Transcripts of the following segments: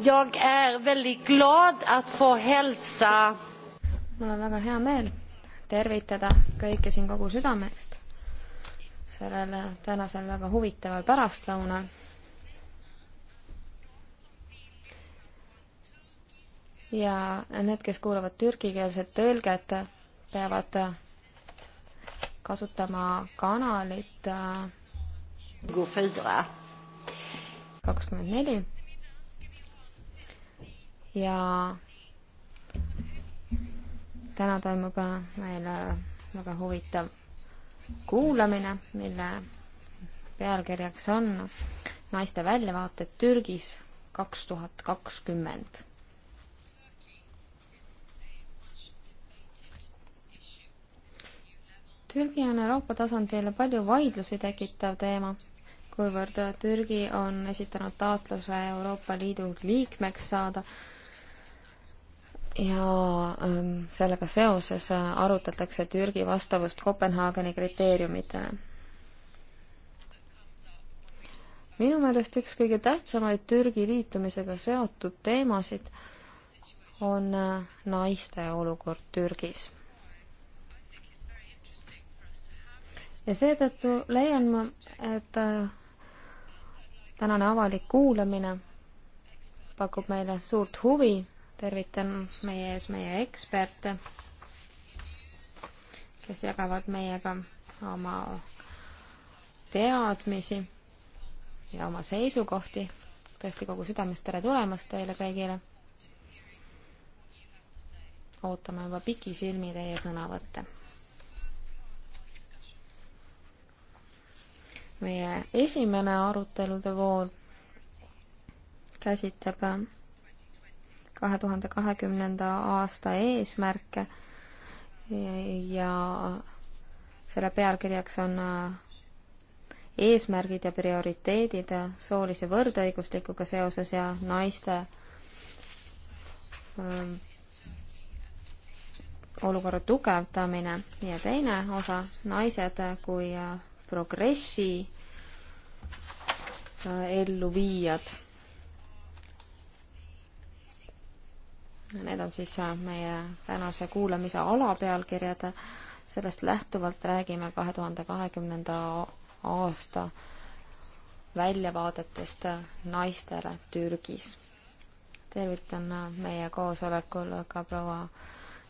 Jag är väldigt glad att få hälsa mul on väga hea meel tervitada kõiki siin kogu südamest sellel tänasel väga huvitaval pärastlõunal. ja need, kes kuulavad türgikeelset tõlget, peavad kasutama kanalit äh, kakskümmend neli ja täna toimub meil äh, väga huvitav kuulamine, mille pealkirjaks on naiste väljavaated Türgis kaks tuhat kakskümmend Türgi on Euroopa tasandil palju vaidlusi tekitav teema, kuivõrd Türgi on esitanud taotluse Euroopa Liidu liikmeks saada ja ähm, sellega seoses äh, arutatakse Türgi vastavust Kopenhaageni kriteeriumitele. minu meelest üks kõige tähtsamaid Türgi liitumisega seotud teemasid on äh, naiste olukord Türgis. ja seetõttu leian ma, et äh, tänane avalik kuulamine pakub meile suurt huvi tervitan meie ees meie eksperte, kes jagavad meiega oma teadmisi ja oma seisukohti. tõesti kogu südamest tere tulemast teile kõigile. ootame juba pikisilmi teie sõnavõtte. meie esimene arutelude voor käsitleb kahe tuhande kahekümnenda aasta eesmärke ja selle pealkirjaks on äh, eesmärgid ja prioriteedid soolise võrdõiguslikuga seoses ja naiste ähm, olukorra tugevdamine ja teine osa, naised kui äh, progressi äh, elluviijad Need on siis äh, meie tänase kuulamise alapealkirjad. sellest lähtuvalt räägime kahe tuhande kahekümnenda aasta väljavaadetest naistele Türgis. tervitan äh, meie koosolekul ka proua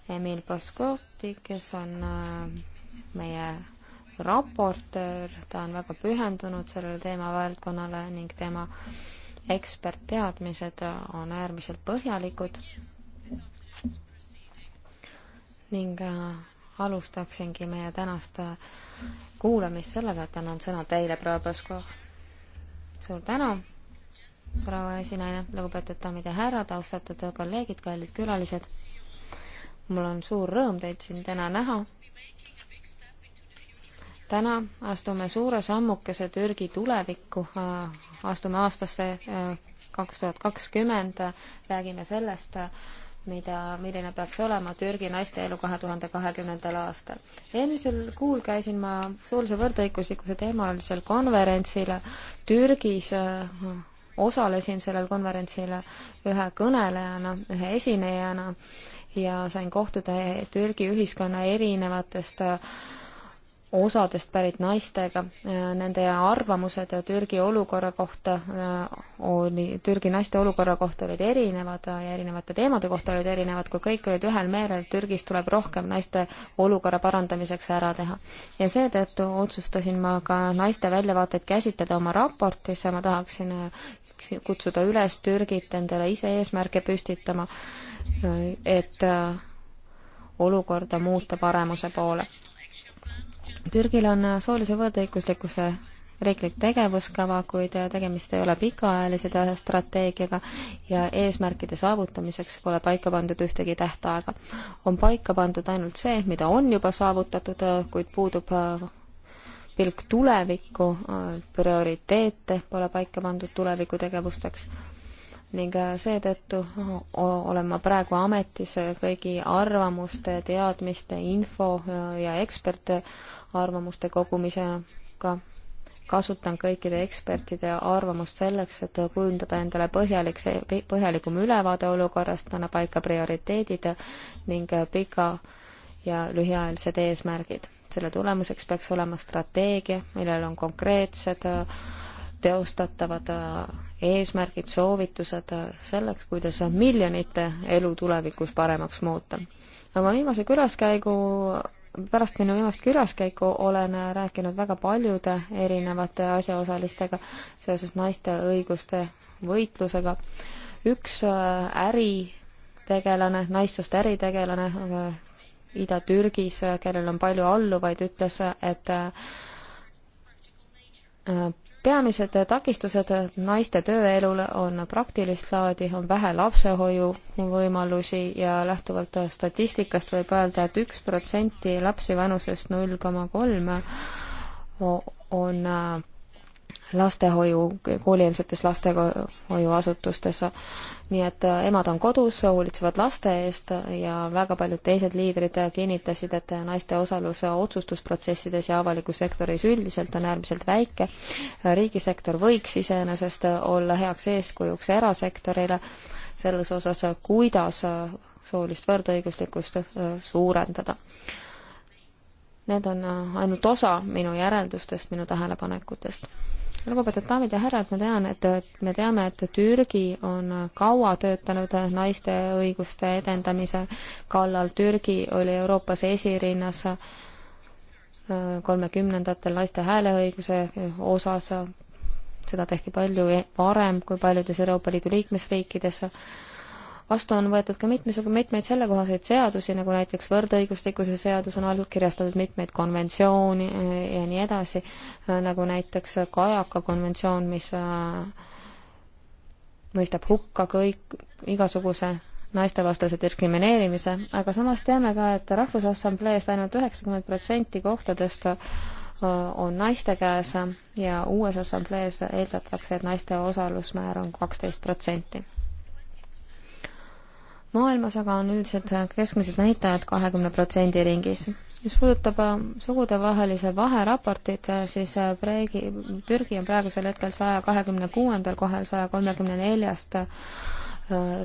Emil Poskovti, kes on äh, meie raportöör, ta on väga pühendunud sellele teemavaldkonnale ning tema ekspertteadmised on äärmiselt põhjalikud ning äh, alustaksingi meie tänast äh, kuulamist sellega, et annan sõna teile, proua Põskov. suur tänu, proua esinaine, lugupeetud daamid ja härrad, austatud kolleegid, kallid külalised. mul on suur rõõm teid siin täna näha. täna astume suure sammukese Türgi tulevikku, äh, astume aastasse kaks tuhat kakskümmend, räägime sellest, mida, milline peaks olema Türgi naiste elu kahe tuhande kahekümnendal aastal. eelmisel kuul käisin ma soolise võrdõiguslikkuse teemalisel konverentsil Türgis, äh, osalesin sellel konverentsil ühe kõnelejana, ühe esinejana ja sain kohtuda Türgi ühiskonna erinevatest äh, osadest pärit naistega, nende arvamused Türgi olukorra kohta äh, oli, Türgi naiste olukorra kohta olid erinevad ja erinevate teemade kohta olid erinevad, kui kõik olid ühel meelel, et Türgis tuleb rohkem naiste olukorra parandamiseks ära teha. ja seetõttu otsustasin ma ka naiste väljavaateid käsitleda oma raportis ja ma tahaksin äh, kutsuda üles Türgit endale ise eesmärke püstitama, äh, et olukorda muuta paremuse poole Türgil on soolise võrdõiguslikkuse riiklik tegevuskava, kuid tegemist ei ole pikaajalise strateegiaga ja eesmärkide saavutamiseks pole paika pandud ühtegi tähtaega. on paika pandud ainult see, mida on juba saavutatud, kuid puudub pilk tulevikku, prioriteete pole paika pandud tuleviku tegevusteks ning äh, seetõttu olen ma praegu ametis äh, kõigi arvamuste, teadmiste, info äh, ja ekspertarvamuste kogumisega. kasutan kõikide ekspertide arvamust selleks, et kujundada endale põhjalik, põhjalikum ülevaade olukorrast, panna paika prioriteedid ning pika ja lühiajalised eesmärgid. selle tulemuseks peaks olema strateegia, millel on konkreetsed teostatavad äh, eesmärgid, soovitused äh, selleks, kuidas äh, miljonite elu tulevikus paremaks muuta. oma viimase külaskäigu, pärast minu viimast külaskäiku olen rääkinud väga paljude erinevate asjaosalistega seoses naiste õiguste võitlusega. üks äritegelane, naissoost äritegelane Ida-Türgis, kellel on palju alluvaid, ütles, et peamised takistused naiste tööelule on praktilist laadi, on vähe lapsehoiu võimalusi ja lähtuvalt statistikast võib öelda et, et üks protsenti lapsi vanusest null koma kolm on lastehoiu, koolieelsetes lastehoiuasutustes. nii et äh, emad on kodus, hoolitsevad laste eest ja väga paljud teised liidrid kinnitasid, et naiste osalus otsustusprotsessides ja avalikus sektoris üldiselt on äärmiselt väike. riigisektor võiks iseenesest olla heaks eeskujuks erasektorile selles osas, kuidas soolist võrdõiguslikkust äh, suurendada need on äh, ainult osa minu järeldustest, minu tähelepanekutest lugupeetud daamid ja härrad, ma tean, et me teame, et Türgi on kaua töötanud naiste õiguste edendamise kallal, Türgi oli Euroopas esirinnas kolmekümnendatel naiste hääleõiguse osas, seda tehti palju varem kui paljudes Euroopa Liidu liikmesriikides vastu on võetud ka mitmesugu-, mitmeid sellekohaseid seadusi, nagu näiteks võrdõiguslikkuse seadus on allkirjastatud mitmeid konventsioone eh, ja nii edasi, eh, nagu näiteks Kajaka konventsioon, mis eh, mõistab hukka kõik, igasuguse naistevastase diskrimineerimise, aga samas teame ka, et Rahvusassambleest ainult üheksakümmend protsenti kohtadest on naiste käes ja uues assamblees eeldatakse, et naiste osalusmäär on kaksteist protsenti maailmas aga on üldiselt keskmised näitajad kahekümne protsendi ringis. mis puudutab äh, sugudevahelise vaheraportit, äh, siis äh, Preegi, Türgi on praegusel hetkel saja kahekümne kuuendal kohal saja kolmekümne neljast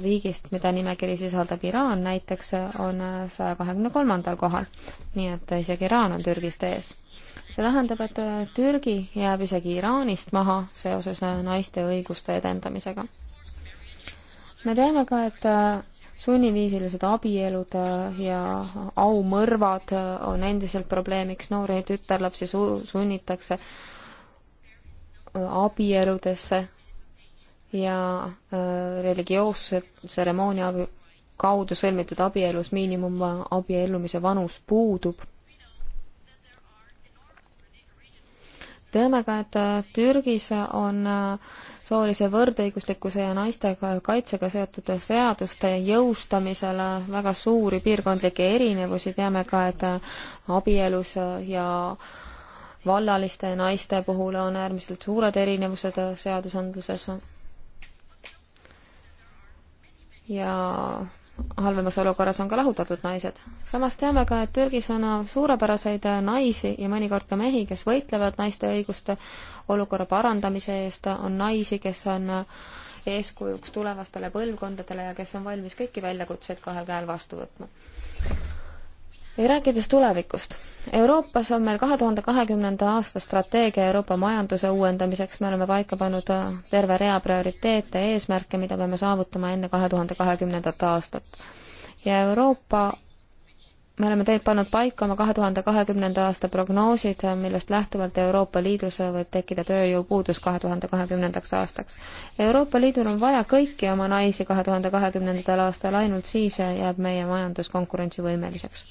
riigist, mida nimekiri sisaldab Iraan näiteks, on saja kahekümne kolmandal kohal. nii et isegi Iraan on Türgist ees. see tähendab, et Türgi jääb isegi Iraanist maha seoses naiste õiguste edendamisega. me teame ka, et sunniviisilised abielud äh, ja aumõrvad äh, on endiselt probleemiks, noori tütarlapsi su-, sunnitakse äh, abieludesse ja religioosse tseremoonia kaudu sõlmitud abielus miinimum abiellumise vanus puudub teame ka, et Türgis on soolise võrdõiguslikkuse ja naiste kaitsega seotud seaduste jõustamisel äh, väga suuri piirkondlikke erinevusi, teame ka, et äh, abielus ja vallaliste naiste puhul on äärmiselt suured erinevused äh, seadusandluses. ja halvemas olukorras on ka lahutatud naised. samas teame ka, et Türgis on suurepäraseid naisi ja mõnikord ka mehi, kes võitlevad naiste õiguste olukorra parandamise eest, on naisi, kes on eeskujuks tulevastele põlvkondadele ja kes on valmis kõiki väljakutseid kahel käel vastu võtma rääkides tulevikust, Euroopas on meil kahe tuhande kahekümnenda aasta strateegia Euroopa majanduse uuendamiseks, me oleme paika pannud äh, terve rea prioriteete ja eesmärke, mida peame saavutama enne kahe tuhande kahekümnendat aastat. ja Euroopa, me oleme teinud, pannud paika oma kahe tuhande kahekümnenda aasta prognoosid, äh, millest lähtuvalt Euroopa Liidus äh, võib tekkida tööjõupuudus kahe tuhande kahekümnendaks aastaks. Euroopa Liidul on vaja kõiki oma naisi kahe tuhande kahekümnendal aastal, ainult siis jääb meie majandus konkurentsivõimeliseks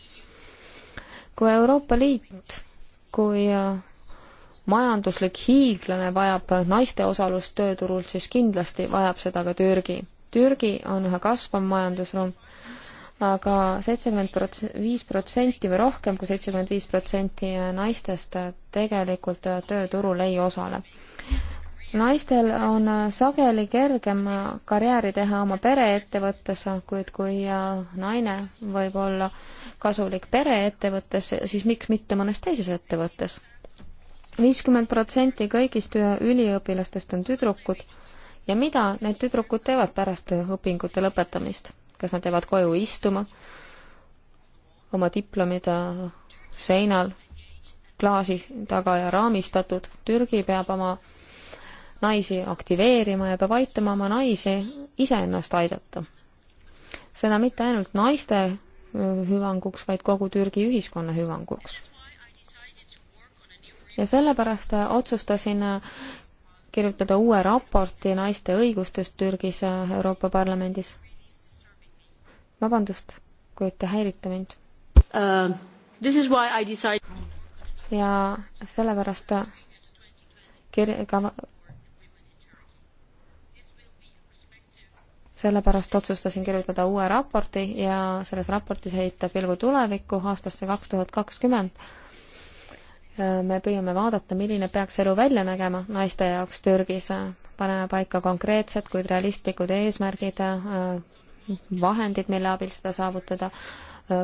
kui Euroopa Liit, kui äh, majanduslik hiiglane vajab naiste osalust tööturult, siis kindlasti vajab seda ka Türgi. Türgi on üha kasvav majandusruum aga, aga seitsekümmend prots-, viis protsenti või rohkem kui seitsekümmend viis protsenti naistest tegelikult tööturul ei osale naistel on äh, sageli kergem äh, karjääri teha oma pereettevõttes, kuid kui äh, naine võib olla kasulik pereettevõttes, siis miks mitte mõnes teises ettevõttes? viiskümmend protsenti kõigist üliõpilastest on tüdrukud ja mida need tüdrukud teevad pärast õpingute lõpetamist? kas nad jäävad koju istuma, oma diplomid seinal, klaasi taga ja raamistatud, Türgi peab oma naisi aktiveerima ja peab aitama oma naisi iseennast aidata. seda mitte ainult naiste hüvanguks, vaid kogu Türgi ühiskonna hüvanguks. ja sellepärast otsustasin kirjutada uue raporti naiste õigustest Türgis Euroopa Parlamendis. vabandust, kuid te häirite mind uh,. This is why I decided ja sellepärast kir-, kava, sellepärast otsustasin kirjutada uue raporti ja selles raportis heita pilgu tulevikku aastasse kaks tuhat kakskümmend. me püüame vaadata, milline peaks elu välja nägema naiste jaoks Türgis, paneme paika konkreetsed, kuid realistlikud eesmärgid, vahendid, mille abil seda saavutada,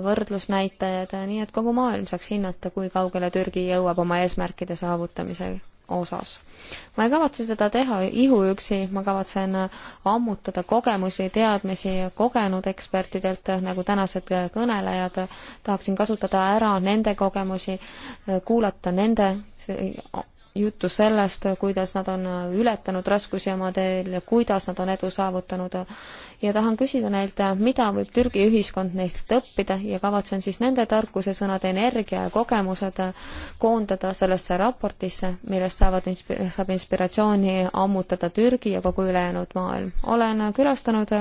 võrdlusnäitajad, nii et kogu maailm saaks hinnata, kui kaugele Türgi jõuab oma eesmärkide saavutamisega osas. ma ei kavatse seda teha ihuüksi, ma kavatsen ammutada kogemusi, teadmisi kogenud ekspertidelt, nagu tänased kõnelejad, tahaksin kasutada ära nende kogemusi, kuulata nende juttu sellest, kuidas nad on ületanud raskusi oma teel ja kuidas nad on edu saavutanud. ja tahan küsida neilt, mida võib Türgi ühiskond neilt õppida ja kavatsen siis nende tarkuse, sõnad, energia ja kogemused koondada sellesse raportisse, millest saavad inspi-, saab inspiratsiooni ammutada Türgi ja kogu ülejäänud maailm. olen külastanud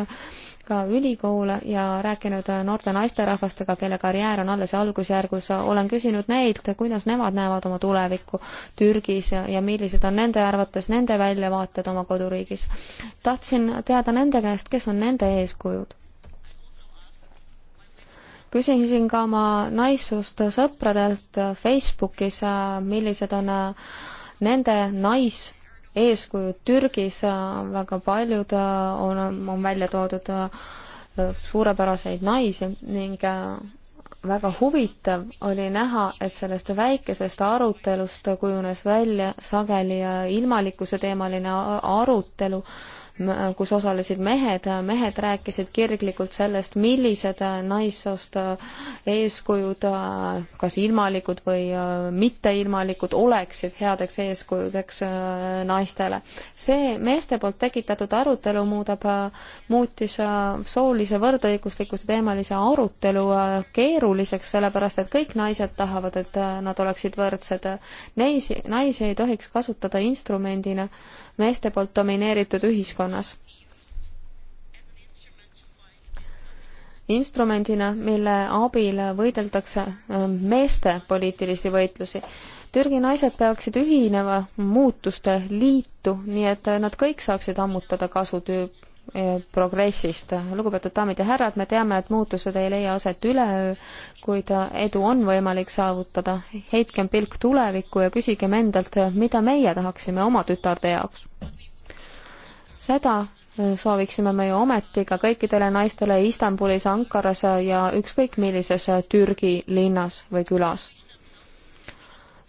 ka ülikoole ja rääkinud noorte naisterahvastega, kelle karjäär on alles algusjärgus. olen küsinud neilt, kuidas nemad näevad oma tulevikku Türgis ja millised on nende arvates nende väljavaated oma koduriigis. tahtsin teada nende käest, kes on nende eeskujud. küsisin ka oma naissust sõpradelt Facebookis, millised on nende nais- eeskujud Türgis, äh, väga paljud äh, on, on välja toodud äh, suurepäraseid naisi ning väga huvitav oli näha, et sellest väikesest arutelust kujunes välja sageli ilmalikkuse teemaline arutelu kus osalesid mehed, mehed rääkisid kirglikult sellest, millised naissoost eeskujud, kas ilmalikud või mitteilmalikud, oleksid headeks eeskujudeks naistele. see meeste poolt tekitatud arutelu muudab, muutis soolise võrdõiguslikkuse teemalise arutelu keeruliseks, sellepärast et kõik naised tahavad, et nad oleksid võrdsed. Neisi, naisi ei tohiks kasutada instrumendina äh, meeste poolt domineeritud ühiskonnas. instrumendina, mille abil võideldakse äh, meeste poliitilisi võitlusi. Türgi naised peaksid ühinema muutuste liitu, nii et nad kõik saaksid ammutada kasu tüüp Eh, progressist. lugupeetud daamid ja härrad, me teame, et muutused ei leia aset üleöö, kuid eh, edu on võimalik saavutada. heitkem pilk tulevikku ja küsigem endalt, mida meie tahaksime oma tütarde jaoks. seda eh, sooviksime me ju ometi ka kõikidele naistele Istanbulis, Ankaras ja ükskõik millises Türgi linnas või külas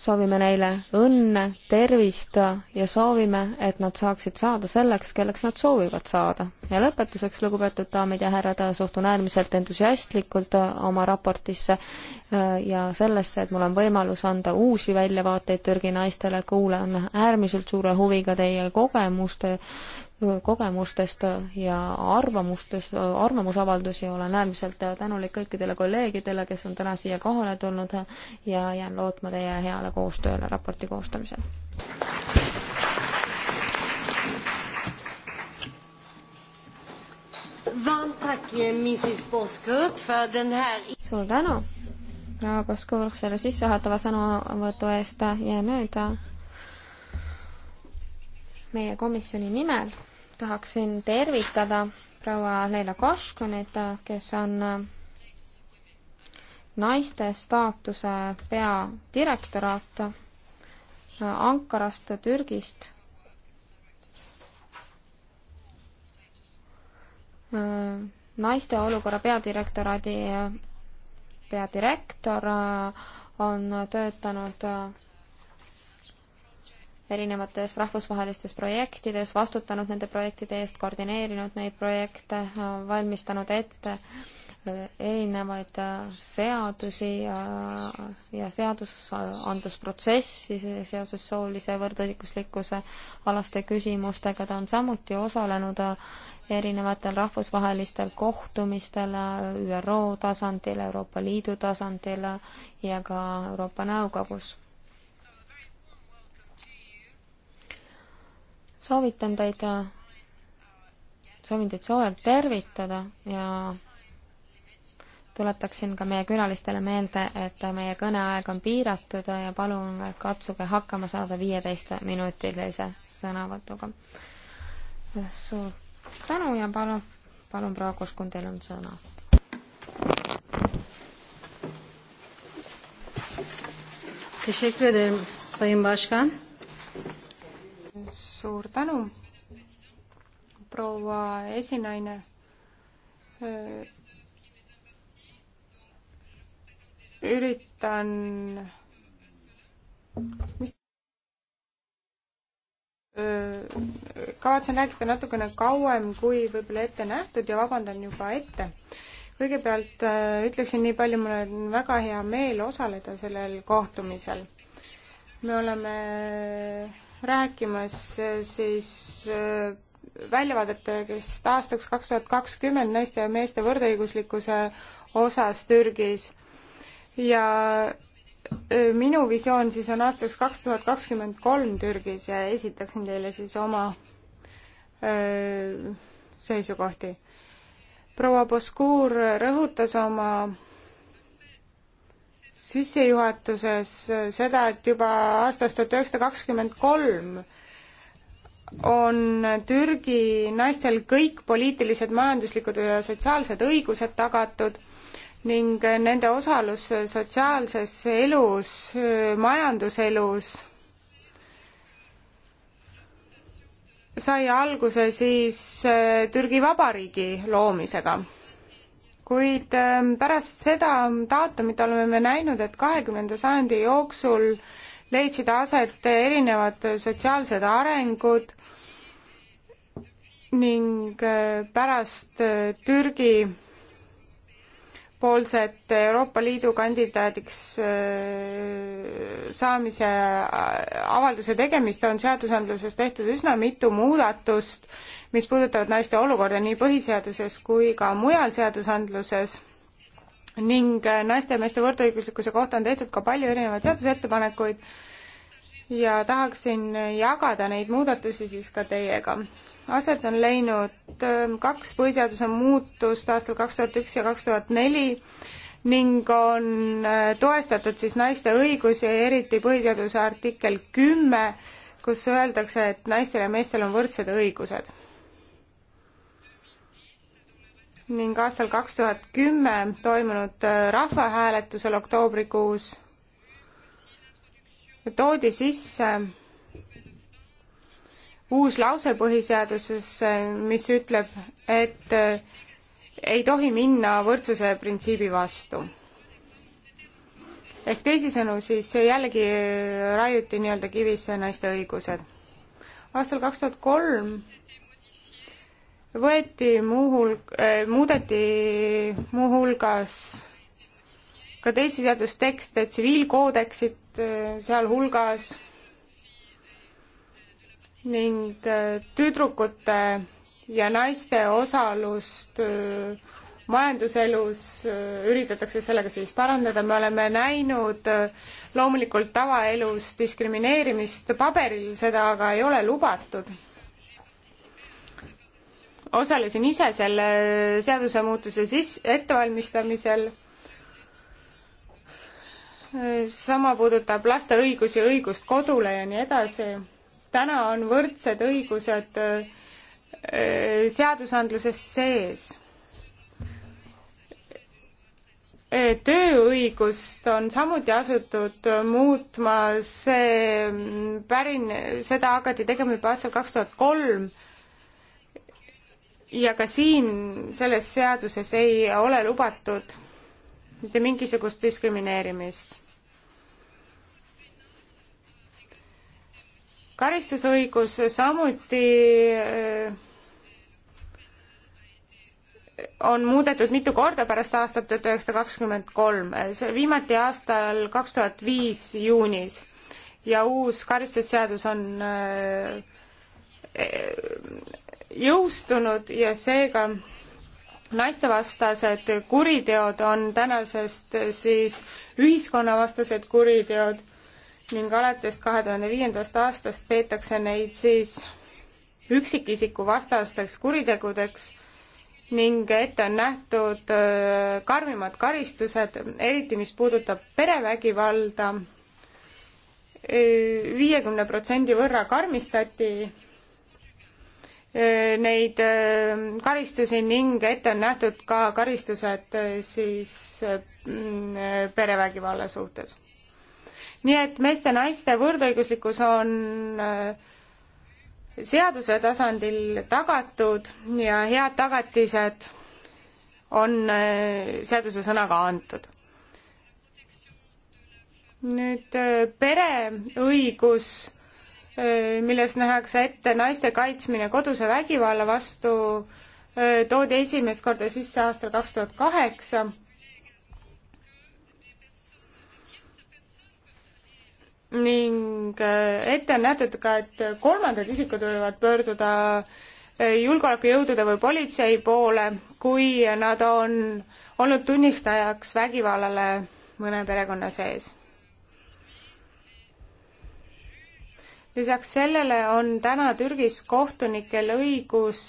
soovime neile õnne, tervist ja soovime, et nad saaksid saada selleks, kelleks nad soovivad saada. ja lõpetuseks, lugupeetud daamid ja härrad, suhtun äärmiselt entusiastlikult oma raportisse äh, ja sellesse, et mul on võimalus anda uusi väljavaateid Türgi naistele, kuulan äärmiselt suure huviga teie kogemuste kogemustest ja arvamustest, arvamusavaldusi, olen äärmiselt tänulik kõikidele kolleegidele, kes on täna siia kohale tulnud ja jään lootma teie heale koostööle raporti koostamisel. Eh, suur tänu, proua Poskurt, selle sissejuhatava sõnavõtu eest ja nüüd meie komisjoni nimel tahaksin tervitada proua Leila Kaškonit, kes on naiste staatuse peadirektoraat Ankarast, Türgist. naiste olukorra peadirektoraadi peadirektor on töötanud erinevates rahvusvahelistes projektides, vastutanud nende projektide eest, koordineerinud neid projekte, valmistanud ette äh, erinevaid äh, seadusi ja, äh, ja seadusandlusprotsessi seoses soolise võrdõiguslikkuse alaste küsimustega, ta on samuti osalenud erinevatel rahvusvahelistel kohtumistel ÜRO tasandil, Euroopa Liidu tasandil ja ka Euroopa Nõukogus soovitan teid, soovin teid soojalt tervitada ja tuletaksin ka meie külalistele meelde, et meie kõneaeg on piiratud ja palun katsuge hakkama saada viieteistminutilise sõnavõtuga. suur tänu ja palun, palun proua Kuskun, teil on sõna. Teşekkür ederim Sayın Başkan suur tänu, proua esinaine. üritan, mis kavatsen rääkida natukene kauem kui võib-olla ette nähtud ja vabandan juba ette. kõigepealt äh, ütleksin nii palju, mul on väga hea meel osaleda sellel kohtumisel. me oleme rääkimas eh, siis eh, väljavaadetest aastaks kaks tuhat kakskümmend naiste ja meeste võrdõiguslikkuse osas Türgis. ja eh, minu visioon siis on aastaks kaks tuhat kakskümmend kolm Türgis ja esitaksin teile siis oma öö, seisukohti. proua Boskuur rõhutas oma sissejuhatuses seda, et juba aastast tuhat üheksasada kakskümmend kolm on Türgi naistel kõik poliitilised, majanduslikud ja sotsiaalsed õigused tagatud ning nende osalus sotsiaalses elus, majanduselus sai alguse siis eh, Türgi Vabariigi loomisega kuid ähm, pärast seda daatumit oleme me näinud, et kahekümnenda sajandi jooksul leidsid aset erinevad sotsiaalsed arengud ning äh, pärast äh, Türgi poolset Euroopa Liidu kandidaadiks äh, saamise äh, avalduse tegemist on seadusandluses tehtud üsna mitu muudatust, mis puudutavad naiste olukorda nii põhiseaduses kui ka mujal seadusandluses ning äh, naiste ja meeste võrdõiguslikkuse kohta on tehtud ka palju erinevaid seadusettepanekuid ja tahaksin jagada neid muudatusi siis ka teiega aset on leidnud ähm, kaks põhiseaduse muutust aastal kaks tuhat üks ja kaks tuhat neli ning on äh, toestatud siis naiste õigusi, eriti põhiseaduse artikkel kümme, kus öeldakse, et naistel ja meestel on võrdsed õigused. ning aastal kaks tuhat kümme toimunud äh, rahvahääletusel oktoobrikuus toodi sisse uus lause põhiseadusesse, mis ütleb, et äh, ei tohi minna võrdsuse printsiibi vastu. ehk teisisõnu, siis jällegi äh, raiuti nii-öelda kivisse naiste õigused. aastal kaks tuhat kolm võeti muuhulg- eh,, muudeti muuhulgas ka teisi seadustekste, tsiviilkoodeksit sealhulgas ning äh, tüdrukute ja naiste osalust äh, majanduselus äh, üritatakse sellega siis parandada, me oleme näinud loomulikult tavaelus diskrimineerimist paberil, seda aga ei ole lubatud. osalesin ise selle seadusemuutuse siis ettevalmistamisel. sama puudutab laste õigusi, õigust kodule ja nii edasi täna on võrdsed õigused äh, seadusandluses sees. Äh, tööõigust on samuti asutud muutma, see mm, pärine, seda hakati tegema juba aastal kaks tuhat kolm ja ka siin selles seaduses ei ole lubatud mitte mingisugust diskrimineerimist karistusõigus samuti äh, on muudetud mitu korda pärast aastat tuhat üheksasada kakskümmend kolm, see viimati aastal kaks tuhat viis juunis ja uus karistusseadus on äh, jõustunud ja seega naistevastased kuriteod on tänasest siis ühiskonnavastased kuriteod ning alates kahe tuhande viiendast aastast peetakse neid siis üksikisiku vastasteks kuritegudeks ning ette on nähtud äh, karmimad karistused, eriti mis puudutab perevägivalda. Äh, viiekümne protsendi võrra karmistati äh, neid karistusi ning ette on nähtud ka karistused siis mm, perevägivalla suhtes nii et meeste-naiste võrdõiguslikkus on äh, seaduse tasandil tagatud ja head tagatised on äh, seaduse sõnaga antud nüüd äh, pereõigus, milles nähakse ette naiste kaitsmine koduse vägivalla vastu, toodi esimest korda sisse aastal kaks tuhat kaheksa ning äh, ette on nähtud ka, et kolmandad isikud võivad pöörduda äh, julgeolekujõudude või politsei poole, kui nad on olnud tunnistajaks vägivallale mõne perekonna sees. lisaks sellele on täna Türgis kohtunikel õigus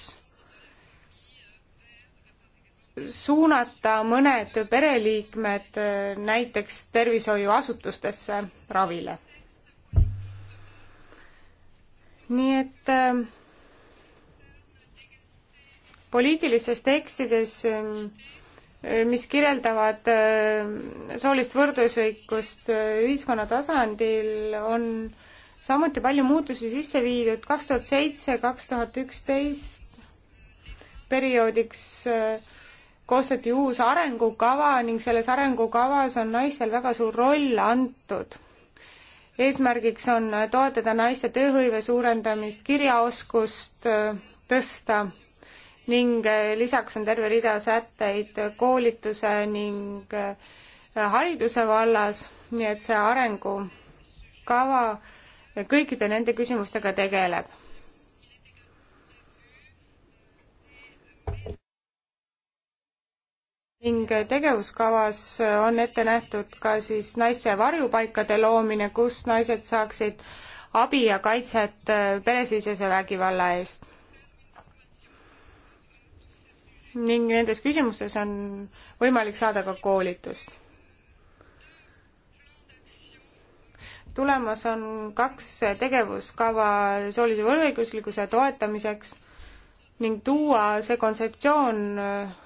suunata mõned pereliikmed äh, näiteks tervishoiuasutustesse ravile nii et äh, poliitilistes tekstides äh, mis kirjeldavad ähm, soolist võrdõigusõigust äh, ühiskonna tasandil, on samuti palju muutusi sisse viidud kaks tuhat seitse, kaks tuhat üksteist perioodiks äh, koostati uus arengukava ning selles arengukavas on naistel väga suur roll antud eesmärgiks on toetada naiste tööhõive suurendamist, kirjaoskust äh, tõsta ning äh, lisaks on terve rida sätteid koolituse ning äh, hariduse vallas, nii et see arengukava kõikide nende küsimustega tegeleb ning tegevuskavas on ette nähtud ka siis naiste varjupaikade loomine, kus naised saaksid abi ja kaitset äh, peresisese vägivalla eest. ning nendes küsimustes on võimalik saada ka koolitust. tulemas on kaks tegevuskava soolise võrdõiguslikkuse toetamiseks ning tuua see kontseptsioon äh,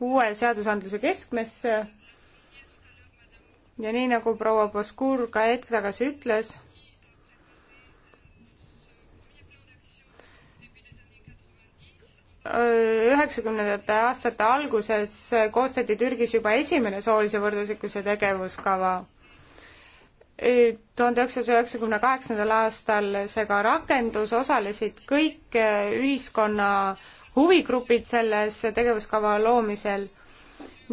uue seadusandluse keskmesse. ja nii nagu proua Boskur ka hetk tagasi ütles, üheksakümnendate aastate alguses koostati Türgis juba esimene soolise võrdõiguslikkuse tegevuskava. tuhande üheksasaja üheksakümne kaheksandal aastal see ka rakendus, osalesid kõik ühiskonna huvigrupid selles tegevuskava loomisel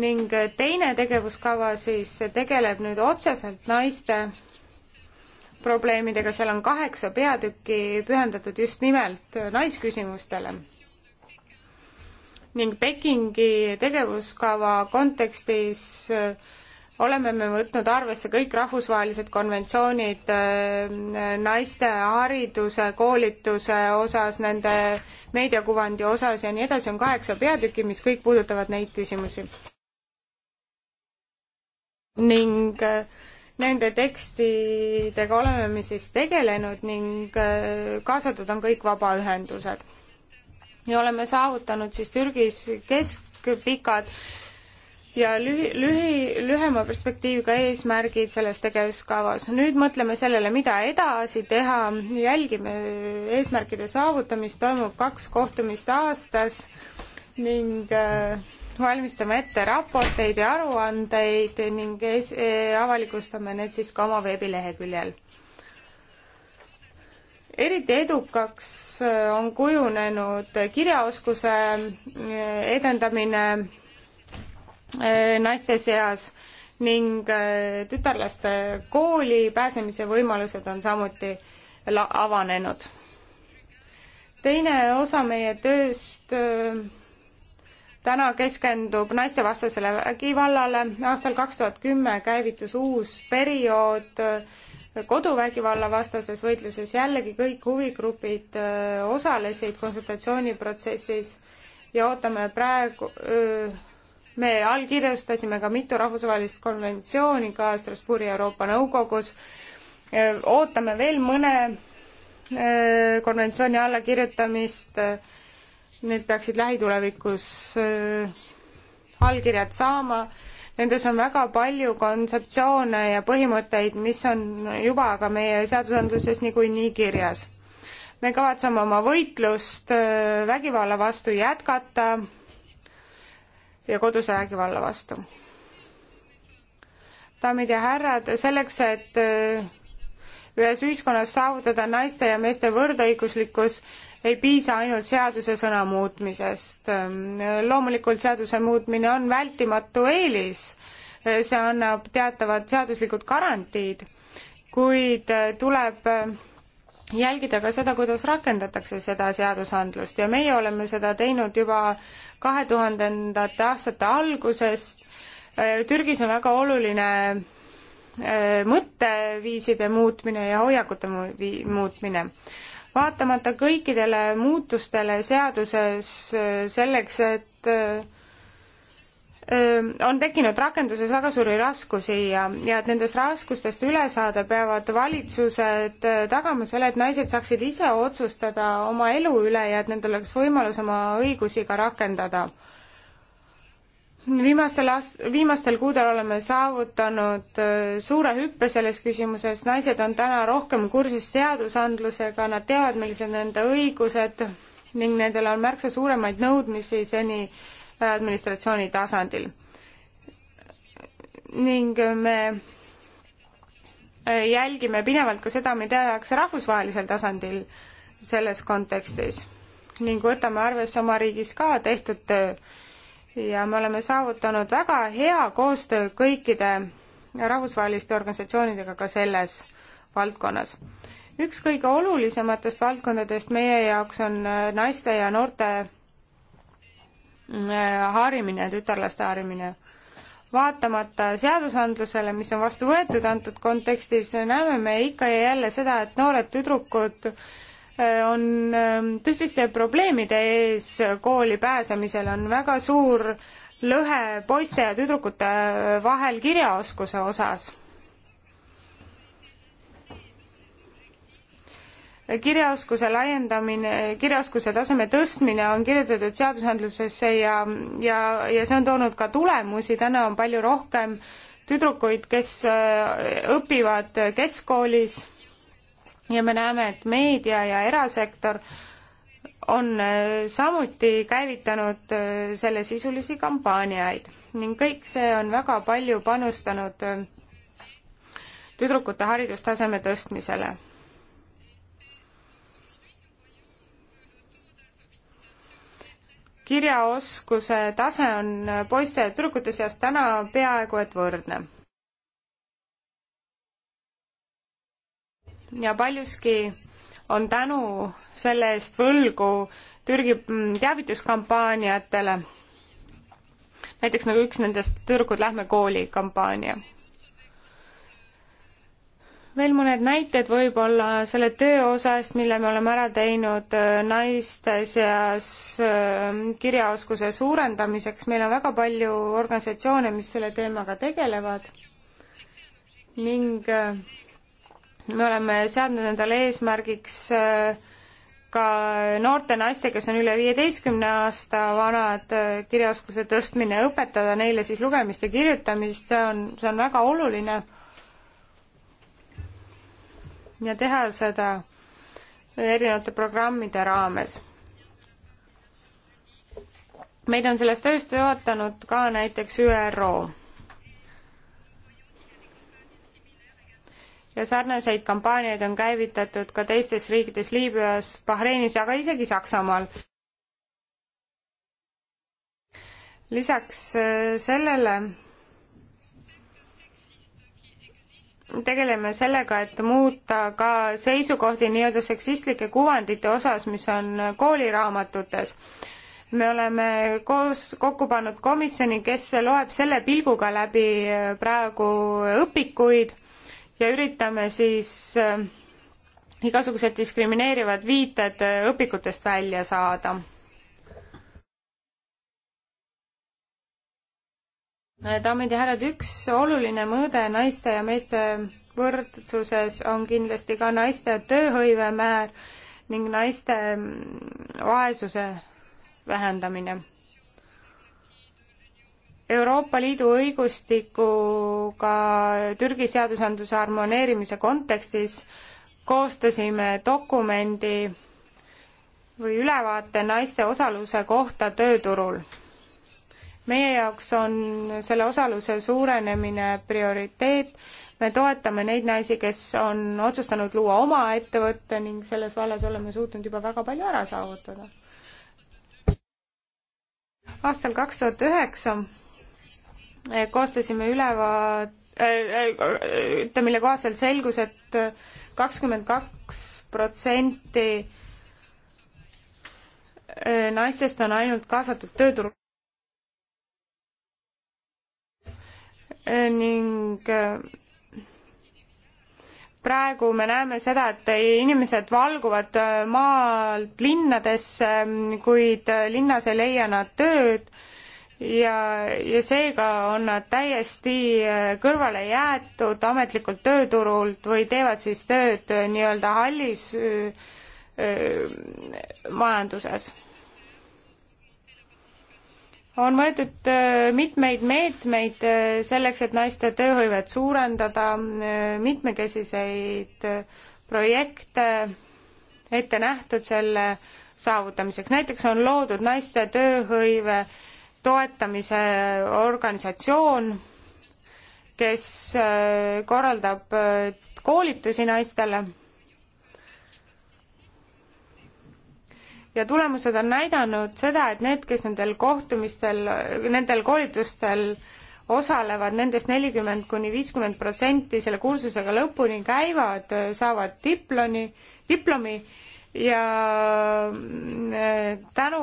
ning teine tegevuskava siis tegeleb nüüd otseselt naiste probleemidega, seal on kaheksa peatükki pühendatud just nimelt naisküsimustele. ning Pekingi tegevuskava kontekstis äh, oleme me võtnud arvesse kõik rahvusvahelised konventsioonid äh, naiste hariduse, koolituse osas, nende meediakuvandi osas ja nii edasi, on kaheksa peatükki, mis kõik puudutavad neid küsimusi. ning äh, nende tekstidega oleme me siis tegelenud ning äh, kaasatud on kõik vabaühendused. ja oleme saavutanud siis Türgis keskpikad ja lühi, lühi, lühema perspektiiviga eesmärgid selles tegevuskavas. nüüd mõtleme sellele, mida edasi teha, jälgime eesmärkide saavutamist, toimub kaks kohtumist aastas ning äh, valmistame ette raporteid ja aruandeid ning ees, e, avalikustame need siis ka oma veebileheküljel. eriti edukaks äh, on kujunenud kirjaoskuse äh, edendamine Äh, naiste seas ning äh, tütarlaste kooli pääsemise võimalused on samuti avanenud. teine osa meie tööst äh, täna keskendub naistevastasele vägivallale. aastal kaks tuhat kümme käivitus uus periood koduvägivalla vastases võitluses. jällegi kõik huvigrupid osalesid konsultatsiooniprotsessis ja ootame praegu öö, me allkirjastasime ka mitu rahvusvahelist konventsiooni ka Strasbourgi Euroopa Nõukogus. Äh, ootame veel mõne äh, konventsiooni allakirjutamist. Need peaksid lähitulevikus äh, allkirjad saama. Nendes on väga palju kontseptsioone ja põhimõtteid, mis on juba ka meie seadusandluses niikuinii kirjas. me kavatseme oma võitlust vägivalla vastu jätkata ja koduse vägivalla vastu. daamid ja härrad, selleks, et äh, ühes ühiskonnas saavutada naiste ja meeste võrdõiguslikkus, ei piisa ainult seaduse sõna muutmisest. loomulikult seaduse muutmine on vältimatu eelis, see annab teatavad seaduslikud garantiid, kuid äh, tuleb äh, jälgida ka seda, kuidas rakendatakse seda seadusandlust ja meie oleme seda teinud juba kahe tuhandendate aastate algusest. Äh, Türgis on väga oluline äh, mõtteviiside muutmine ja hoiakute muutmine. vaatamata kõikidele muutustele seaduses äh, selleks, et on tekkinud rakenduses väga suuri raskusi ja, ja et nendest raskustest üle saada, peavad valitsused tagama selle, et naised saaksid ise otsustada oma elu üle ja et nendel oleks võimalus oma õigusi ka rakendada. viimastel aast-, viimastel kuudel oleme saavutanud suure hüppe selles küsimuses, naised on täna rohkem kursis seadusandlusega, nad teavad, millised nende õigused ning nendel on märksa suuremaid nõudmisi seni äh, administratsiooni tasandil. ning me jälgime pidevalt ka seda, mida tehakse rahvusvahelisel tasandil selles kontekstis ning võtame arvesse oma riigis ka tehtud töö ja me oleme saavutanud väga hea koostöö kõikide rahvusvaheliste organisatsioonidega ka selles valdkonnas. üks kõige olulisematest valdkondadest meie jaoks on naiste ja noorte Äh, harimine, tütarlaste harimine. vaatamata seadusandlusele, mis on vastu võetud antud kontekstis, näeme me ikka ja jälle seda, et noored tüdrukud äh, on ähm, tõsiste probleemide ees kooli pääsemisel, on väga suur lõhe poiste ja tüdrukute vahel kirjaoskuse osas kirjaoskuse laiendamine, kirjaoskuse taseme tõstmine on kirjutatud seadusandlusesse ja, ja, ja see on toonud ka tulemusi, täna on palju rohkem tüdrukuid, kes äh, õpivad keskkoolis ja me näeme, et meedia ja erasektor on äh, samuti käivitanud äh, sellesisulisi kampaaniaid ning kõik see on väga palju panustanud tüdrukute haridustaseme tõstmisele kirjaoskuse tase on poiste ja tüdrukute seas täna peaaegu et võrdne. ja paljuski on tänu selle eest võlgu Türgi mm, teavituskampaaniatele. näiteks nagu üks nendest Tüdrukud lähme kooli kampaania veel mõned näited võib-olla selle töö osast, mille me oleme ära teinud äh, naiste seas äh, kirjaoskuse suurendamiseks. meil on väga palju organisatsioone, mis selle teemaga tegelevad ning äh, me oleme seadnud endale eesmärgiks ka noorte naiste, kes on üle viieteistkümne aasta vanad, kirjaoskuse tõstmine, õpetada neile siis lugemist ja kirjutamist, see on, see on väga oluline ja teha seda erinevate programmide raames. meid on sellest tööst toetanud ka näiteks ÜRO. ja sarnaseid kampaaniaid on käivitatud ka teistes riikides Liibüas, Bahreinis ja ka isegi Saksamaal. lisaks äh, sellele tegeleme sellega, et muuta ka seisukohti nii-öelda seksistlike kuvandite osas, mis on kooliraamatutes. me oleme koos kokku pannud komisjoni, kes loeb selle pilguga läbi praegu õpikuid ja üritame siis äh, igasugused diskrimineerivad viited õpikutest välja saada Äh, daamid ja härrad, üks oluline mõõde naiste ja meeste võrdsuses on kindlasti ka naiste tööhõive määr ning naiste mm, vaesuse vähendamine. Euroopa Liidu õigustikuga Türgi seadusandluse harmoneerimise kontekstis koostasime dokumendi või ülevaate naiste osaluse kohta tööturul meie jaoks on selle osaluse suurenemine prioriteet, me toetame neid naisi, kes on otsustanud luua oma ettevõtte ning selles vallas oleme suutnud juba väga palju ära saavutada. aastal kaks tuhat üheksa eh, koostasime ülevaate eh, eh, ütle, mille kohaselt selgus et, et kakskümmend kaks protsenti naistest on ainult kaasatud tööturul. ning äh, praegu me näeme seda, et inimesed valguvad äh, maalt linnadesse, kuid äh, linnas ei leia nad tööd ja, ja seega on nad täiesti kõrvale jäetud ametlikult tööturult või teevad siis tööd nii-öelda hallis öö, majanduses on võetud äh, mitmeid meetmeid äh, selleks, et naiste tööhõivet suurendada, äh, mitmekesiseid projekte ette nähtud selle saavutamiseks. näiteks on loodud naiste tööhõive toetamise organisatsioon, kes korraldab koolitusi naistele ja tulemused on näidanud seda, et need, kes nendel kohtumistel, nendel koolitustel osalevad nendest nelikümmend kuni viiskümmend protsenti selle kursusega lõpuni käivad, saavad diploni, diplomi ja eh, tänu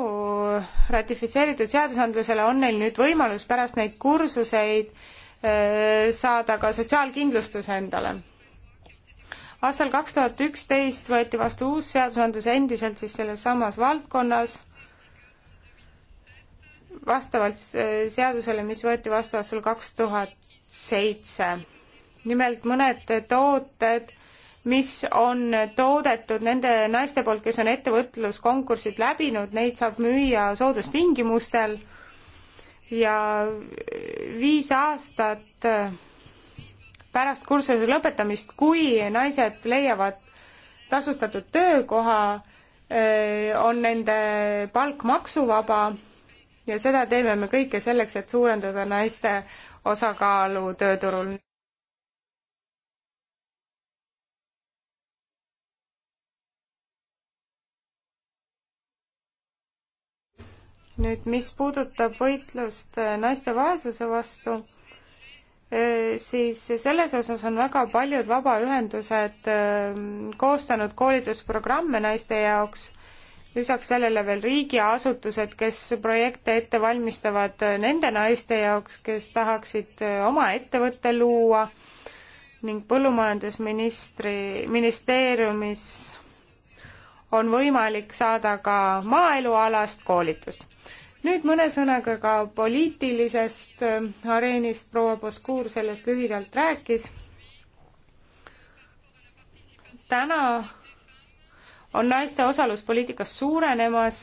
ratifitseeritud seadusandlusele on neil nüüd võimalus pärast neid kursuseid eh, saada ka sotsiaalkindlustus endale aastal kaks tuhat üksteist võeti vastu uus seadusandlus endiselt siis selles samas valdkonnas, vastavalt äh, seadusele, mis võeti vastu aastal kaks tuhat seitse. nimelt mõned tooted, mis on toodetud nende naiste poolt, kes on ettevõtluskonkursid läbinud, neid saab müüa soodustingimustel ja viis aastat pärast kursuse lõpetamist, kui naised leiavad tasustatud töökoha, on nende palk maksuvaba ja seda teeme me kõike selleks, et suurendada naiste osakaalu tööturul. nüüd, mis puudutab võitlust naiste vaesuse vastu Äh, siis selles osas on väga paljud vabaühendused äh, koostanud koolitusprogramme naiste jaoks, lisaks sellele veel riigiasutused, kes projekte ette valmistavad äh, nende naiste jaoks, kes tahaksid oma ettevõtte luua ning põllumajandusministri, ministeeriumis on võimalik saada ka maaelualast koolitust nüüd mõne sõnaga ka poliitilisest äh, areenist, proua Poskuur sellest lühidalt rääkis. täna on naiste osalus poliitikas suurenemas.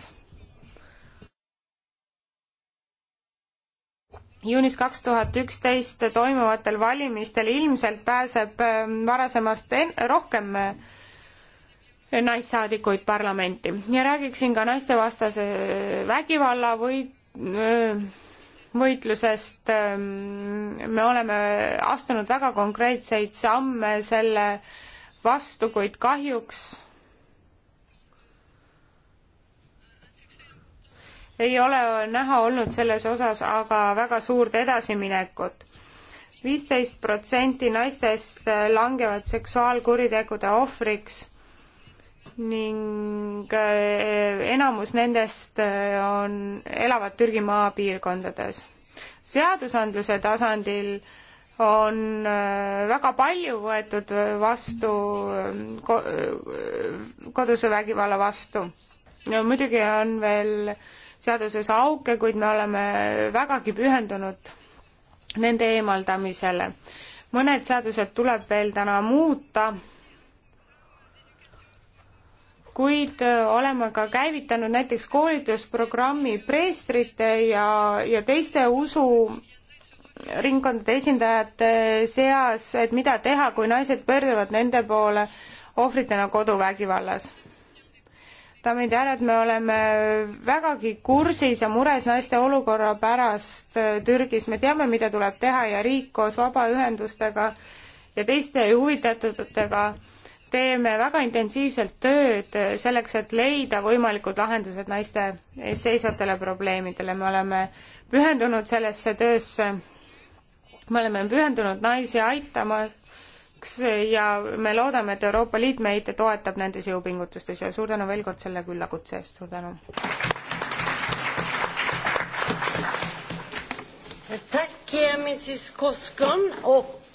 juunis kaks tuhat üksteist toimuvatel valimistel ilmselt pääseb äh, varasemast rohkem äh, naissaadikuid parlamenti ja räägiksin ka naistevastase vägivalla või võitlusest. me oleme astunud väga konkreetseid samme selle vastu, kuid kahjuks ei ole näha olnud selles osas aga väga suurt edasiminekut viisteist protsenti naistest langevad seksuaalkuritegude ohvriks ning eh, enamus nendest eh, on, elavad Türgi maapiirkondades. seadusandluse tasandil on eh, väga palju võetud vastu koduse vägivalla vastu. no muidugi on veel seaduses auke, kuid me oleme vägagi pühendunud nende eemaldamisele. mõned seadused tuleb veel täna muuta kuid äh, oleme ka käivitanud näiteks koolitusprogrammi preestrite ja, ja teiste usu ringkondade esindajate seas, et mida teha, kui naised pöörduvad nende poole ohvritena koduvägivallas. daamid ja härrad, me oleme vägagi kursis ja mures naiste olukorra pärast äh, Türgis, me teame, mida tuleb teha ja riik koos vabaühendustega ja teiste huvitatutega teeme väga intensiivselt tööd selleks, et leida võimalikud lahendused naiste ees seisvatele probleemidele, me oleme pühendunud sellesse töösse, me oleme pühendunud naisi aitama ja me loodame, et Euroopa Liit meid toetab nendes jõupingutustes ja suur tänu veel kord selle küllakutse eest, suur tänu! Eh,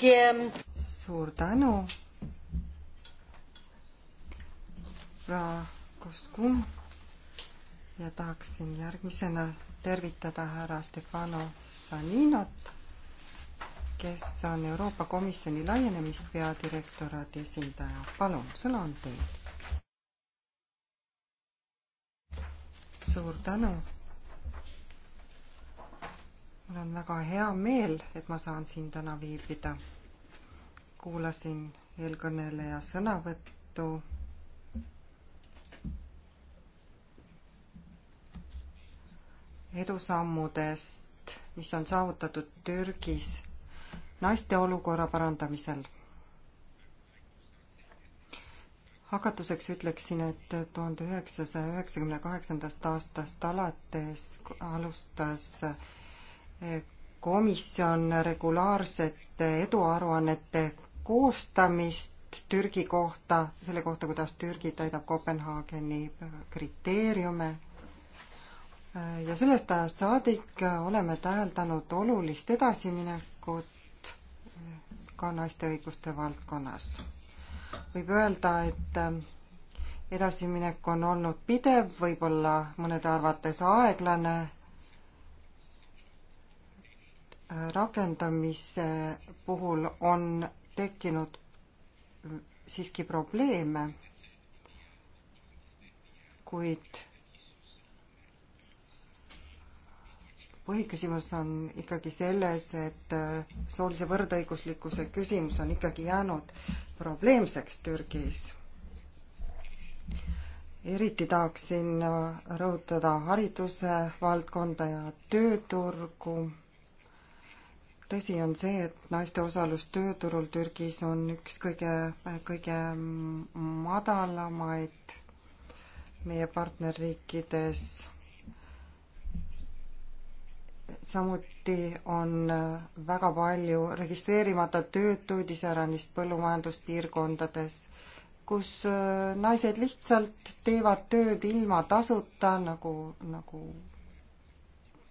eh, suur tänu! härra Koskun ja tahaksin järgmisena tervitada härra Stefano Saninot, kes on Euroopa Komisjoni laienemist peadirektoraadi esindaja. palun, sõna on teil. suur tänu mul on väga hea meel, et ma saan siin täna viibida. kuulasin eelkõneleja sõnavõttu edusammudest, mis on saavutatud Türgis naiste olukorra parandamisel. hakatuseks ütleksin, et tuhande üheksasaja üheksakümne kaheksandast aastast alates alustas eh, komisjon regulaarsete eduaruannete koostamist Türgi kohta, selle kohta, kuidas Türgi täidab Kopenhaageni kriteeriume ja sellest ajast saadik oleme täheldanud olulist edasiminekut ka naiste õiguste valdkonnas. võib öelda, et edasiminek on olnud pidev, võib-olla mõnede arvates aeglane, rakendamise puhul on tekkinud siiski probleeme, kuid põhiküsimus on ikkagi selles, et äh, soolise võrdõiguslikkuse küsimus on ikkagi jäänud probleemseks Türgis. eriti tahaksin äh, rõhutada hariduse valdkonda ja tööturgu. tõsi on see, et naiste osalus tööturul Türgis on üks kõige, äh, kõige madalamaid meie partnerriikides samuti on väga palju registreerimata töötuid iseäranis põllumajanduspiirkondades, kus äh, naised lihtsalt teevad tööd ilma tasuta, nagu, nagu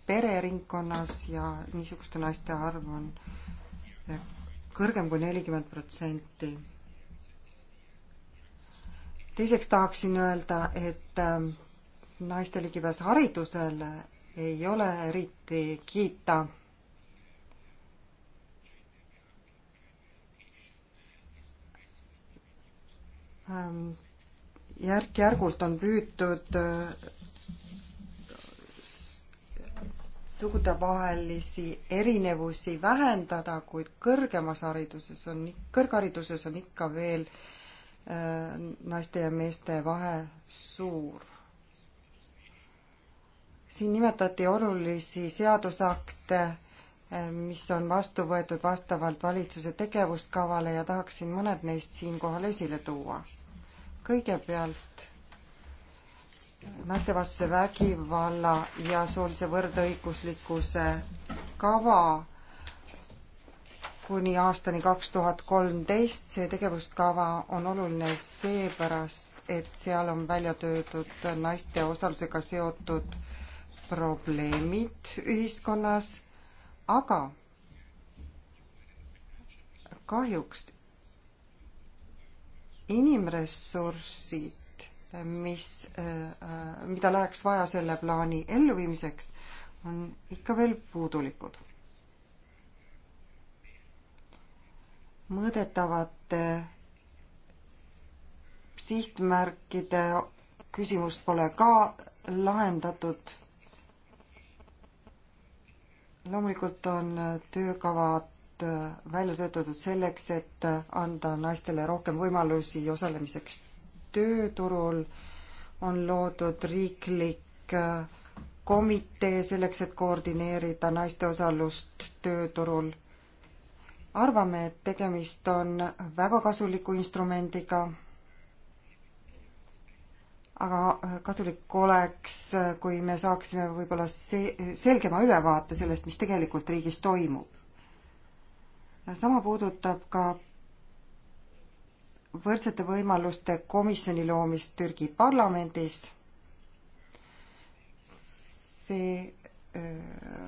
pereringkonnas ja niisuguste naiste arv on äh, kõrgem kui nelikümmend protsenti. teiseks tahaksin öelda, et äh, naiste ligipääs haridusele ei ole eriti kiita. Ähm, järk-järgult on püütud äh, sugudevahelisi erinevusi vähendada, kuid kõrgemas hariduses on, kõrghariduses on ikka veel äh, naiste ja meeste vahe suur siin nimetati olulisi seadusakte, eh, mis on vastu võetud vastavalt valitsuse tegevuskavale ja tahaksin mõned neist siinkohal esile tuua. kõigepealt naistevastase vägivalla ja soolise võrdõiguslikkuse kava kuni aastani kaks tuhat kolmteist, see tegevuskava on oluline seepärast, et seal on välja töötud naiste osalusega seotud probleemid ühiskonnas, aga kahjuks inimressursid, mis, äh, mida läheks vaja selle plaani elluviimiseks, on ikka veel puudulikud. mõõdetavate sihtmärkide küsimust pole ka lahendatud loomulikult on töökavad äh, välja töötatud selleks, et äh, anda naistele rohkem võimalusi osalemiseks tööturul, on loodud riiklik äh, komitee selleks, et koordineerida naiste osalust tööturul. arvame, et tegemist on väga kasuliku instrumendiga aga äh, kasulik oleks, äh, kui me saaksime võib-olla see, selgema ülevaate sellest, mis tegelikult riigis toimub. sama puudutab ka võrdsete võimaluste komisjoni loomist Türgi parlamendis. see äh,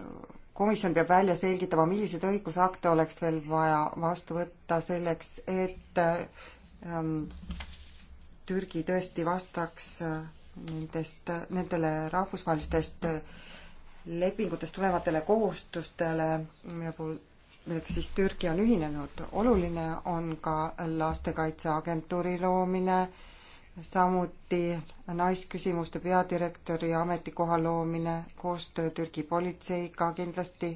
komisjon peab välja selgitama, milliseid õigusakte oleks veel vaja vastu võtta selleks, et ähm, Türgi tõesti vastaks äh, nendest, äh, nendele rahvusvahelistest äh, lepingutest tulevatele kohustustele, mille puhul, millega siis Türgi on ühinenud. oluline on ka lastekaitseagentuuri loomine, samuti naisküsimuste peadirektori ametikoha loomine, koostöö Türgi politseiga kindlasti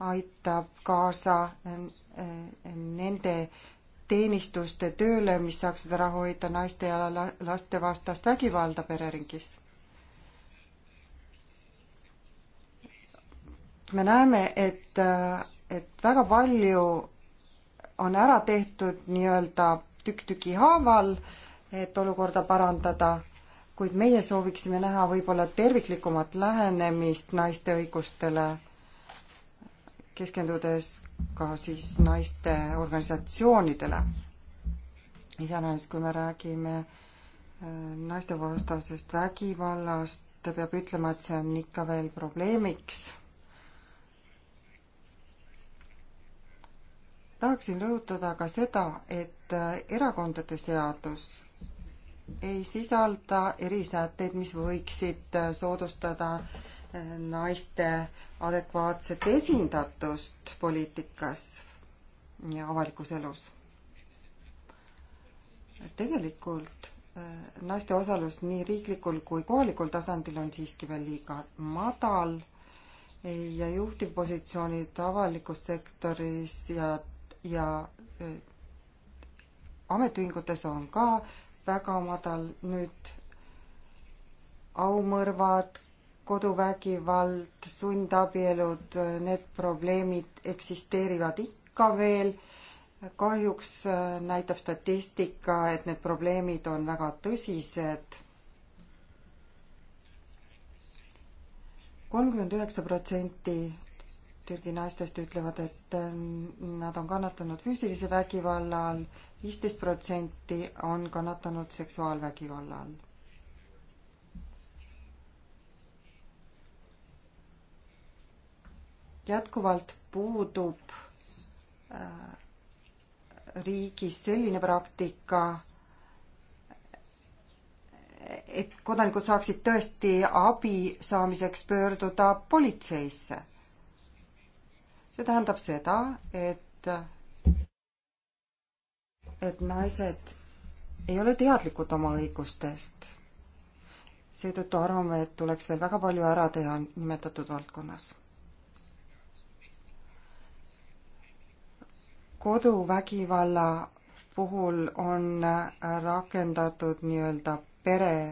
aitab kaasa nende teenistuste tööle, mis saaksid ära hoida naiste ja laste vastast vägivalda pereringis. me näeme, et, et väga palju on ära tehtud nii-öelda tükk-tüki haaval, et olukorda parandada, kuid meie sooviksime näha võib-olla terviklikumat lähenemist naiste õigustele, keskendudes ka siis naiste organisatsioonidele. iseenesest, kui me räägime äh, naistevastasest vägivallast, peab ütlema, et see on ikka veel probleemiks. tahaksin rõhutada ka seda, et äh, erakondade seadus ei sisalda erisätteid, mis võiksid äh, soodustada äh, naiste adekvaatset esindatust poliitikas ja avalikus elus. tegelikult äh, naiste osalus nii riiklikul kui kohalikul tasandil on siiski veel liiga madal ja juhtivpositsioonid avalikus sektoris ja, ja äh, ametiühingutes on ka väga madal, nüüd aumõrvad, koduvägivald, sundabielud, need probleemid eksisteerivad ikka veel. kahjuks äh, näitab statistika, et need probleemid on väga tõsised. kolmkümmend üheksa protsenti Türgi naistest ütlevad, et äh, nad on kannatanud füüsilise vägivalla all, viisteist protsenti on kannatanud seksuaalvägivalla all jätkuvalt puudub äh, riigis selline praktika, et kodanikud saaksid tõesti abi saamiseks pöörduda politseisse. see tähendab seda, et, et naised ei ole teadlikud oma õigustest. seetõttu arvame, et tuleks veel väga palju ära teha nimetatud valdkonnas koduvägivalla puhul on äh, rakendatud nii-öelda pere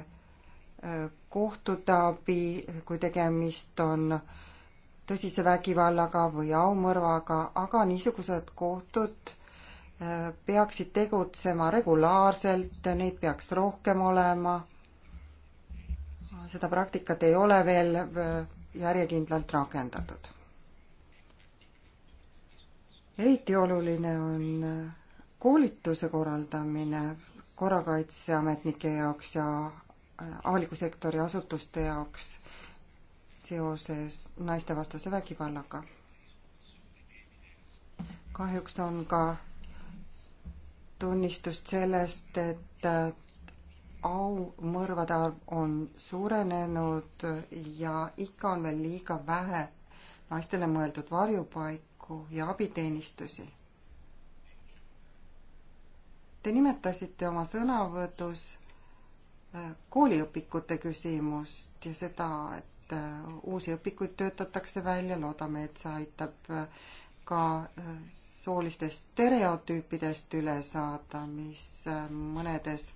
äh, kohtute abi, kui tegemist on tõsise vägivallaga või aumõrvaga, aga niisugused kohtud äh, peaksid tegutsema regulaarselt, neid peaks rohkem olema. seda praktikat ei ole veel järjekindlalt rakendatud eriti oluline on koolituse korraldamine korrakaitseametnike jaoks ja äh, avaliku sektori asutuste jaoks seoses naistevastase vägivallaga. kahjuks on ka tunnistust sellest, et äh, aumõrvade arv on suurenenud ja ikka on veel liiga vähe naistele mõeldud varjupaik, julgeoleku- ja abiteenistusi. Te nimetasite oma sõnavõtus äh, kooliõpikute küsimust ja seda, et äh, uusi õpikuid töötatakse välja, loodame, et see aitab äh, ka soolistest stereotüüpidest üle saada, mis mõnedes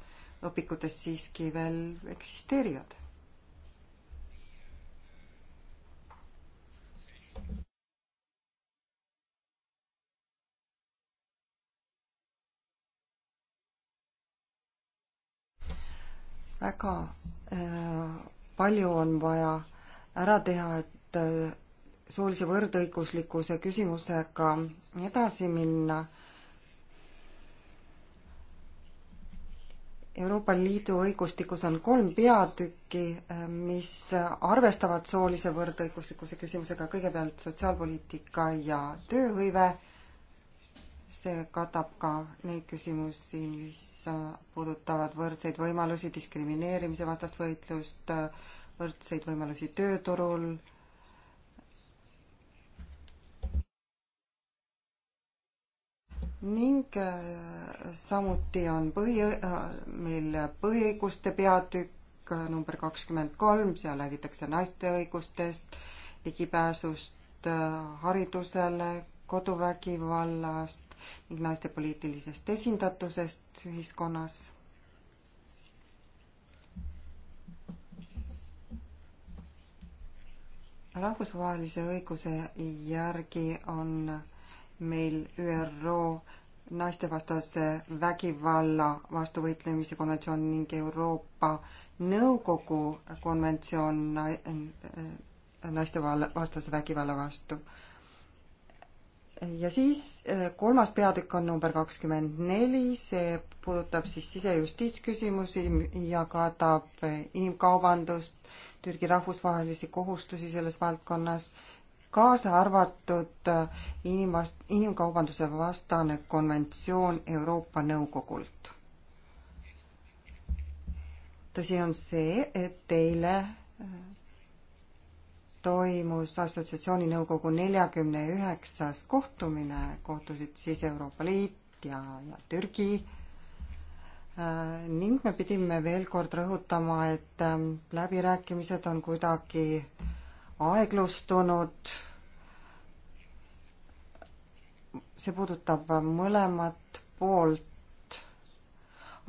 õpikutes siiski veel eksisteerivad väga äh, palju on vaja ära teha, et äh, soolise võrdõiguslikkuse küsimusega edasi minna. Euroopa Liidu õigustikus on kolm peatükki, äh, mis arvestavad soolise võrdõiguslikkuse küsimusega, kõigepealt sotsiaalpoliitika ja tööhõive see katab ka neid küsimusi, mis puudutavad võrdseid võimalusi, diskrimineerimise vastast võitlust, võrdseid võimalusi tööturul ning äh, samuti on põhi, äh, meil põhiõiguste peatükk äh, number kakskümmend kolm, seal räägitakse naiste õigustest, ligipääsust haridusele, koduvägivallast, ning naiste poliitilisest esindatusest ühiskonnas rahvusvahelise õiguse järgi on meil ÜRO naistevastase vägivalla vastu võitlemise konventsioon ning Euroopa Nõukogu konventsioon naistevastase vägivalla vastu ja siis äh, kolmas peatükk on number kakskümmend neli, see puudutab siis sisejustiitsküsimusi ja katab äh, inimkaubandust, Türgi rahvusvahelisi kohustusi selles valdkonnas, kaasa arvatud äh, inimvast-, inimkaubanduse vastane konventsioon Euroopa Nõukogult. tõsi on see, et eile toimus assotsiatsiooni nõukogu neljakümne üheksas kohtumine, kohtusid siis Euroopa Liit ja, ja Türgi äh, ning me pidime veel kord rõhutama, et ähm, läbirääkimised on kuidagi aeglustunud. see puudutab mõlemat poolt,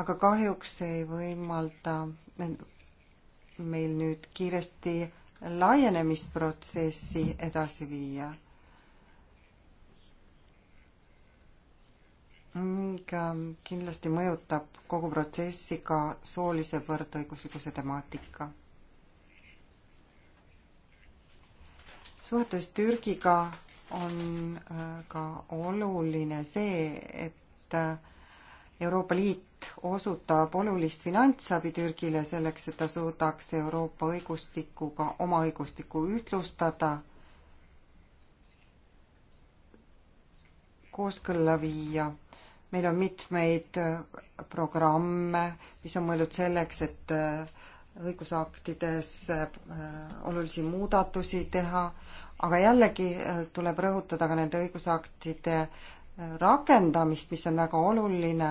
aga kahjuks ei võimalda meil nüüd kiiresti laienemisprotsessi edasi viia. ning ähm, kindlasti mõjutab kogu protsessi ka soolise võrdõiguslikkuse temaatika. suhetes Türgiga on äh, ka oluline see, et äh, Euroopa Liit osutab olulist finantsabi Türgile selleks, et ta suudaks Euroopa õigustikuga, oma õigustikku ühtlustada, kooskõlla viia. meil on mitmeid programme, mis on mõeldud selleks, et äh, õigusaktides äh, olulisi muudatusi teha, aga jällegi äh, tuleb rõhutada ka nende õigusaktide rakendamist, mis on väga oluline,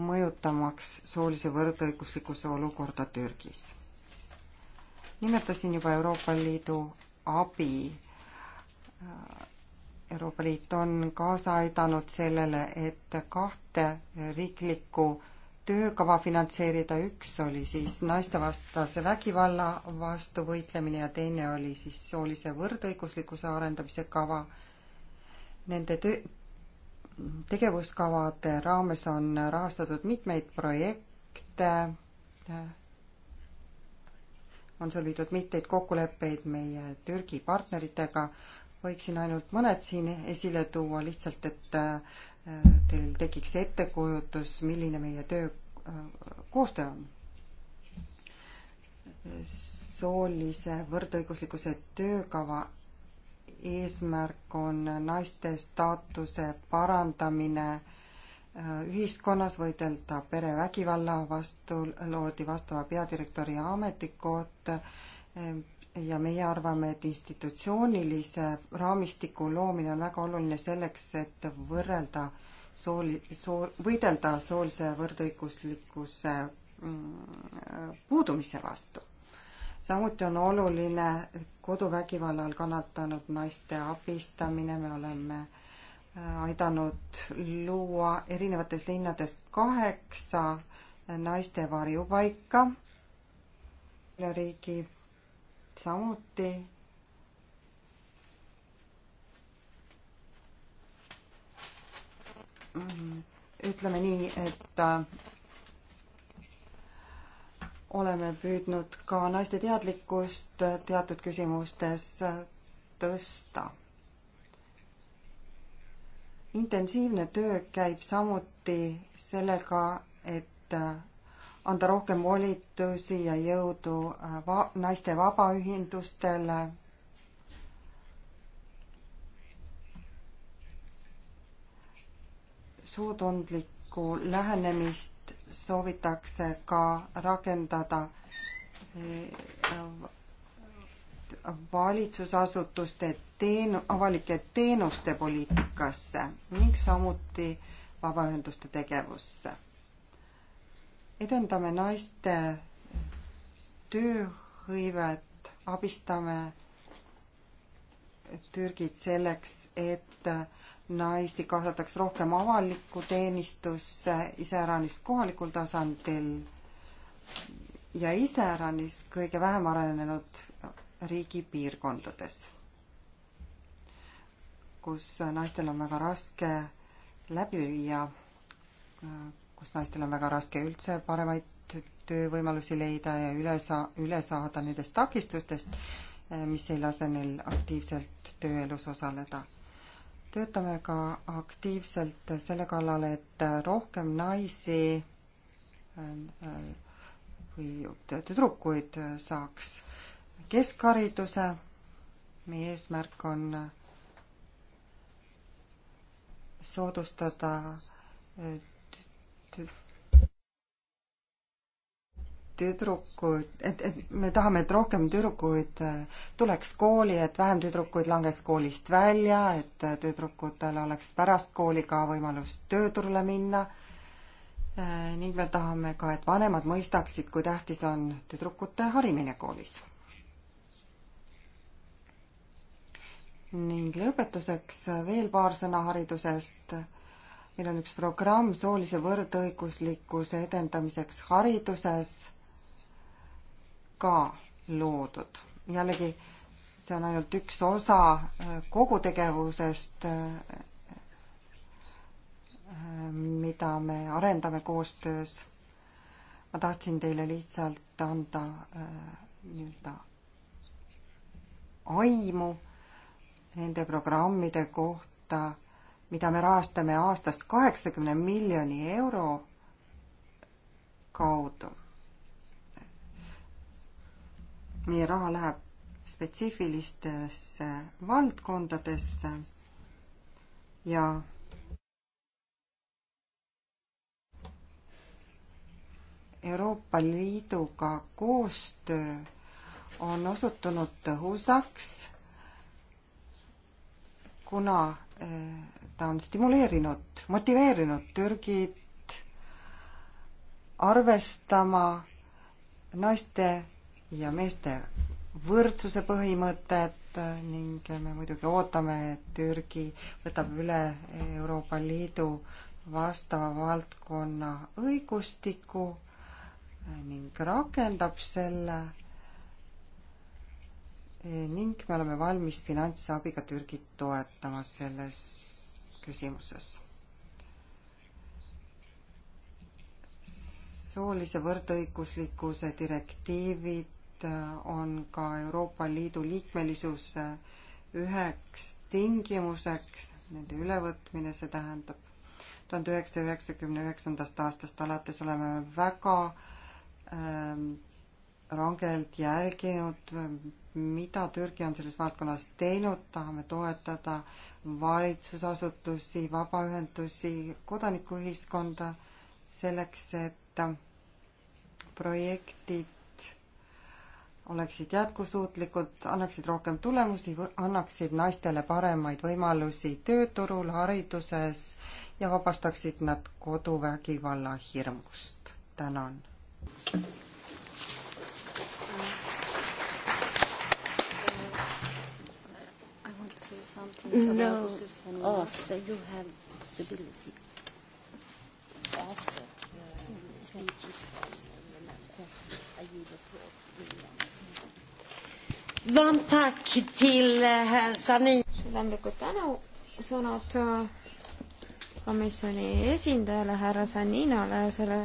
mõjutamaks soolise võrdõiguslikkuse olukorda Türgis. nimetasin juba Euroopa Liidu abi. Euroopa Liit on kaasa aidanud sellele, et kahte riiklikku töökava finantseerida, üks oli siis naistevastase vägivalla vastu võitlemine ja teine oli siis soolise võrdõiguslikkuse arendamise kava. Nende töö, tegevuskavade raames on rahastatud mitmeid projekte, on sõlmitud mitmeid kokkuleppeid meie Türgi partneritega, võiksin ainult mõned siin esile tuua, lihtsalt et äh, teil tekiks ettekujutus, milline meie töö, äh, koostöö on. soolise võrdõiguslikkuse töökava eesmärk on naiste staatuse parandamine äh, ühiskonnas, võidelda perevägivalla vastu, loodi vastava peadirektori ametikoht äh, ja meie arvame, et institutsioonilise raamistiku loomine on väga oluline selleks, et võrrelda sooli, soo-, võidelda soolise võrdõiguslikkuse mm, puudumise vastu samuti on oluline koduvägivallal kannatanud naiste abistamine, me oleme äh, aidanud luua erinevates linnades kaheksa naiste varjupaika üle riigi samuti ütleme nii, et äh, oleme püüdnud ka naiste teadlikkust teatud küsimustes tõsta. intensiivne töö käib samuti sellega, et anda rohkem volitusi ja jõudu äh, va-, naiste vabaühendustele. suutundlikku lähenemist soovitakse ka rakendada eh, valitsusasutuste teen-, avalike teenuste poliitikasse ning samuti vabaühenduste tegevusse. edendame naiste tööhõivet, abistame Türgit selleks, et et äh, naisi kaasatakse rohkem avalikku teenistusse, iseäranis kohalikul tasandil ja iseäranis kõige vähem arenenud riigipiirkondades, kus naistel on väga raske läbi viia, äh, kus naistel on väga raske üldse paremaid töövõimalusi leida ja üle saa-, üle saada nendest takistustest, äh, mis ei lase neil aktiivselt tööelus osaleda töötame ka aktiivselt selle kallal, et rohkem naisi äh, äh, või tüdrukuid saaks keskhariduse. meie eesmärk on soodustada äh, tüdrukud, et, et me tahame, et rohkem tüdrukuid äh, tuleks kooli, et vähem tüdrukuid langeks koolist välja, et äh, tüdrukutel oleks pärast kooli ka võimalus tööturule minna äh, ning me tahame ka, et vanemad mõistaksid, kui tähtis on tüdrukute harimine koolis. ning lõpetuseks veel paar sõna haridusest meil on üks programm soolise võrdõiguslikkuse edendamiseks hariduses ka loodud. jällegi, see on ainult üks osa äh, kogu tegevusest, äh, mida me arendame koostöös. ma tahtsin teile lihtsalt anda äh, nii-öelda aimu nende programmide kohta, mida me rahastame aastast kaheksakümne miljoni euro kaudu meie raha läheb spetsiifilistesse valdkondadesse ja Euroopa Liiduga koostöö on osutunud tõhusaks, kuna eh, ta on stimuleerinud, motiveerinud Türgit arvestama naiste ja meeste võrdsuse põhimõtet ning me muidugi ootame, et Türgi võtab üle Euroopa Liidu vastava valdkonna õigustiku ning rakendab selle ning me oleme valmis finantsabiga Türgit toetama selles küsimuses. soolise võrdõiguslikkuse direktiivid Äh, on ka Euroopa Liidu liikmelisuse äh, üheks tingimuseks nende ülevõtmine, see tähendab tuhande üheksasaja üheksakümne üheksandast aastast alates oleme väga ähm, rangelt jälginud, mida Türgi on selles valdkonnas teinud, tahame toetada valitsusasutusi, vabaühendusi, kodanikuühiskonda selleks, et projektid oleksid jätkusuutlikud, annaksid rohkem tulemusi, annaksid naistele paremaid võimalusi tööturul, hariduses ja vabastaksid nad koduvägivalla hirmust. tänan. No, oh, so you have possibility after uh, speeches. Remember, I give the floor to William varmt tack till herr eh, Sani. südamlikud tänusõnad äh, komisjoni esindajale härra Saninale selle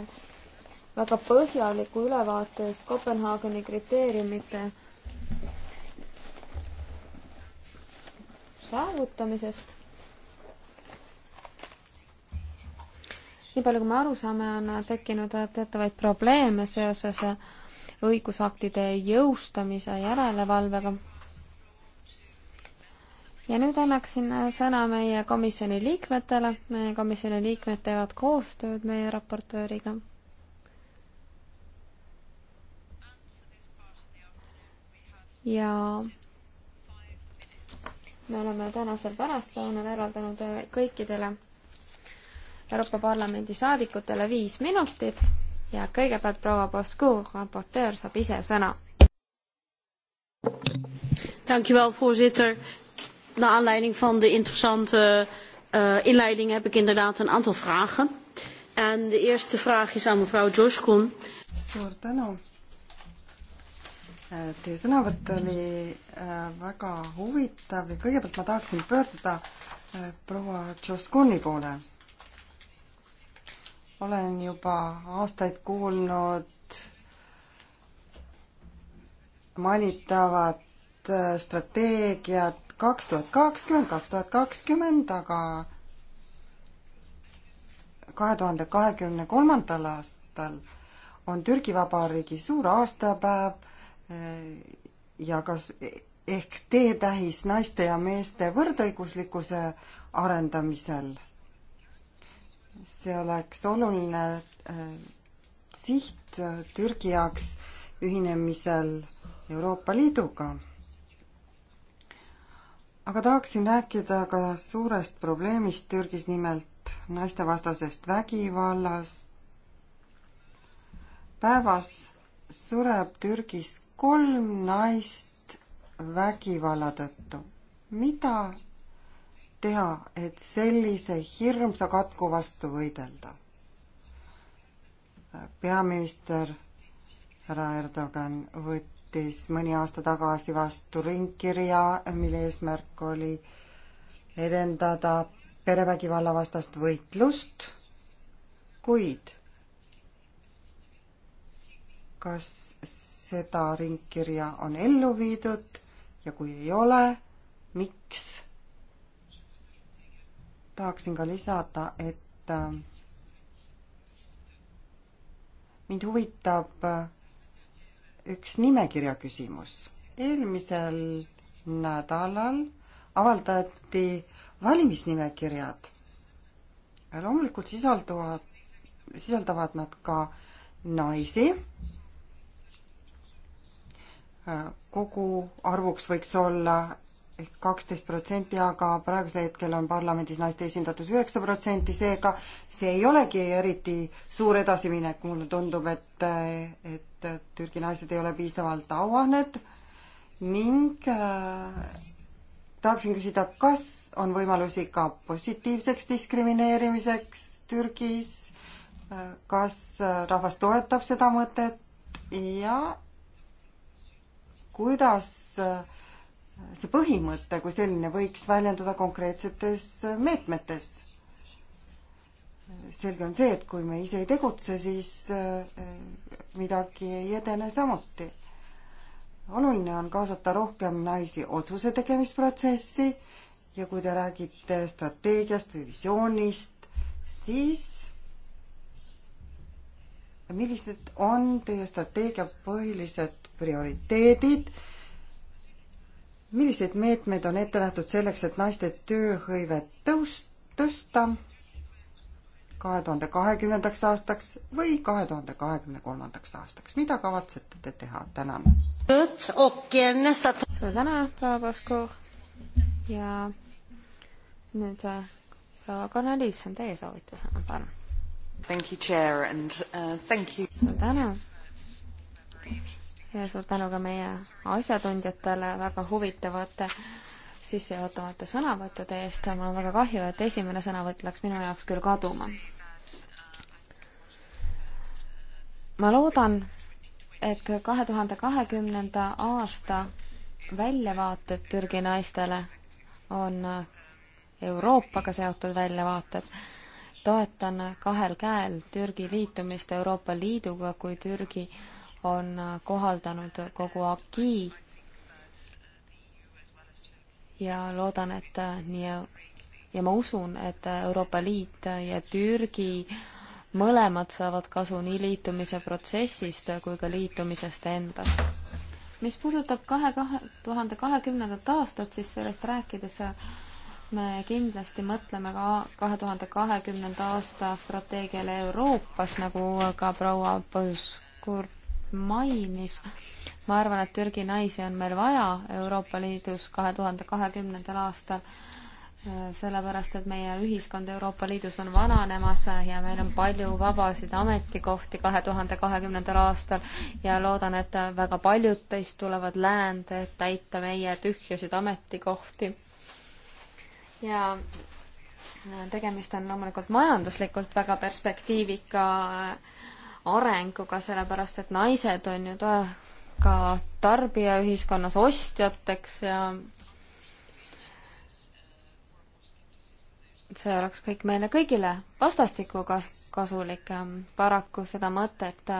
väga põhjaliku ülevaate eest Kopenhaageni kriteeriumite saavutamisest. nii palju, kui me aru saame, on tekkinud teatavaid probleeme seoses õigusaktide jõustamise järelevalvega. ja nüüd annaksin sõna meie komisjoni liikmetele. meie komisjoni liikmed teevad koostööd meie raportööriga. ja me oleme tänasel pärastlõunal eraldanud kõikidele Euroopa Parlamendi saadikutele viis minutit ja kõigepealt proua Bosku, raportöör, saab ise sõna. Dankjewel, voorzitter. Naar aanleiding van de interessante uh, inleiding heb ik inderdaad een aantal vragen. En de eerste vraag is aan mevrouw Joskun. Suur tänu. Eh, teie sõnavõtt oli eh, väga huvitav ja kõigepealt ma tahaksin pöörduda proua Joskuni poole olen juba aastaid kuulnud manitavat äh, strateegiat kaks tuhat kakskümmend, kaks tuhat kakskümmend, aga kahe tuhande kahekümne kolmandal aastal on Türgi Vabariigi suur aastapäev äh, ja kas ehk teetähis naiste ja meeste võrdõiguslikkuse arendamisel see oleks oluline äh, siht äh, Türgi jaoks ühinemisel Euroopa Liiduga. aga tahaksin rääkida ka suurest probleemist Türgis, nimelt naistevastasest vägivallast. päevas sureb Türgis kolm naist vägivalla tõttu. mida teha, et sellise hirmsa katku vastu võidelda? peaminister härra Erdogan võttis mõni aasta tagasi vastu ringkirja, mille eesmärk oli edendada perevägivalla vastast võitlust, kuid kas seda ringkirja on ellu viidud ja kui ei ole, miks? tahaksin ka lisada, et äh, mind huvitab äh, üks nimekirja küsimus. eelmisel nädalal avaldati valimisnimekirjad. loomulikult sisalduvad, sisaldavad nad ka naisi. Äh, kogu arvuks võiks olla ehk kaksteist protsenti, aga praegusel hetkel on parlamendis naiste esindatus üheksa protsenti, seega see ei olegi eriti suur edasiminek, mulle tundub, et, et Türgi naised ei ole piisavalt auahned ning äh, tahaksin küsida, kas on võimalusi ka positiivseks diskrimineerimiseks Türgis, äh, kas rahvas toetab seda mõtet ja kuidas äh, see põhimõte kui selline võiks väljenduda konkreetsetes meetmetes. selge on see, et kui me ise ei tegutse, siis eh, midagi ei edene samuti. oluline on kaasata rohkem naisi otsuse tegemisprotsessi ja kui te räägite strateegiast või visioonist, siis millised on teie strateegia põhilised prioriteedid milliseid meetmeid on ette nähtud selleks, et naiste tööhõivet tõus-, tõsta kahe tuhande kahekümnendaks aastaks või kahe tuhande kahekümne kolmandaks aastaks, mida kavatsete te teha, tänan. suur tänu, proua Pasko ja nüüd äh, proua Kornelis on teie soovitusena, palun. Uh, suur tänu ja suur tänu ka meie asjatundjatele väga huvitavate sissejuhatavate sõnavõttude eest. mul on väga kahju, et esimene sõnavõtt läks minu jaoks küll kaduma. ma loodan, et kahe tuhande kahekümnenda aasta väljavaated Türgi naistele on Euroopaga seotud väljavaated. toetan kahel käel Türgi liitumist Euroopa Liiduga, kui Türgi äh, on kohaldanud kogu AKI ja loodan, et äh, nii ja ma usun, et Euroopa Liit ja Türgi mõlemad saavad kasu nii liitumise protsessist kui ka liitumisest endast. mis puudutab kahe, kahe tuhande kahekümnendat aastat, siis sellest rääkides me kindlasti mõtleme ka kahe tuhande kahekümnenda aasta strateegiale Euroopas, nagu ka proua Põskurt mainis. ma arvan, et Türgi naisi on meil vaja Euroopa Liidus kahe tuhande kahekümnendal aastal, äh, sellepärast et meie ühiskond Euroopa Liidus on vananemas ja meil on palju vabasid ametikohti kahe tuhande kahekümnendal aastal ja loodan, et väga paljud teist tulevad läände, et täita meie tühjasid ametikohti. ja äh, tegemist on loomulikult majanduslikult väga perspektiivika äh, arenguga, sellepärast et naised on ju ka tarbijaühiskonnas ostjateks ja see oleks kõik meile kõigile vastastikku kas-, kasulik. paraku seda mõtet,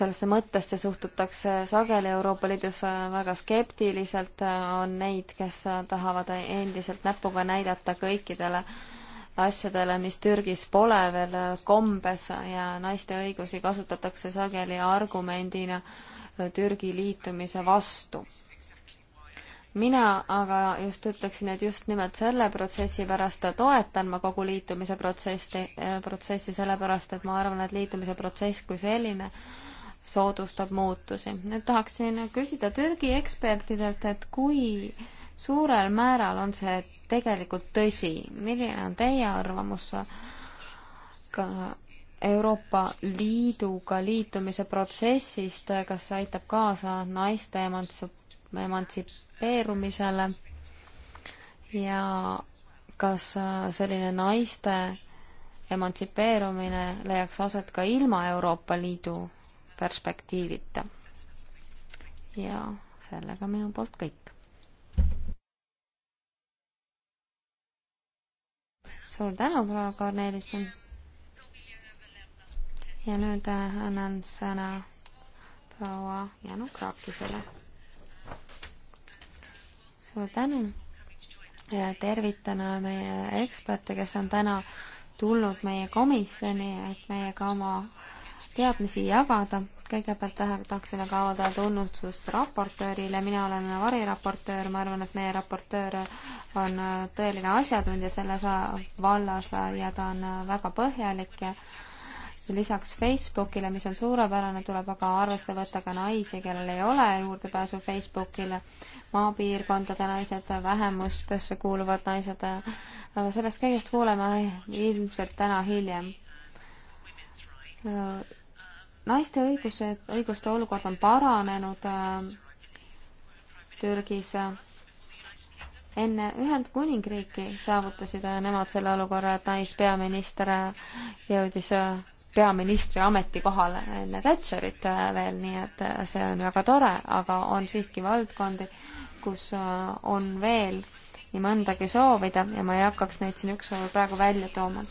sellesse mõttesse suhtutakse sageli Euroopa Liidus väga skeptiliselt, on neid, kes tahavad endiselt näpuga näidata kõikidele äh, asjadele, mis Türgis pole veel kombes ja naiste õigusi kasutatakse sageli argumendina Türgi liitumise vastu. mina aga just ütleksin, et just nimelt selle protsessi pärast toetan ma kogu liitumise protsessi, eh, protsessi sellepärast, et ma arvan, et liitumise protsess kui selline soodustab muutusi. nüüd tahaksin küsida Türgi ekspertidelt, et kui äh, suurel määral on see tegelikult tõsi. milline on teie arvamus ka Euroopa Liiduga liitumise protsessist, kas see aitab kaasa naiste emantsipeerumisele ja kas selline naiste emantsipeerumine leiaks aset ka ilma Euroopa Liidu perspektiivita? ja sellega minu poolt kõik. suur tänu, proua Kornelisson. ja nüüd äh, annan sõna proua Janu Kraakisele. suur tänu ja tervitan meie eksperte, kes on täna tulnud meie komisjoni, et meiega oma äh, teadmisi jagada. kõigepealt tahaksin aga avaldada tunnustust raportöörile, mina olen variraportöör, ma arvan, et meie raportöör on äh, tõeline asjatundja selles vallas ja ta on äh, väga põhjalik ja lisaks Facebookile, mis on suurepärane, tuleb aga arvesse võtta ka naisi, kellel ei ole juurdepääsu Facebookile, maapiirkondade naised, vähemustesse kuuluvad naised, aga sellest kõigest kuuleme ilmselt täna hiljem. Äh, naiste õigused, õiguste olukord on paranenud äh, Türgis. enne Ühendkuningriiki saavutasid äh, nemad selle olukorra, et naispeaminister äh, jõudis peaministri ametikohale enne Thatcherit veel, nii et see on väga tore, aga on siiski valdkondi, kus on veel nii mõndagi soovida ja ma ei hakkaks neid siin ükshaaval praegu välja tooma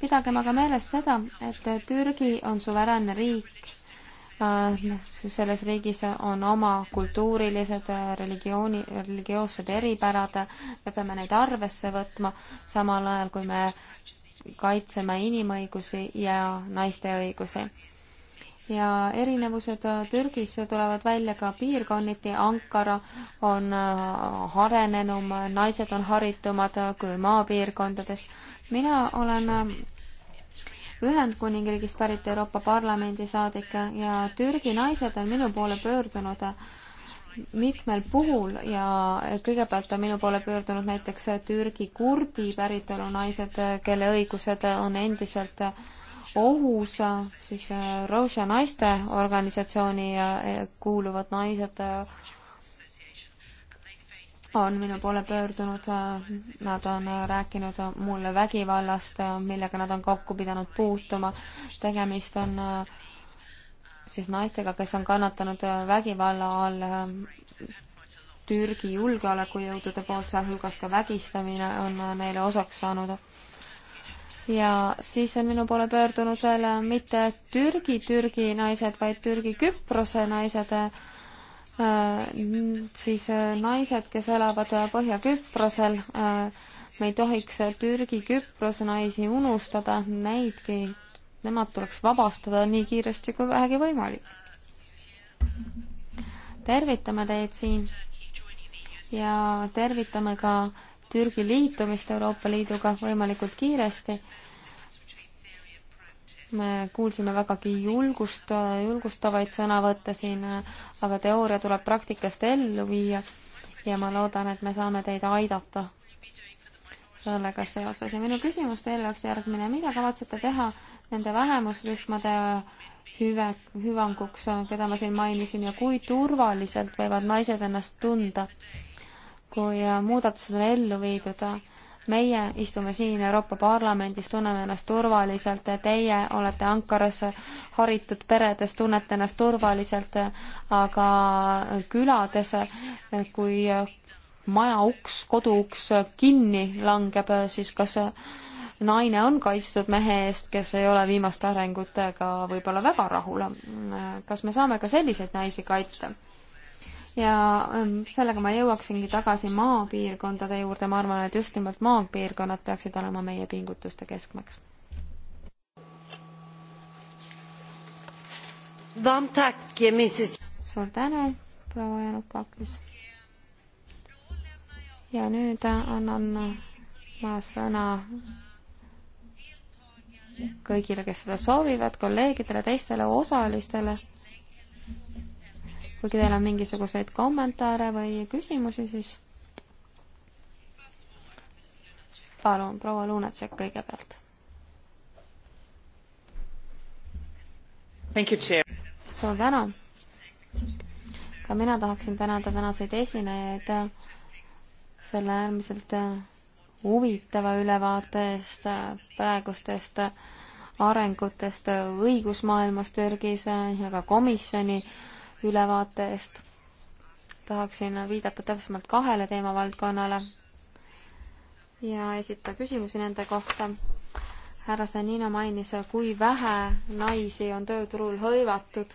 pidagem aga meeles seda, et Türgi on suveräänne riik. Äh, selles riigis on oma kultuurilised äh, religiooni, religioossed eripärad, me peame neid arvesse võtma, samal ajal kui me kaitseme inimõigusi ja naiste õigusi ja erinevused äh, Türgis tulevad välja ka piirkonniti, Ankara on äh, arenenum, naised on haritumad kui maapiirkondades. mina olen äh, Ühendkuningriigist pärit Euroopa Parlamendi saadik ja Türgi naised on minu poole pöördunud mitmel puhul ja kõigepealt on minu poole pöördunud näiteks Türgi kurdi päritolu naised, kelle õigused on endiselt ohus, siis äh, Roša naiste organisatsiooni äh, kuuluvad naised äh, on minu poole pöördunud, nad on rääkinud mulle vägivallast, millega nad on kokku pidanud puutuma. tegemist on siis naistega, kes on kannatanud vägivalla all Türgi julgeolekujõudude poolt, sealhulgas ka vägistamine on neile osaks saanud ja siis on minu poole pöördunud veel mitte Türgi Türgi naised, vaid Türgi Küprose naised, äh, siis äh, naised, kes elavad Põhja-Küprosel. Äh, me ei tohiks Türgi Küprose naisi unustada, neidki, nemad tuleks vabastada nii kiiresti kui vähegi võimalik. tervitame teid siin ja tervitame ka Türgi liitumist Euroopa Liiduga võimalikult kiiresti. me kuulsime vägagi julgust, julgustavaid sõnavõtte siin, aga teooria tuleb praktikast ellu viia ja ma loodan, et me saame teid aidata sellega seoses. ja minu küsimus teile oleks järgmine, mida kavatsete teha nende vähemusrühmade hüve, hüvanguks, keda ma siin mainisin ja kui turvaliselt võivad naised ennast tunda? kui muudatused on ellu viidud. meie istume siin Euroopa Parlamendis, tunneme ennast turvaliselt, teie olete Ankaras haritud peredes, tunnete ennast turvaliselt, aga külades, kui maja uks, koduuks kinni langeb, siis kas naine on kaitstud mehe eest, kes ei ole viimaste arengutega võib-olla väga rahul. kas me saame ka selliseid naisi kaitsta? ja ähm, sellega ma jõuaksingi tagasi maapiirkondade juurde, ma arvan, et just nimelt maapiirkonnad peaksid olema meie pingutuste keskmeks. suur tänu, proua Janukakis. ja nüüd annan ma sõna kõigile, kes seda soovivad, kolleegidele, teistele osalistele kui teil on mingisuguseid kommentaare või küsimusi, siis palun, proua Lunatšek kõigepealt. suur tänu! ka mina tahaksin tänada tänaseid esinejaid selle äärmiselt huvitava ülevaate eest praegustest arengutest õigusmaailmas Türgis ja ka komisjoni äh, ülevaate eest. tahaksin viidata täpsemalt kahele teemavaldkonnale ja esitada küsimusi nende kohta. härra Sanina mainis, kui vähe naisi on tööturul hõivatud.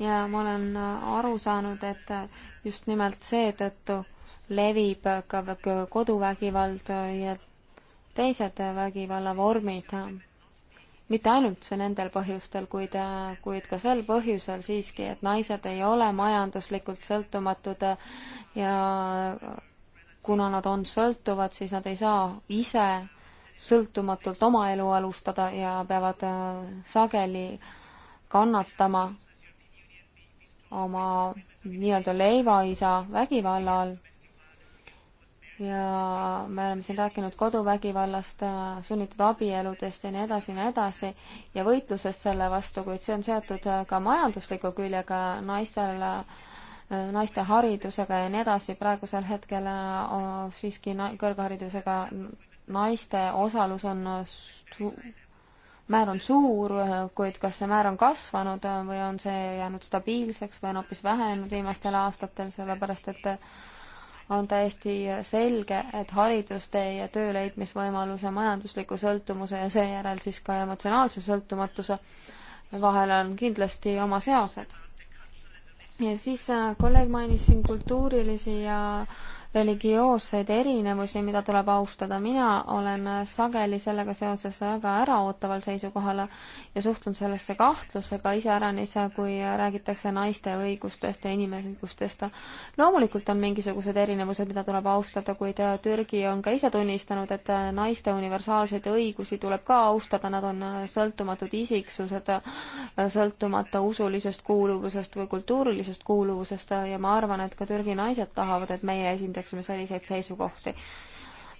ja ma olen aru saanud, et just nimelt seetõttu levib ka koduvägivald ja teised vägivallavormid mitte ainult see nendel põhjustel, kuid, kuid ka sel põhjusel siiski, et naised ei ole majanduslikult sõltumatud ja kuna nad on sõltuvad, siis nad ei saa ise sõltumatult oma elu alustada ja peavad äh, sageli kannatama oma nii-öelda leivaisa vägivalla all ja me oleme siin rääkinud koduvägivallast, sunnitud abieludest ja nii edasi ja nii edasi ja võitlusest selle vastu, kuid see on seotud ka majandusliku küljega naistel, naiste haridusega ja nii edasi, praegusel hetkel siiski na-, kõrgharidusega naiste osalus on su-, määr on suur, kuid kas see määr on kasvanud või on see jäänud stabiilseks või on hoopis vähenenud viimastel aastatel, sellepärast et on täiesti selge, et haridustee ja töö leidmisvõimaluse, majandusliku sõltumuse ja seejärel siis ka emotsionaalse sõltumatuse vahel on kindlasti oma seosed. ja siis äh, kolleeg mainis siin kultuurilisi ja religioosseid erinevusi, mida tuleb austada. mina olen sageli sellega seoses väga äraootaval seisukohal ja suhtun sellesse kahtlusega iseäranis, kui räägitakse naiste õigustest ja inimõigustest. loomulikult on mingisugused erinevused, mida tuleb austada, kuid Türgi on ka ise tunnistanud, et naiste universaalseid õigusi tuleb ka austada, nad on sõltumatud isiksused, sõltumata usulisest kuuluvusest või kultuurilisest kuuluvusest ja ma arvan, et ka Türgi naised tahavad, et meie esindaks väljendaksime selliseid seisukohti.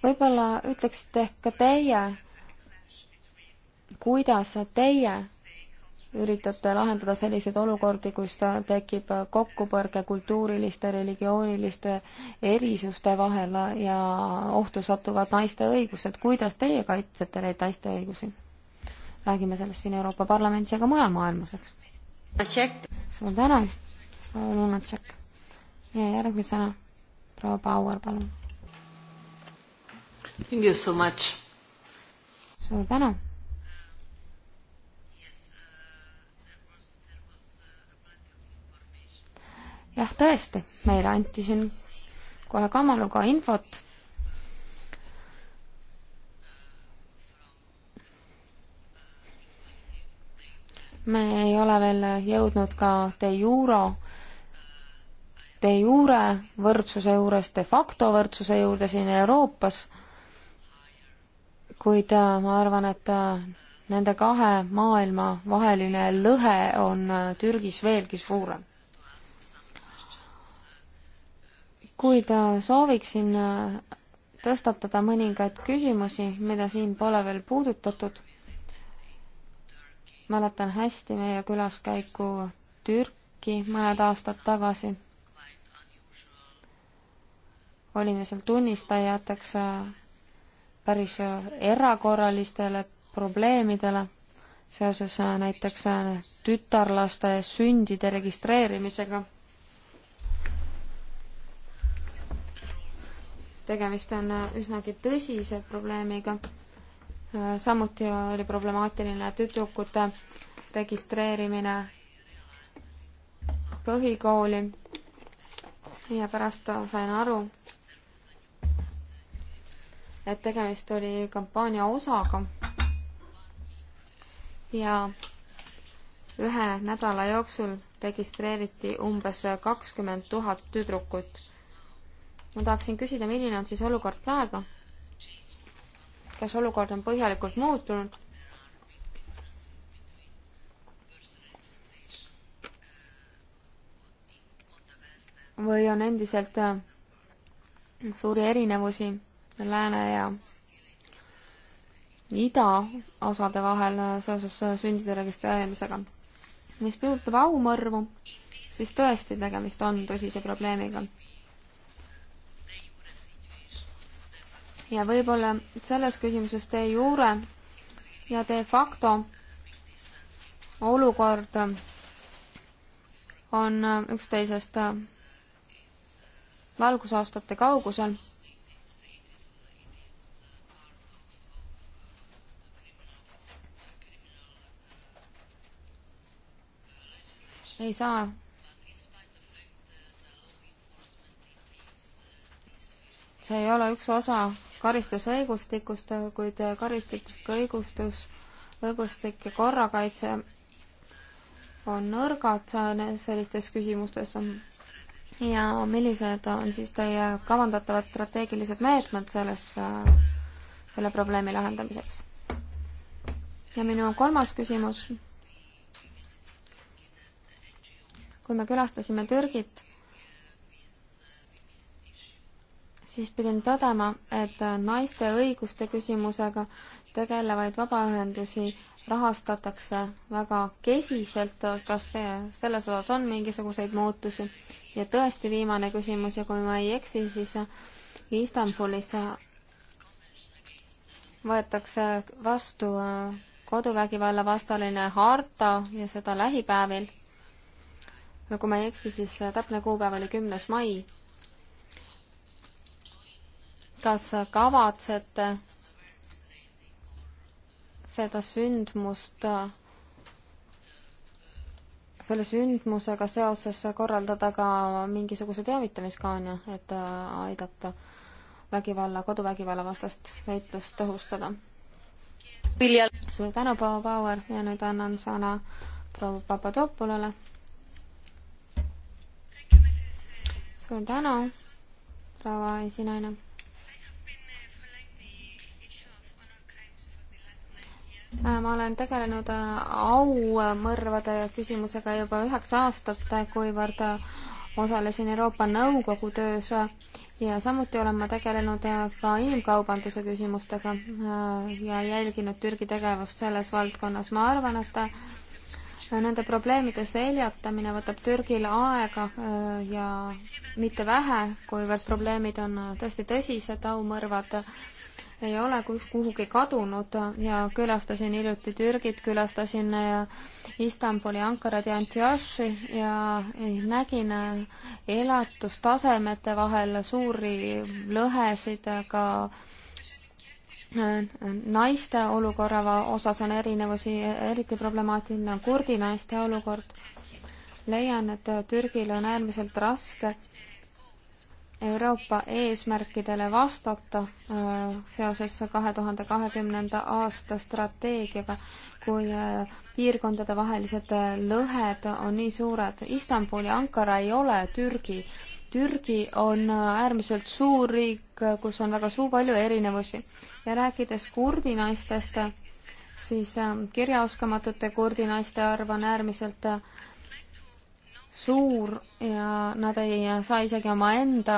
võib-olla ütleksite ka teie, kuidas teie üritate lahendada selliseid olukordi, kus tekib kokkupõrge kultuuriliste, religiooniliste erisuste vahel ja ohtu satuvad naiste õigused. kuidas teie kaitsete neid naiste õigusi? räägime sellest siin Euroopa Parlamendis ja ka mujal maailmas, eks. suur tänu, proua Lunatšek. ja järgmisena proua Bauer, palun. Thank you so much. suur tänu. jah, tõesti, meile anti siin kohe kamaluga infot me ei ole veel jõudnud ka de juro de jure võrdsuse juurest de facto võrdsuse juurde siin Euroopas, kuid äh, ma arvan, et äh, nende kahe maailma vaheline lõhe on äh, Türgis veelgi suurem. kuid sooviksin tõstatada mõningaid küsimusi, mida siin pole veel puudutatud. mäletan hästi meie külaskäiku Türki mõned aastad tagasi olime seal tunnistajateks äh, päris äh, erakorralistele probleemidele seoses äh, näiteks tütarlaste sündide registreerimisega. tegemist on üsnagi tõsise probleemiga. samuti oli problemaatiline tüdrukute registreerimine põhikooli ja pärast sain aru, et tegemist oli kampaania osaga ja ühe nädala jooksul registreeriti umbes kakskümmend tuhat tüdrukut. ma tahaksin küsida, milline on siis olukord praegu? kas olukord on põhjalikult muutunud? või on endiselt äh, suuri erinevusi lääne ja idaosade vahel seoses sündide registreerimisega. mis puudutab aumõrvu, siis tõesti tegemist on tõsise probleemiga. ja võib-olla selles küsimuses de jure ja de facto olukord on üksteisest valgusaastate kaugusel ei saa see ei ole üks osa karistusõigustikust, kuid karistuslik õigustus, õigustik ja korrakaitse on nõrgad sellistes küsimustes. ja millised on siis teie kavandatavad strateegilised meetmed selles, selle probleemi lahendamiseks? ja minu kolmas küsimus kui me külastasime Türgit, siis pidin tõdema, et naiste õiguste küsimusega tegelevaid vabaühendusi rahastatakse väga kesiselt, kas see, selles osas on mingisuguseid muutusi. ja tõesti viimane küsimus ja kui ma ei eksi, siis Istanbulis võetakse vastu koduvägivalla vastaline harta ja seda lähipäevil no nagu kui ma ei eksi, siis täpne kuupäev oli kümnes mai. kas kavatsete seda sündmust, selle sündmusega seoses korraldada ka mingisuguse teavitamiskaania, et aidata vägivalla, koduvägivalla vastast võitlust tõhustada? suur tänu, proua Bauer ja nüüd annan sõna proua Papadopolole suur tänu, proua esinaine. Äh, ma olen tegelenud äh, aumõrvade küsimusega juba üheksa aastat, äh, kuivõrd osalesin Euroopa Nõukogu töös ja samuti olen ma tegelenud ka inimkaubanduse küsimustega ja jälginud Türgi tegevust selles valdkonnas. ma arvan, et nende probleemide seljatamine võtab Türgile aega äh, ja mitte vähe, kuivõrd probleemid on äh, tõesti tõsised, aumõrvad äh, ei ole kuhugi kadunud ja külastasin hiljuti Türgit, külastasin Istanbuli, Ankarat ja Antioši ja nägin elatustasemete vahel suuri lõhesid ka äh, naiste olukorra osas on erinevusi, eriti problemaatiline on kurdi naiste olukord. leian, et Türgil on äärmiselt raske Euroopa eesmärkidele vastata äh, seoses kahe tuhande kahekümnenda aasta strateegiaga, kui äh, piirkondade vahelised äh, lõhed on nii suured. Istanbul ja Ankara ei ole Türgi Türgi on äärmiselt suur riik, kus on väga suur palju erinevusi ja rääkides kurdi naistest, siis ähm, kirjaoskamatute kurdi naiste arv on äärmiselt äh, suur ja nad ei saa isegi omaenda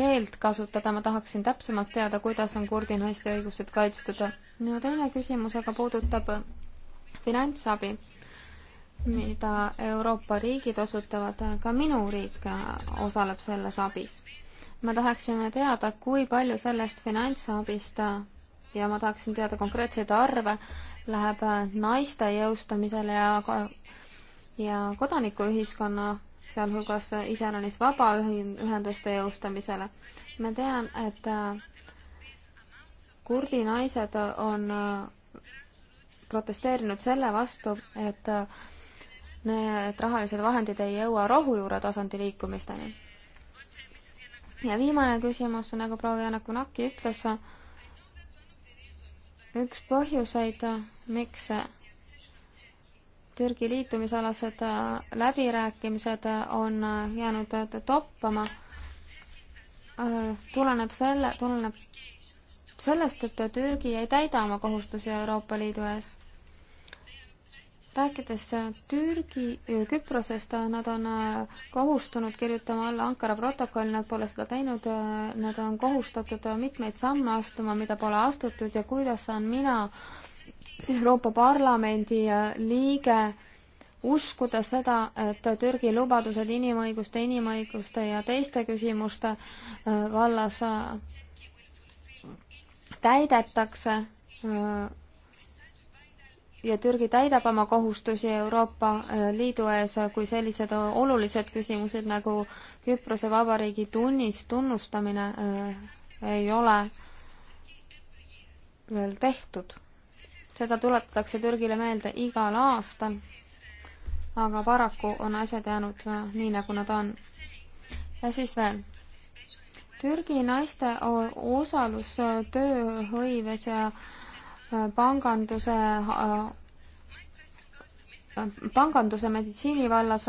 keelt kasutada, ma tahaksin täpsemalt teada, kuidas on kurdi naiste õigused kaitstud. no teine küsimus aga puudutab äh, finantsabi mida Euroopa riigid osutavad, ka minu riik osaleb selles abis. me tahaksime teada, kui palju sellest finantsabist ja ma tahaksin teada konkreetseid arve, läheb naiste jõustamisele ja, ja kodanikuühiskonna, sealhulgas iseäranis vabaühenduste jõustamisele. ma tean, et kurdi naised on protesteerinud selle vastu, et need rahalised vahendid ei jõua rohujuure tasandi liikumisteni. ja viimane küsimus, nagu proua Janakunaki ütles, üks põhjuseid, miks Türgi liitumisalased läbirääkimised on jäänud toppama, tuleneb selle, tuleneb sellest, et Türgi ei täida oma kohustusi Euroopa Liidu ees rääkides äh, Türgi, Küprosest, äh, nad on äh, kohustunud kirjutama alla Ankara protokolli, nad pole seda teinud, nad on kohustatud mitmeid samme astuma, mida pole astutud ja kuidas saan mina, Euroopa Parlamendi liige, uskuda seda, et Türgi lubadused inimõiguste, inimõiguste ja teiste küsimuste vallas täidetakse ja Türgi täidab oma kohustusi Euroopa äh, Liidu ees, äh, kui sellised äh, olulised küsimused nagu Küprose Vabariigi tunnis tunnustamine äh, ei ole veel tehtud. seda tuletatakse Türgile meelde igal aastal, aga paraku on asjad jäänud nii, nagu nad on. ja siis veel Türgi naiste osalus tööhõives ja panganduse panganduse meditsiinivallas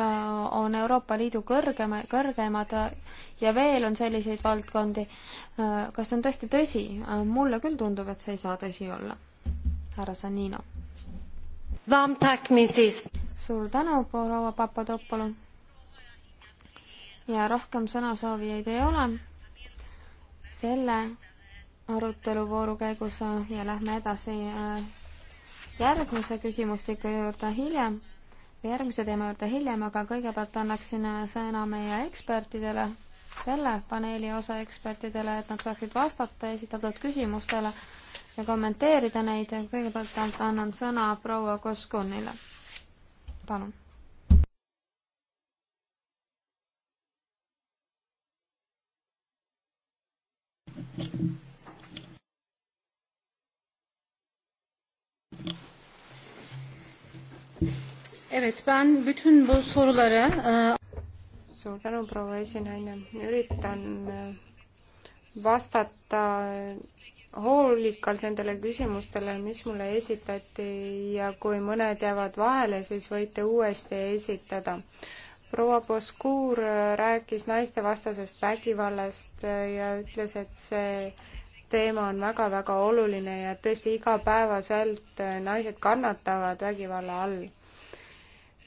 on Euroopa Liidu kõrgema, kõrgemad ja veel on selliseid valdkondi. kas see on tõesti tõsi? mulle küll tundub, et see ei saa tõsi olla. härra Sanino. suur tänu, proua Papadopoulou. ja rohkem sõnasoovijaid ei ole. selle aruteluvooru käigus äh, ja lähme edasi äh, järgmise küsimustiku juurde hiljem, järgmise teema juurde hiljem, aga kõigepealt annaksin äh, sõna meie ekspertidele, selle paneeli osa ekspertidele, et nad saaksid vastata esitatud küsimustele ja kommenteerida neid ja kõigepealt annan sõna proua Koskunile. palun. Thank you. Evet, ben bütün bu sorulara... E, Suur tänu, proua esinaine. Üritan e, vastata e, hoolikalt nendele küsimustele, mis mulle esitati ja kui mõned jäävad vahele, siis võite uuesti esitada. proua Poskuur rääkis naistevastasest vägivallast ja ütles, et see teema on väga-väga oluline ja tõesti igapäevaselt naised kannatavad vägivalla all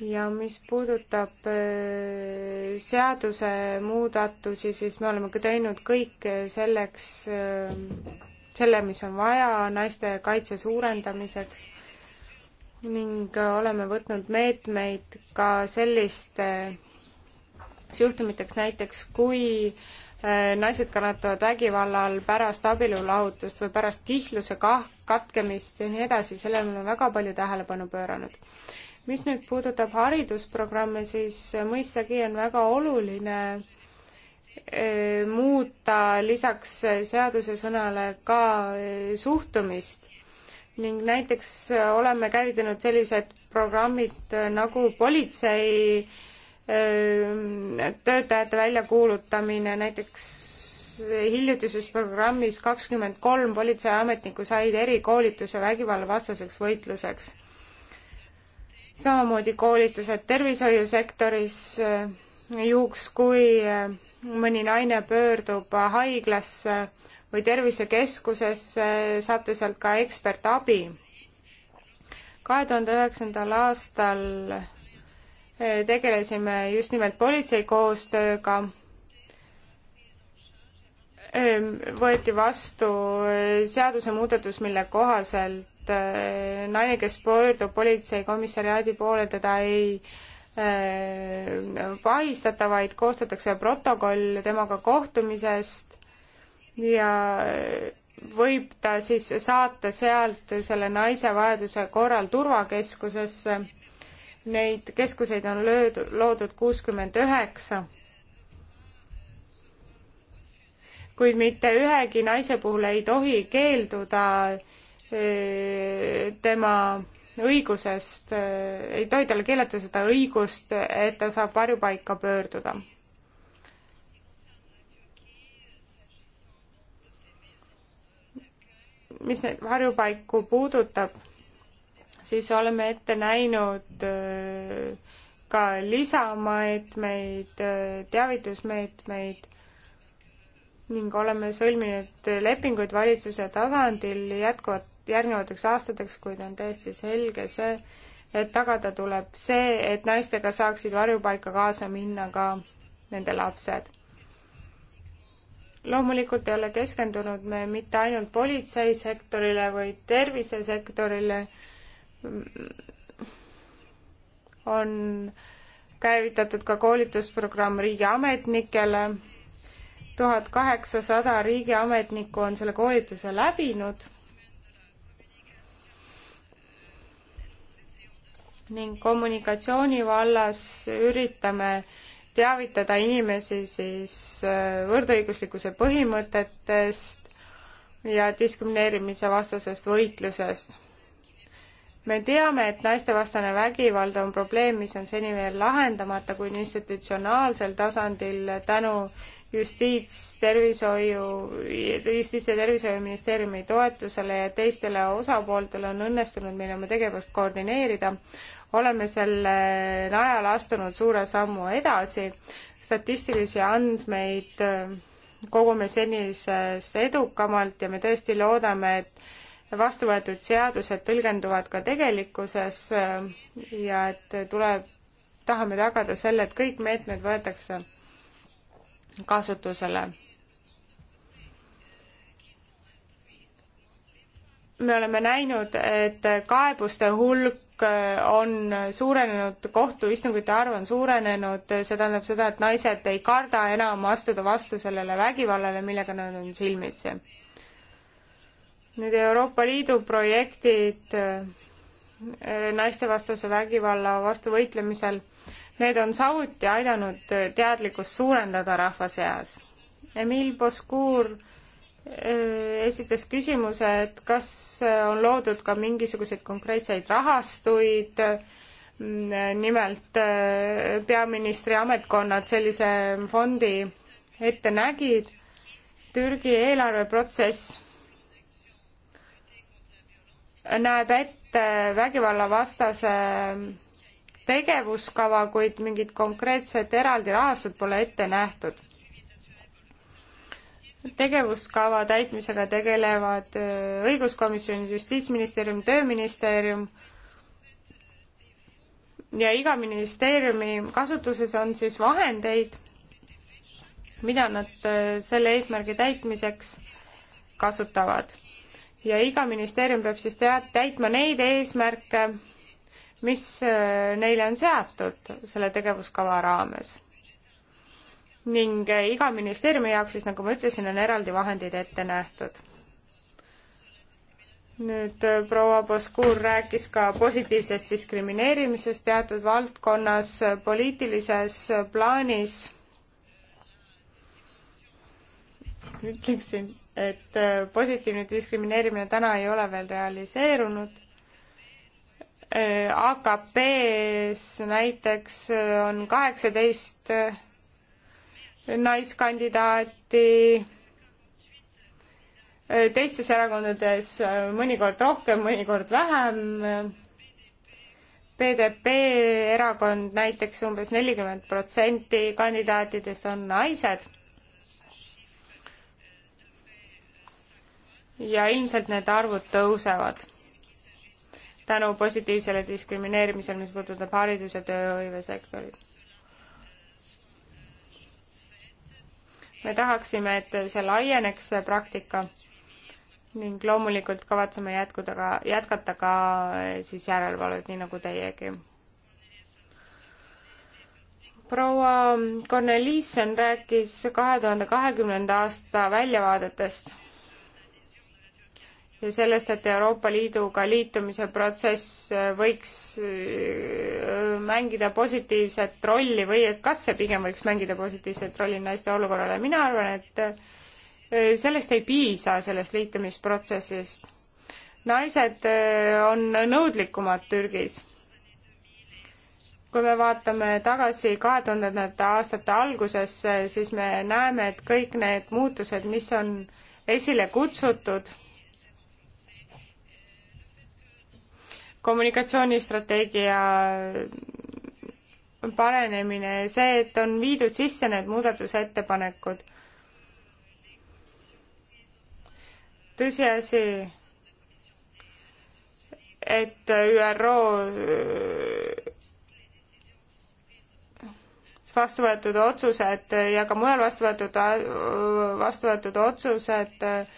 ja mis puudutab äh, seadusemuudatusi, siis me oleme ka teinud kõik selleks, äh, selle, mis on vaja naiste kaitse suurendamiseks ning äh, oleme võtnud meetmeid ka selliste juhtumiteks näiteks, kui naised kannatavad vägivalla all pärast abielulahutust või pärast kihluse kah-, katkemist ja nii edasi, sellele me oleme väga palju tähelepanu pööranud mis nüüd puudutab haridusprogramme, siis mõistagi on väga oluline eh, muuta lisaks seadusesõnale ka eh, suhtumist ning näiteks eh, oleme käivitanud sellised programmid nagu politsei töötajate väljakuulutamine, näiteks hiljutises programmis kakskümmend kolm politseiametnikku said erikoolituse vägivallavastaseks võitluseks samamoodi koolitused tervishoiusektoris äh, juhuks, kui äh, mõni naine pöördub äh, haiglasse või tervisekeskusesse, saab ta sealt ka ekspertabi. kahe tuhande üheksandal aastal tegelesime just nimelt politsei koostööga. võeti vastu seadusemuudatus, mille kohaselt et äh, naine, kes pöördub politseikomissariaadi poole, teda ei äh, vahistata, vaid koostatakse protokoll temaga kohtumisest ja võib ta siis saata sealt selle naise vajaduse korral turvakeskusesse. Neid keskuseid on löödud, loodud kuuskümmend üheksa kuid mitte ühegi naise puhul ei tohi keelduda tema õigusest, ei tohi talle keelata seda õigust, et ta saab varjupaika pöörduda. mis neid varjupaiku puudutab, siis oleme ette näinud äh, ka lisameetmeid, äh, teavitusmeetmeid ning oleme sõlminud lepinguid valitsuse tasandil jätkuvat järgnevateks aastateks, kuid on täiesti selge see, et tagada tuleb see, et naistega saaksid varjupaika kaasa minna ka nende lapsed. loomulikult ei ole keskendunud me mitte ainult politseisektorile või tervisesektorile, on käivitatud ka koolitusprogramm riigiametnikele, tuhat kaheksasada riigiametnikku on selle koolituse läbinud ning kommunikatsiooni vallas üritame teavitada inimesi siis äh, võrdõiguslikkuse põhimõtetest ja diskrimineerimise vastasest võitlusest. me teame, et naistevastane vägivald on probleem, mis on seni veel lahendamata, kuid institutsionaalsel tasandil tänu justiits, tervishoiu, justiits- ja tervishoiuministeeriumi toetusele ja teistele osapooltele on õnnestunud meil oma tegevust koordineerida oleme sellel ajal astunud suure sammu edasi. statistilisi andmeid äh, kogume senisest edukamalt ja me tõesti loodame, et vastu võetud seadused tõlgenduvad ka tegelikkuses äh, ja et tuleb, tahame tagada selle, et kõik meetmed võetakse kasutusele me oleme näinud, et kaebuste hulk on suurenenud, kohtuistungite arv on suurenenud, see tähendab seda, et naised ei karda enam astuda vastu sellele vägivallale, millega nad on silmitsi. Need Euroopa Liidu projektid eh, naistevastase vägivalla vastu võitlemisel, need on samuti aidanud teadlikkust suurendada rahva seas. Emile Boscour esitas küsimuse, et kas on loodud ka mingisuguseid konkreetseid rahastuid, nimelt äh, peaministri ametkonnad sellise fondi ette nägid. Türgi eelarveprotsess näeb ette vägivallavastase tegevuskava, kuid mingit konkreetset eraldi rahastut pole ette nähtud tegevuskava täitmisega tegelevad äh, õiguskomisjon, justiitsministeerium, tööministeerium ja iga ministeeriumi kasutuses on siis vahendeid, mida nad äh, selle eesmärgi täitmiseks kasutavad. ja iga ministeerium peab siis tead-, täitma neid eesmärke, mis äh, neile on seatud selle tegevuskava raames ning eh, iga ministeeriumi jaoks siis, nagu ma ütlesin, on eraldi vahendid ette nähtud. nüüd eh, proua Boskuur rääkis ka positiivsest diskrimineerimisest teatud valdkonnas, eh, poliitilises plaanis. ütleksin, et positiivne diskrimineerimine täna ei ole veel realiseerunud AKP-s näiteks on kaheksateist 18 naiskandidaati eh, teistes erakondades eh, mõnikord rohkem, mõnikord vähem. PDP erakond näiteks umbes nelikümmend protsenti kandidaatidest on naised. ja ilmselt need arvud tõusevad tänu positiivsele diskrimineerimisele, mis puudutab haridus- ja tööhõivesektorit me tahaksime, et see laieneks, see praktika, ning loomulikult kavatseme jätkuda ka, jätkata ka eh, siis järelevalvet, nii nagu teiegi. proua Cornelissen rääkis kahe tuhande kahekümnenda aasta väljavaadetest sellest, et Euroopa Liiduga liitumise protsess äh, võiks äh, mängida positiivset rolli või kas see pigem võiks mängida positiivset rolli naiste olukorrale, mina arvan, et äh, sellest ei piisa, sellest liitumisprotsessist. naised on nõudlikumad Türgis kui me vaatame tagasi kahe tuhandendate aastate algusesse, siis me näeme, et kõik need muutused, mis on esile kutsutud, kommunikatsioonistrateegia paranemine, see, et on viidud sisse need muudatusettepanekud. tõsiasi, et ÜRO äh, vastu võetud otsused ja ka mujal vastu võetud, vastu võetud otsused äh,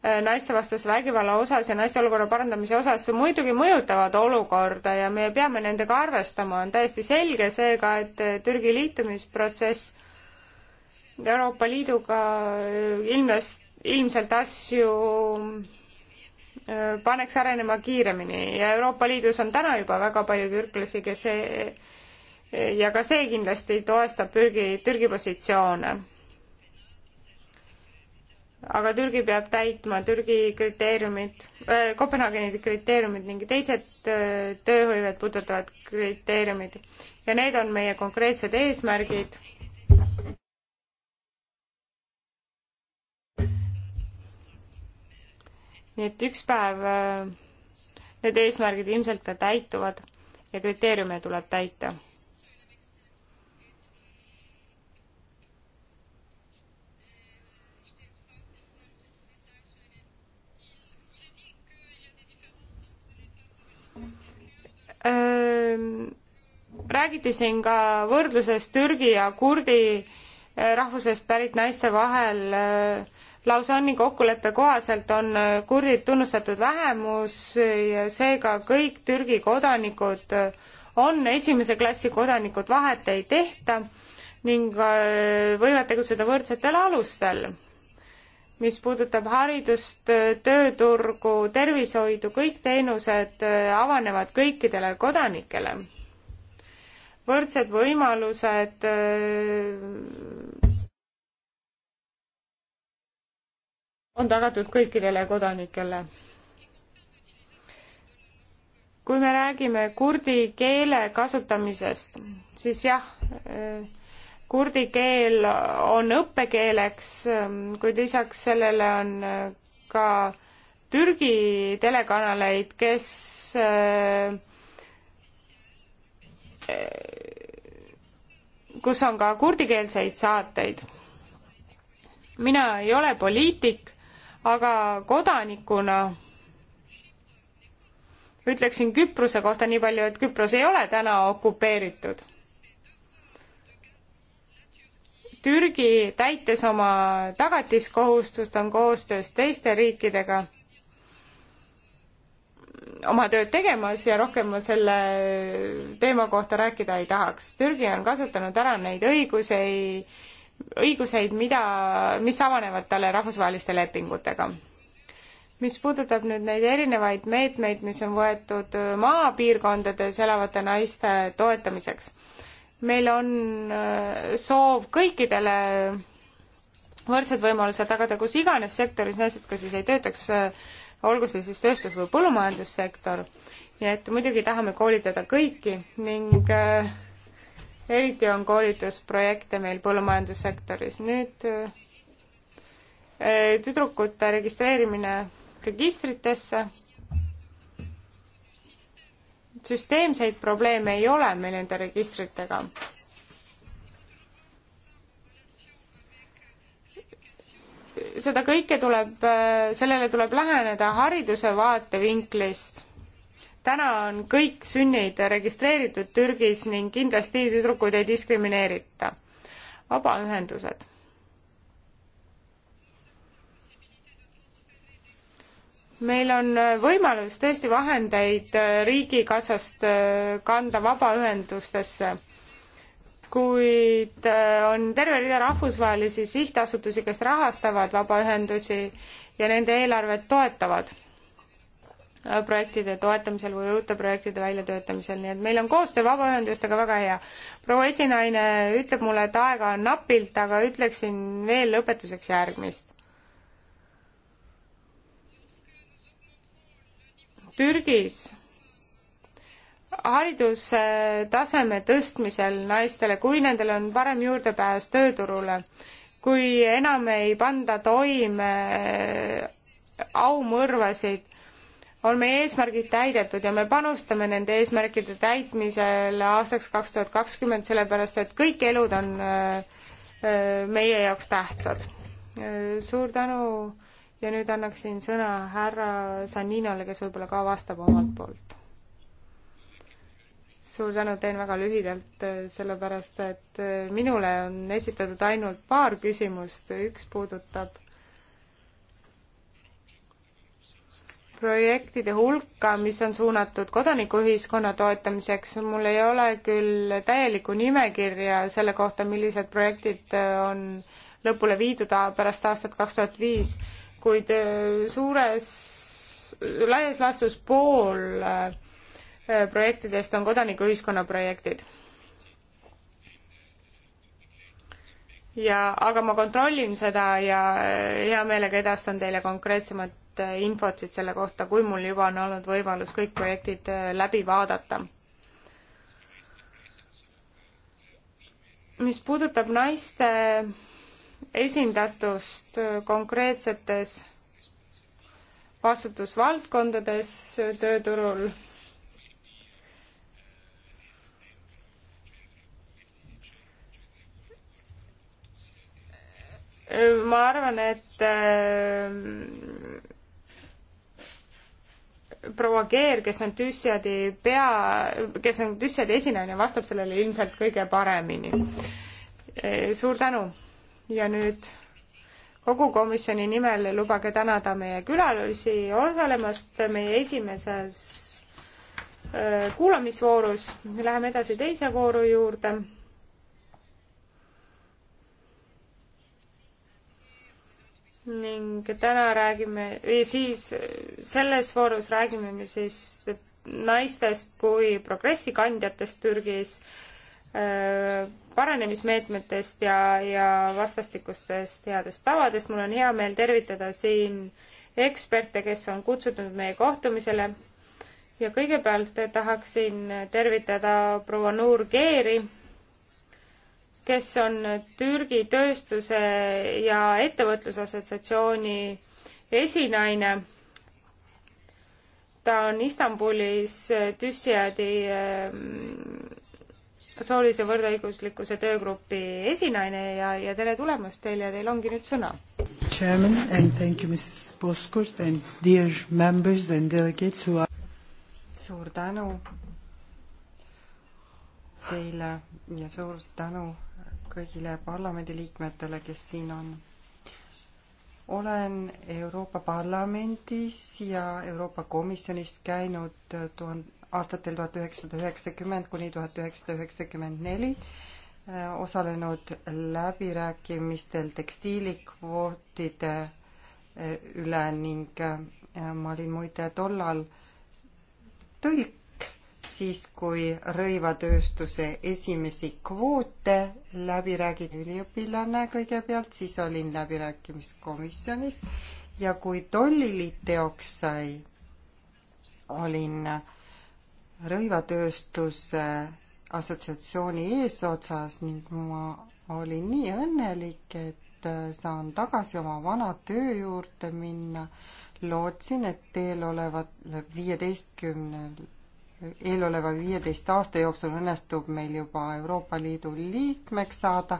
Äh, naistevastase vägivalla osas ja naiste olukorra parandamise osas muidugi mõjutavad olukorda ja me peame nendega arvestama, on täiesti selge seega, et äh, Türgi liitumisprotsess Euroopa Liiduga äh, ilmnes, ilmselt asju paneks arenema kiiremini ja Euroopa Liidus on täna juba väga palju türklasi, kes see, ja ka see kindlasti toestab Türgi, Türgi positsioone aga Türgi peab täitma Türgi kriteeriumid äh,, Kopenhaageni kriteeriumid ning teised äh, tööhõivet puudutavad kriteeriumid ja need on meie konkreetsed eesmärgid. nii et üks päev äh, need eesmärgid ilmselt ka täituvad ja kriteeriume tuleb täita räägiti siin ka võrdluses Türgi ja kurdi rahvusest pärit naiste vahel. Lausanne'i kokkuleppe kohaselt on kurdid tunnustatud vähemus ja seega kõik Türgi kodanikud on esimese klassi kodanikud, vahet ei tehta ning võivad tegutseda võrdsetel alustel mis puudutab haridust, tööturgu, tervishoidu, kõik teenused äh, avanevad kõikidele kodanikele. võrdsed võimalused äh, on tagatud kõikidele kodanikele. kui me räägime kurdi keele kasutamisest, siis jah äh,, kurdi keel on õppekeeleks, kuid lisaks sellele on ka Türgi telekanaleid, kes kus on ka kurdikeelseid saateid. mina ei ole poliitik, aga kodanikuna ütleksin Küprose kohta nii palju, et Küpros ei ole täna okupeeritud Türgi, täites oma tagatiskohustust, on koostöös teiste riikidega oma tööd tegemas ja rohkem ma selle teema kohta rääkida ei tahaks. Türgi on kasutanud ära neid õiguseid, õiguseid, mida, mis avanevad talle rahvusvaheliste lepingutega. mis puudutab nüüd neid erinevaid meetmeid, mis on võetud maapiirkondades elavate naiste toetamiseks meil on äh, soov kõikidele võrdsed võimalused tagada kus iganes sektoris naised ka siis ei töötaks, äh, olgu see siis tööstus- või põllumajandussektor. nii et muidugi tahame koolitada kõiki ning äh, eriti on koolitusprojekte meil põllumajandussektoris. nüüd äh, äh tüdrukute registreerimine registritesse süsteemseid probleeme ei ole meil nende registritega. seda kõike tuleb, sellele tuleb läheneda hariduse vaatevinklist. täna on kõik sünnid registreeritud Türgis ning kindlasti tüdrukuid ei diskrimineerita. vabaühendused meil on äh, võimalus tõesti vahendeid äh, riigikassast äh, kanda vabaühendustesse, kuid on terve rida rahvusvahelisi sihtasutusi, kes rahastavad vabaühendusi ja nende eelarvet toetavad projektide toetamisel või uute projektide väljatöötamisel, nii et meil on koostöö vabaühendustega väga hea. proua esinaine ütleb mulle, et aega on napilt, aga ütleksin veel lõpetuseks järgmist Türgis haridustaseme tõstmisel naistele, kui nendel on parem juurdepääs tööturule, kui enam ei panda toime äh, aumõrvasid, on meie eesmärgid täidetud ja me panustame nende eesmärkide täitmisele aastaks kaks tuhat kakskümmend, sellepärast et kõik elud on äh, äh, meie jaoks tähtsad. suur tänu ja nüüd annaksin sõna härra Sanninale, kes võib-olla ka vastab omalt poolt. suur tänu, teen väga lühidalt, sellepärast et minule on esitatud ainult paar küsimust, üks puudutab projektide hulka, mis on suunatud kodanikuühiskonna toetamiseks, mul ei ole küll täielikku nimekirja selle kohta, millised projektid on lõpule viidud pärast aastat kaks tuhat viis, kuid äh, suures, laias laastus pool äh, projektidest on kodanikuühiskonna projektid. ja, aga ma kontrollin seda ja äh, hea meelega edastan teile konkreetsemat infot siit selle kohta, kui mul juba on olnud võimalus kõik projektid läbi vaadata. mis puudutab naiste esindatust konkreetsetes vastutusvaldkondades tööturul. ma arvan, et äh, proua Keer, kes on Tüssiadi pea, kes on Tüssiadi esinaine, vastab sellele ilmselt kõige paremini. Äh, suur tänu ja nüüd kogu komisjoni nimel lubage tänada meie külalisi osalemast meie esimeses äh, kuulamisvoorus. Läheme edasi teise vooru juurde. ning täna räägime, või siis äh, selles voorus räägime me siis naistest kui progressi kandjatest Türgis paranemismeetmetest ja, ja vastastikustest headest tavadest. mul on hea meel tervitada siin eksperte, kes on kutsutud meie kohtumisele. ja kõigepealt tahaksin tervitada proua Nur Geeri, kes on Türgi Tööstuse ja Ettevõtlusassotsiatsiooni esinaine ta on Istanbulis Tüssiadi ehm, soolise võrdõiguslikkuse töögrupi esinaine ja, ja tere tulemast teile ja teil ongi nüüd sõna. Chairman and thank you Mrs Poskurt and dear members and delegates who are suur tänu teile ja suur tänu kõigile parlamendiliikmetele, kes siin on. olen Euroopa Parlamendis ja Euroopa Komisjonis käinud tuhande aastatel tuhat üheksasada üheksakümmend kuni tuhat üheksasada üheksakümmend neli äh, osalenud läbirääkimistel tekstiilikvootide äh, üle ning äh, ma olin muide tollal tõlk siis, kui rõivatööstuse esimesi kvoote läbi räägiti üliõpilane kõigepealt, siis olin läbirääkimiskomisjonis ja kui tolliliit teoks sai, olin äh, rõivatööstuse assotsiatsiooni eesotsas ning ma olin nii õnnelik, et äh, saan tagasi oma vana töö juurde minna. lootsin, et teel olevat viieteistkümnel, eeloleva viieteist aasta jooksul õnnestub meil juba Euroopa Liidu liikmeks saada,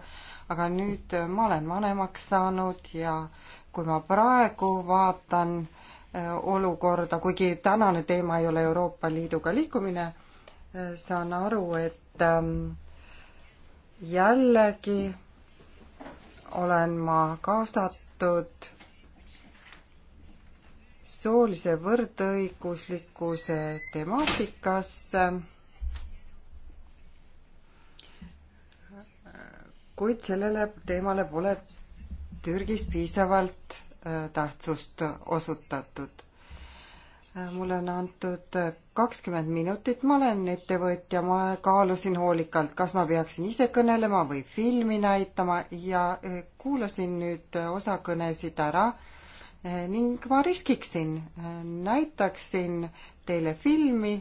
aga nüüd äh, ma olen vanemaks saanud ja kui ma praegu vaatan äh, Äh, olukorda, kuigi tänane teema ei ole Euroopa Liiduga liikumine, äh, saan aru, et ähm, jällegi olen ma kaasatud soolise võrdõiguslikkuse temaatikasse. kuid sellele teemale pole Türgis piisavalt tähtsust osutatud. mulle on antud kakskümmend minutit, ma olen ettevõtja, ma kaalusin hoolikalt, kas ma peaksin ise kõnelema või filmi näitama ja eh, kuulasin nüüd osa kõnesid ära eh, ning ma riskiksin, eh, näitaksin teile filmi,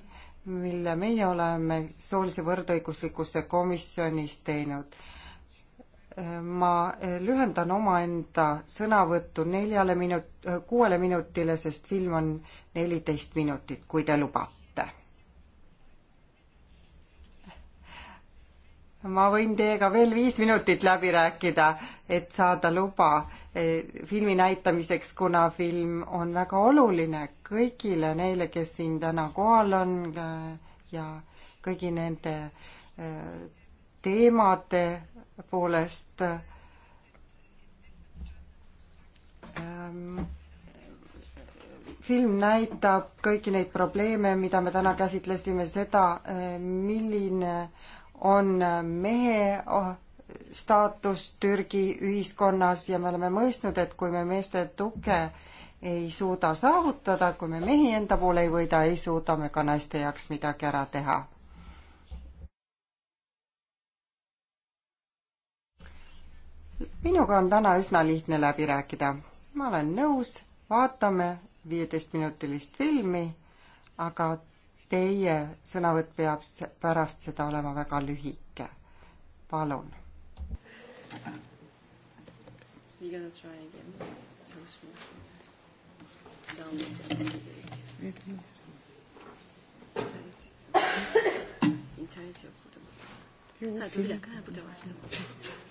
mille meie oleme soolise võrdõiguslikkuse komisjonis teinud ma lühendan omaenda sõnavõttu neljale minut-, kuuele minutile, sest film on neliteist minutit, kui te lubate. ma võin teiega veel viis minutit läbi rääkida, et saada luba e, filmi näitamiseks, kuna film on väga oluline kõigile neile, kes siin täna kohal on ja kõigi nende e, teemade poolest ähm, film näitab kõiki neid probleeme, mida me täna käsitlesime, seda, äh, milline on mehe ah, staatus Türgi ühiskonnas ja me oleme mõistnud, et kui me meeste tuge ei suuda saavutada, kui me mehi enda poole ei võida, ei suuda me ka naiste jaoks midagi ära teha minuga on täna üsna lihtne läbi rääkida. ma olen nõus, vaatame viieteistminutilist filmi, aga teie sõnavõtt peab pärast seda olema väga lühike. palun. We gonna try again. Sounds down. İnterneti yok burada. Ha dur bir dakika ha burada var. Tamam.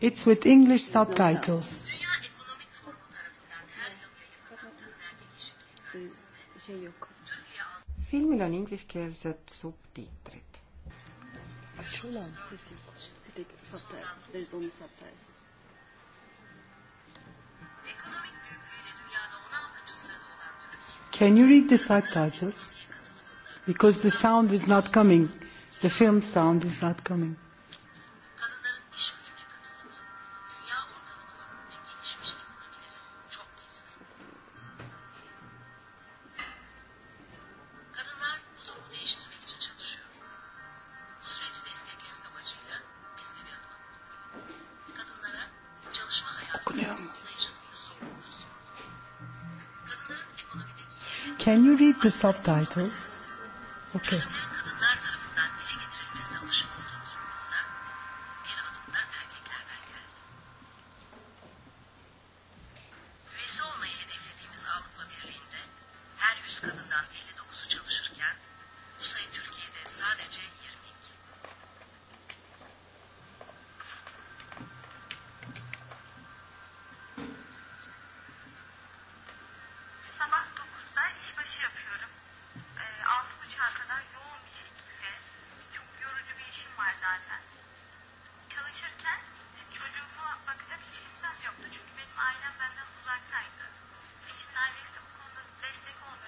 It's with English subtitles. filmil on ingliskeelsed subtiitrid. Can you read the subtitles? Because the sound is not coming. The film sound is not coming. subtitles. Okay. çalışması yapıyorum. Altı e, buçuğa kadar yoğun bir şekilde. Çok yorucu bir işim var zaten. Çalışırken e, çocuğuma bakacak hiç kimsem yoktu. Çünkü benim ailem benden uzaktaydı. Eşimin ailesi de bu konuda destek olmuyor.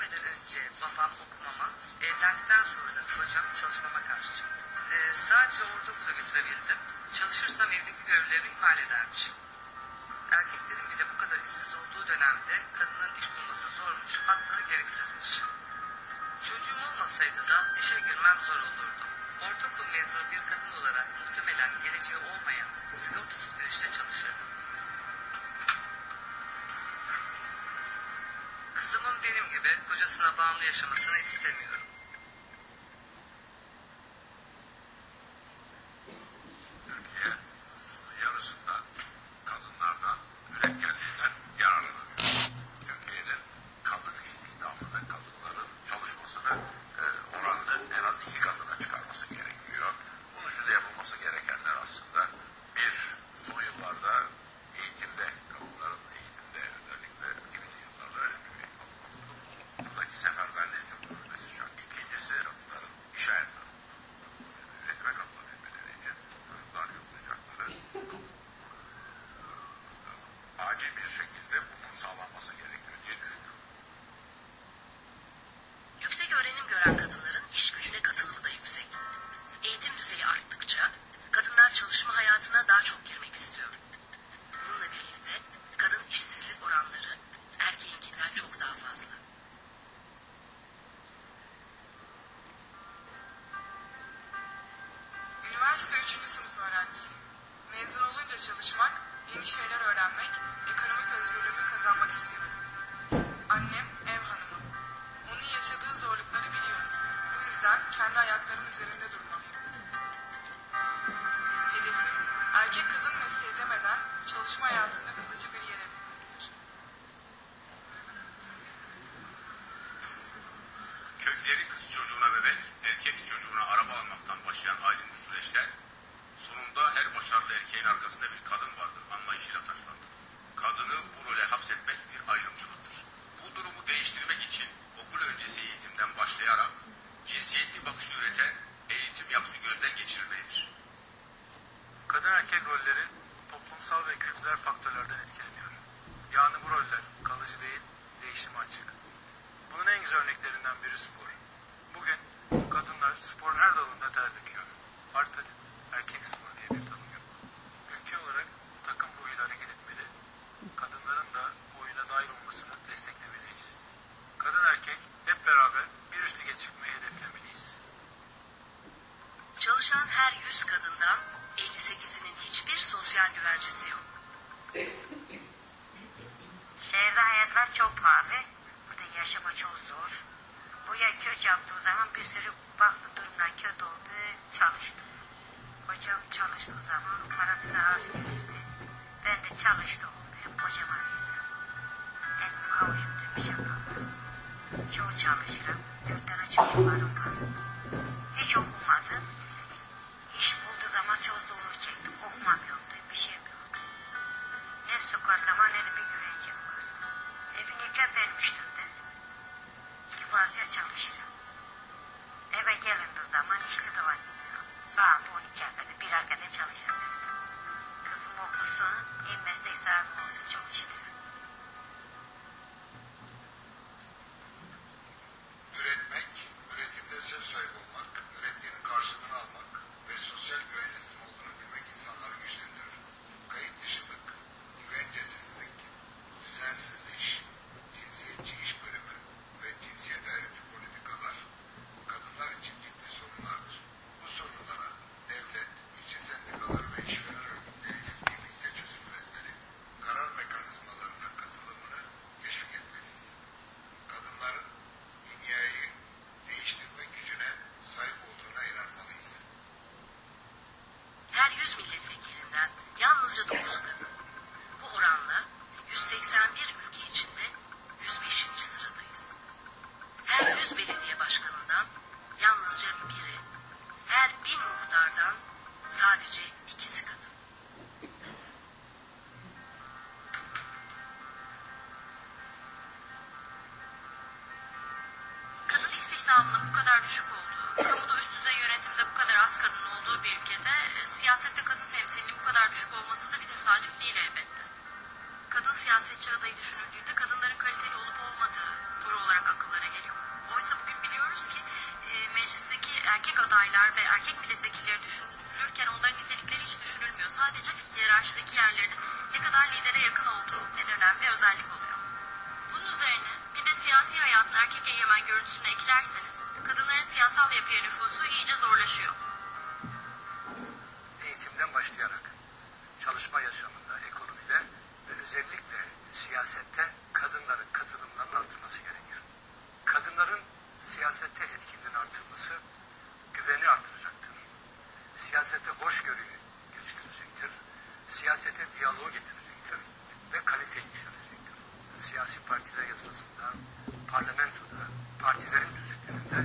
gelmeden önce babam okumama, evlendikten sonra da hocam çalışmama karşı çıktı. Ee, sadece orada okulu bitirebildim. Çalışırsam evdeki görevlerimi ihmal edermişim. Erkeklerin bile bu kadar işsiz olduğu dönemde kadının iş bulması zormuş, hatta gereksizmiş. Çocuğum olmasaydı da işe girmem zor olurdu. Ortaokul mezun bir kadın olarak muhtemelen geleceği olmayan, sigortasız bir işte çalışırdım. kocasına bağımlı yaşamasını istemiyor. humano. yalnızca 9 kadın. Bu oranla 181 ülke içinde 105. sıradayız. Her 100 belediye başkanından yalnızca biri, her 1000 muhtardan sadece ikisi kadın. Kadın istihdamının bu kadar düşük olduğu, kamuda üst düzey yönetimde bu kadar az kadın olduğu olduğu bir ülkede e, siyasette kadın temsilinin bu kadar düşük olması da bir tesadüf değil elbette. Kadın siyasetçi adayı düşünüldüğünde kadınların kaliteli olup olmadığı soru olarak akıllara geliyor. Oysa bugün biliyoruz ki e, meclisteki erkek adaylar ve erkek milletvekilleri düşünülürken onların nitelikleri hiç düşünülmüyor. Sadece hiyerarşideki yerlerinin ne kadar lidere yakın olduğu en önemli özellik oluyor. Bunun üzerine bir de siyasi hayatın erkek egemen görüntüsüne eklerseniz kadınların siyasal yapıya nüfusu iyice zorlaşıyor eğitimden başlayarak çalışma yaşamında, ekonomide ve özellikle siyasette kadınların katılımlarının artırması gerekir. Kadınların siyasette etkinliğinin artırması güveni artıracaktır. Siyasete hoşgörüyü geliştirecektir. Siyasete diyaloğu getirecektir ve kaliteyi yükselecektir. Siyasi partiler yasasında, parlamentoda, partilerin düzenlerinde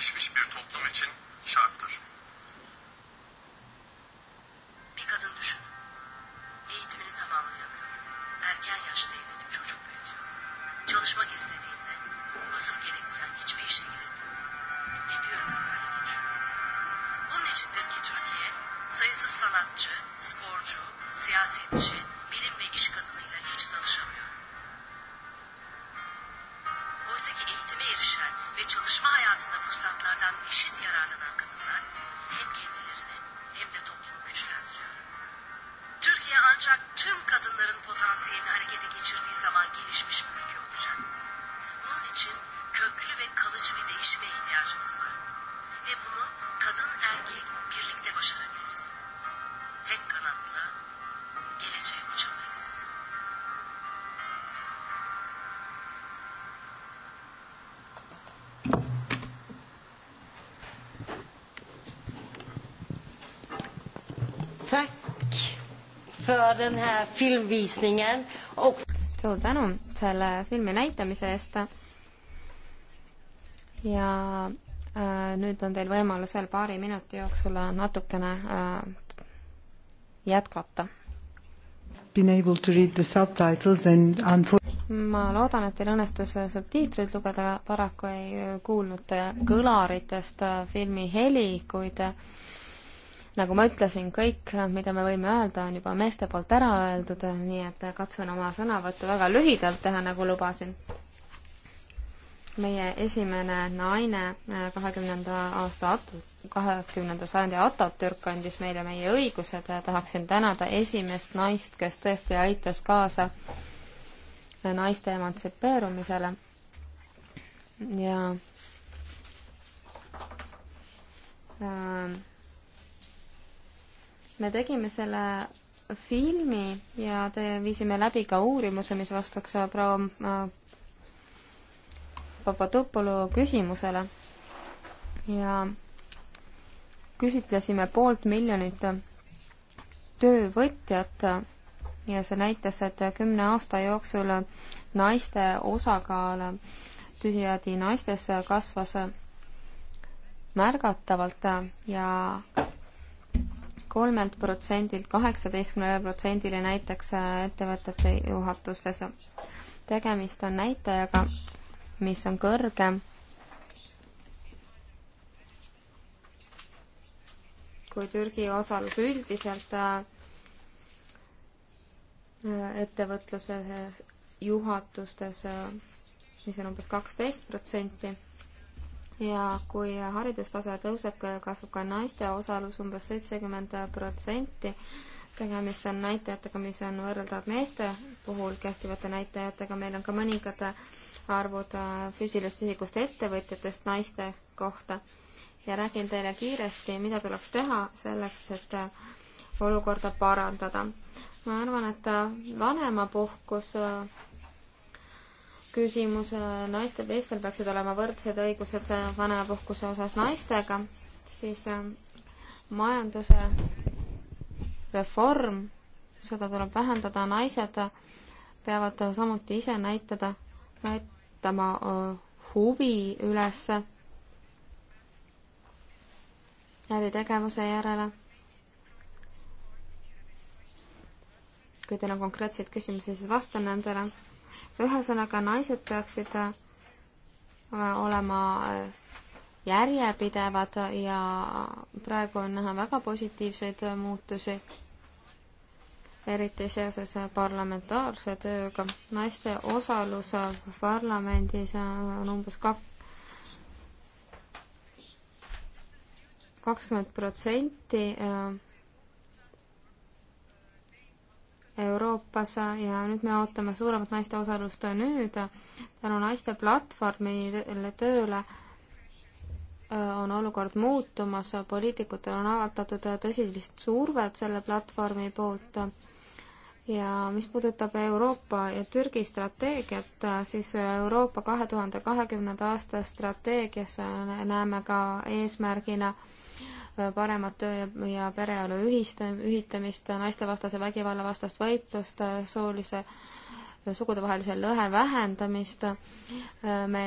gelişmiş bir toplum için för den här filmvisningen. Och... suur tänu selle filmi näitamise eest. ja äh, nüüd on teil võimalus veel paari minuti jooksul natukene äh, jätkata. Been able to read the subtitles and unfortunately ma loodan, et teil õnnestus subtiitreid lugeda, paraku ei kuulnud kõlaritest äh, filmi heli, kuid nagu ma ütlesin, kõik, mida me võime öelda, on juba meeste poolt ära öeldud, nii et katsun oma sõnavõttu väga lühidalt teha, nagu lubasin. meie esimene naine kahekümnenda aasta At-, kahekümnenda sajandi Atatürk andis meile meie õigused ja tahaksin tänada esimest naist, kes tõesti aitas kaasa naiste emantsipeerumisele ja äh, me tegime selle filmi ja te viisime läbi ka uurimuse, mis vastaks äh, proua äh, Papadopolu küsimusele ja küsitlesime poolt miljonit töövõtjat ja see näitas, et kümne aasta jooksul naiste osakaal tüsiadi naistes kasvas märgatavalt ja kolmelt protsendilt kaheksateistkümnele protsendile näiteks äh, ettevõtete juhatustes. tegemist on näitajaga, mis on kõrgem kui Türgi osalus üldiselt äh, äh, ettevõtluse juhatustes, mis on umbes kaksteist protsenti ja kui haridustase tõuseb, kasvab ka naiste osalus umbes seitsekümmend protsenti. tegemist on näitajatega, mis on võrreldavad meeste puhul kehtivate näitajatega, meil on ka mõningad arvud äh, füüsilisest isikust ettevõtjatest naiste kohta. ja räägin teile kiiresti, mida tuleks teha selleks, et äh, olukorda parandada. ma arvan, et äh, vanemapuhkus küsimus, naiste, meestel peaksid olema võrdsed õigused vanemapuhkuse osas naistega, siis äh, majanduse reform, seda tuleb vähendada, naised peavad samuti ise näitada, näitama äh, huvi üles äritegevuse järele. kui teil on konkreetseid küsimusi, siis vastan nendele ühesõnaga, naised peaksid äh, olema äh, järjepidevad ja praegu on näha väga positiivseid äh, muutusi, eriti seoses parlamentaarse tööga. naiste osalus parlamendis on umbes kak-, kakskümmend protsenti Euroopas ja nüüd me ootame suuremat naiste osalust nüüd. tänu naiste platvormile tööle on olukord muutumas, poliitikutel on avaldatud tõsilist survet selle platvormi poolt ja mis puudutab Euroopa ja Türgi strateegiat, siis Euroopa kahe tuhande kahekümnenda aasta strateegias näeme ka eesmärgina äh, paremat töö ja, ja pereelu ühist, ühitamist, naistevastase vägivalla vastast võitlust, soolise sugudevahelise lõhe vähendamist. me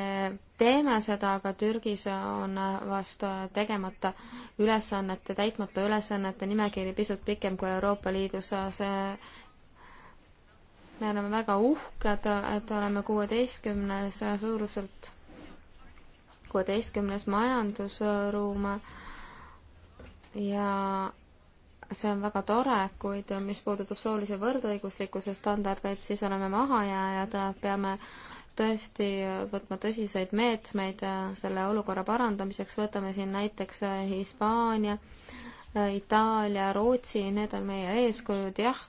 teeme seda, aga Türgis on vast tegemata ülesannete, täitmata ülesannete nimekiri pisut pikem kui Euroopa Liidus. see, me oleme väga uhked, et oleme kuueteistkümnes suuruselt, kuueteistkümnes majandusruum ja see on väga tore, kuid mis puudutab soolise võrdõiguslikkuse standardeid, siis oleme mahajääjad, peame tõesti võtma tõsiseid meetmeid selle olukorra parandamiseks, võtame siin näiteks Hispaania, Itaalia, Rootsi, need on meie eeskujud, jah,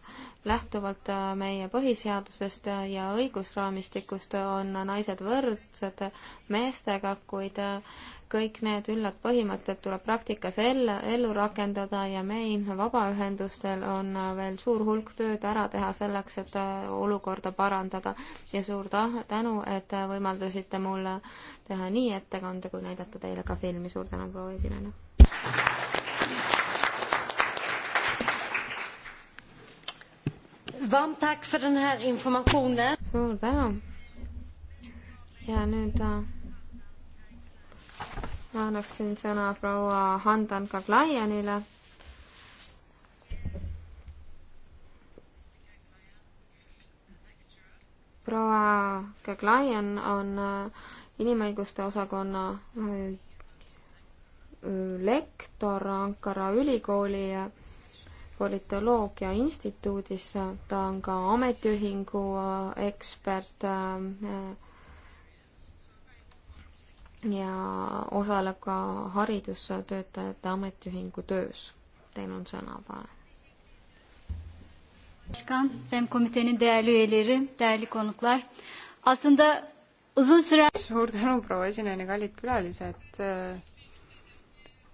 lähtuvalt meie põhiseadusest ja õigusraamistikust on naised võrdsed meestega, kuid kõik need üllad põhimõtted tuleb praktikas ellu, ellu rakendada ja meil vabaühendustel on äh, veel suur hulk tööd ära teha selleks, et äh, olukorda parandada. ja suur tänu, et äh, võimaldasite mul teha nii ettekande kui näidata teile ka filmi. suur tänu, proua esinejana. suur tänu. ja nüüd ma annaksin sõna proua Handan Kaglaianile. proua Kaglaian on äh, inimõiguste osakonna äh, lektor Ankara ülikooli politoloogia instituudis, ta on ka ametiühingu äh, ekspert äh, ja osaleb ka Haridustöötajate Ametiühingu töös. Teil on sõna, palun. Başkan, FEM komitenin değerli üyeleri, değerli konuklar. Aslında uzun süre... Suur tänu, proua esinejani, kallid külalised. Äh,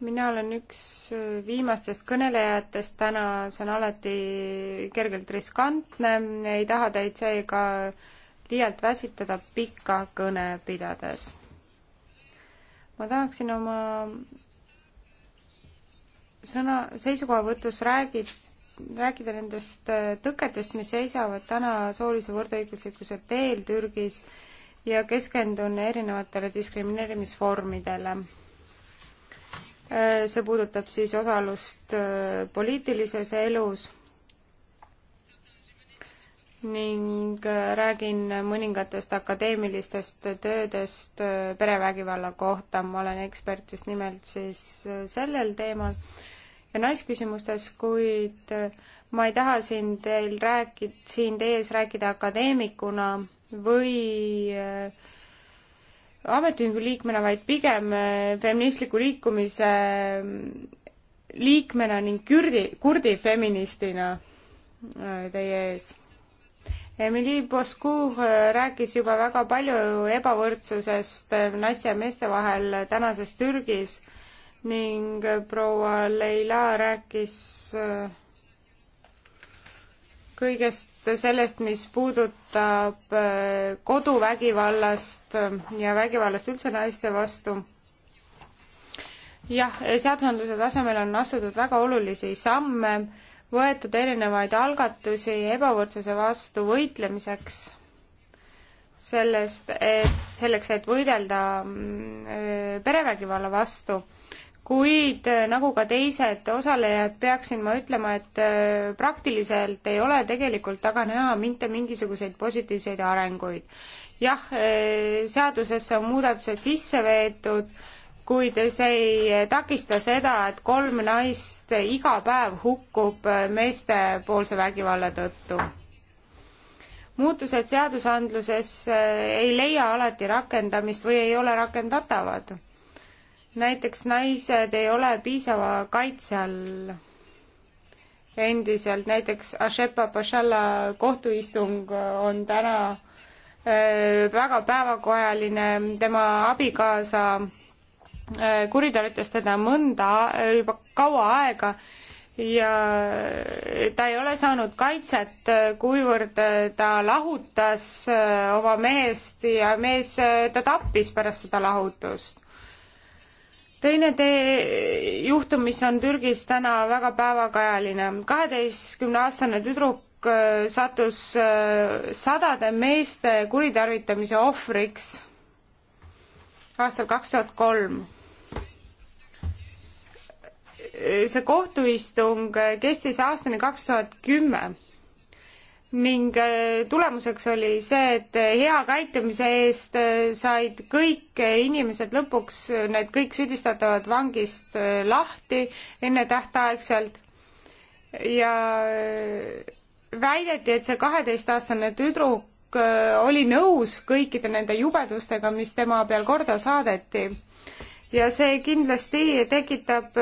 mina olen üks äh, viimastest kõnelejatest täna, see on alati kergelt riskantne, ei taha teid seega liialt väsitada pikka kõne pidades ma tahaksin oma sõna, seisukohavõtus räägib, rääkida nendest äh, tõketest, mis seisavad täna soolise võrdõiguslikkuse teel Türgis ja keskendun erinevatele diskrimineerimisvormidele. Äh, see puudutab siis osalust äh, poliitilises elus ning äh, räägin mõningatest akadeemilistest töödest äh, perevägivalla kohta. ma olen ekspert just nimelt siis äh, sellel teemal ja naisküsimustes, kuid ma ei taha siin teil rääkida, siin teie ees rääkida akadeemikuna või ametiühingu liikmena, vaid pigem feministliku liikumise liikmena ning kürdi, kurdi feministina teie ees Emily Bosco äh, rääkis juba väga palju ebavõrdsusest äh, naiste ja meeste vahel tänases Türgis ning äh, proua Leila rääkis kõigest sellest, mis puudutab koduvägivallast ja vägivallast üldse naiste vastu. jah, seadusandluse tasemel on astutud väga olulisi samme võetud erinevaid algatusi ebavõrdsuse vastu võitlemiseks, sellest, et selleks, et võidelda mm, perevägivalla vastu, kuid äh, nagu ka teised osalejad, peaksin ma ütlema, et äh, praktiliselt ei ole tegelikult taga näha mitte mingisuguseid positiivseid arenguid. jah, äh, seadusesse on muudatused sisse veetud kuid see ei takista seda, et kolm naist iga päev hukkub meestepoolse vägivalla tõttu. muutused seadusandluses äh, ei leia alati rakendamist või ei ole rakendatavad. näiteks naised ei ole piisava kaitse all endiselt, näiteks Ashepa Pashala kohtuistung on täna äh, väga päevakojaline, tema abikaasa Äh, kuritarvitas teda mõnda, äh, juba kaua aega ja ta ei ole saanud kaitset, äh, kuivõrd ta lahutas oma mehest ja mees ta tappis pärast seda lahutust. teine tee, juhtum, mis on Türgis täna väga päevakajaline, kaheteistkümneaastane tüdruk sattus sadade meeste kuritarvitamise ohvriks aastal kaks tuhat kolm see kohtuistung kestis aastani kaks tuhat kümme ning äh, tulemuseks oli see, et hea käitumise eest äh, said kõik inimesed lõpuks, need kõik süüdistatavad vangist äh, lahti ennetähtaegselt ja väideti, et see kaheteistaastane tüdruk oli nõus kõikide nende jubedustega, mis tema peal korda saadeti. ja see kindlasti tekitab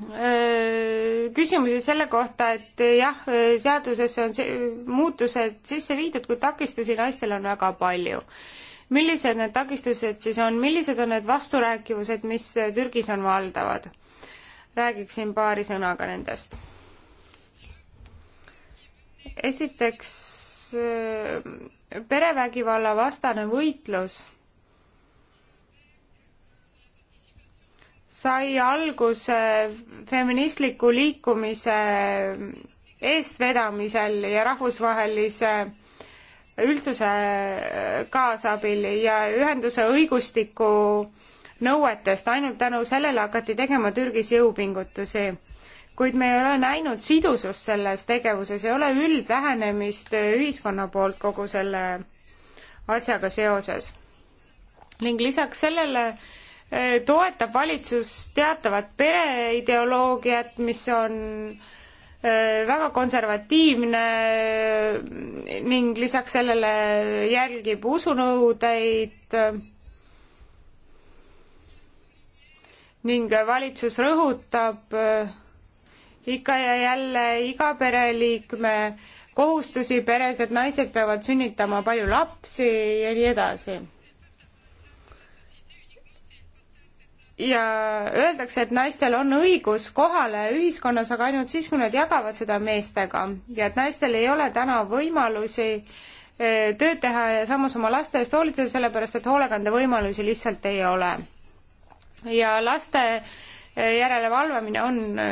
Äh, küsimusi selle kohta, et äh, jah, äh, seadusesse on muutused sisse viidud, kuid takistusi naistel on väga palju. millised need takistused siis on, millised on need vasturääkivused, mis Türgis on valdavad? räägiksin paari sõnaga nendest. esiteks perevägivalla vastane võitlus sai alguse feministliku liikumise eestvedamisel ja rahvusvahelise üldsuse kaasabil ja ühenduse õigustiku nõuetest, ainult tänu sellele hakati tegema Türgis jõupingutusi. kuid me ei ole näinud sidusust selles tegevuses, ei ole üldlähenemist ühiskonna poolt kogu selle asjaga seoses. ning lisaks sellele Eh, toetab valitsus teatavat pereideoloogiat, mis on eh, väga konservatiivne eh, ning lisaks sellele jälgib usunõudeid ning valitsus rõhutab ikka ja jälle iga pereliikme kohustusi peres, et naised peavad sünnitama palju lapsi ja nii edasi ja öeldakse, et naistel on õigus kohale ühiskonnas, aga ainult siis, kui nad jagavad seda meestega ja et naistel ei ole täna võimalusi e, tööd teha ja samas oma laste eest hoolitseda, sellepärast et hoolekandevõimalusi lihtsalt ei ole. ja laste e, järele valvamine on e,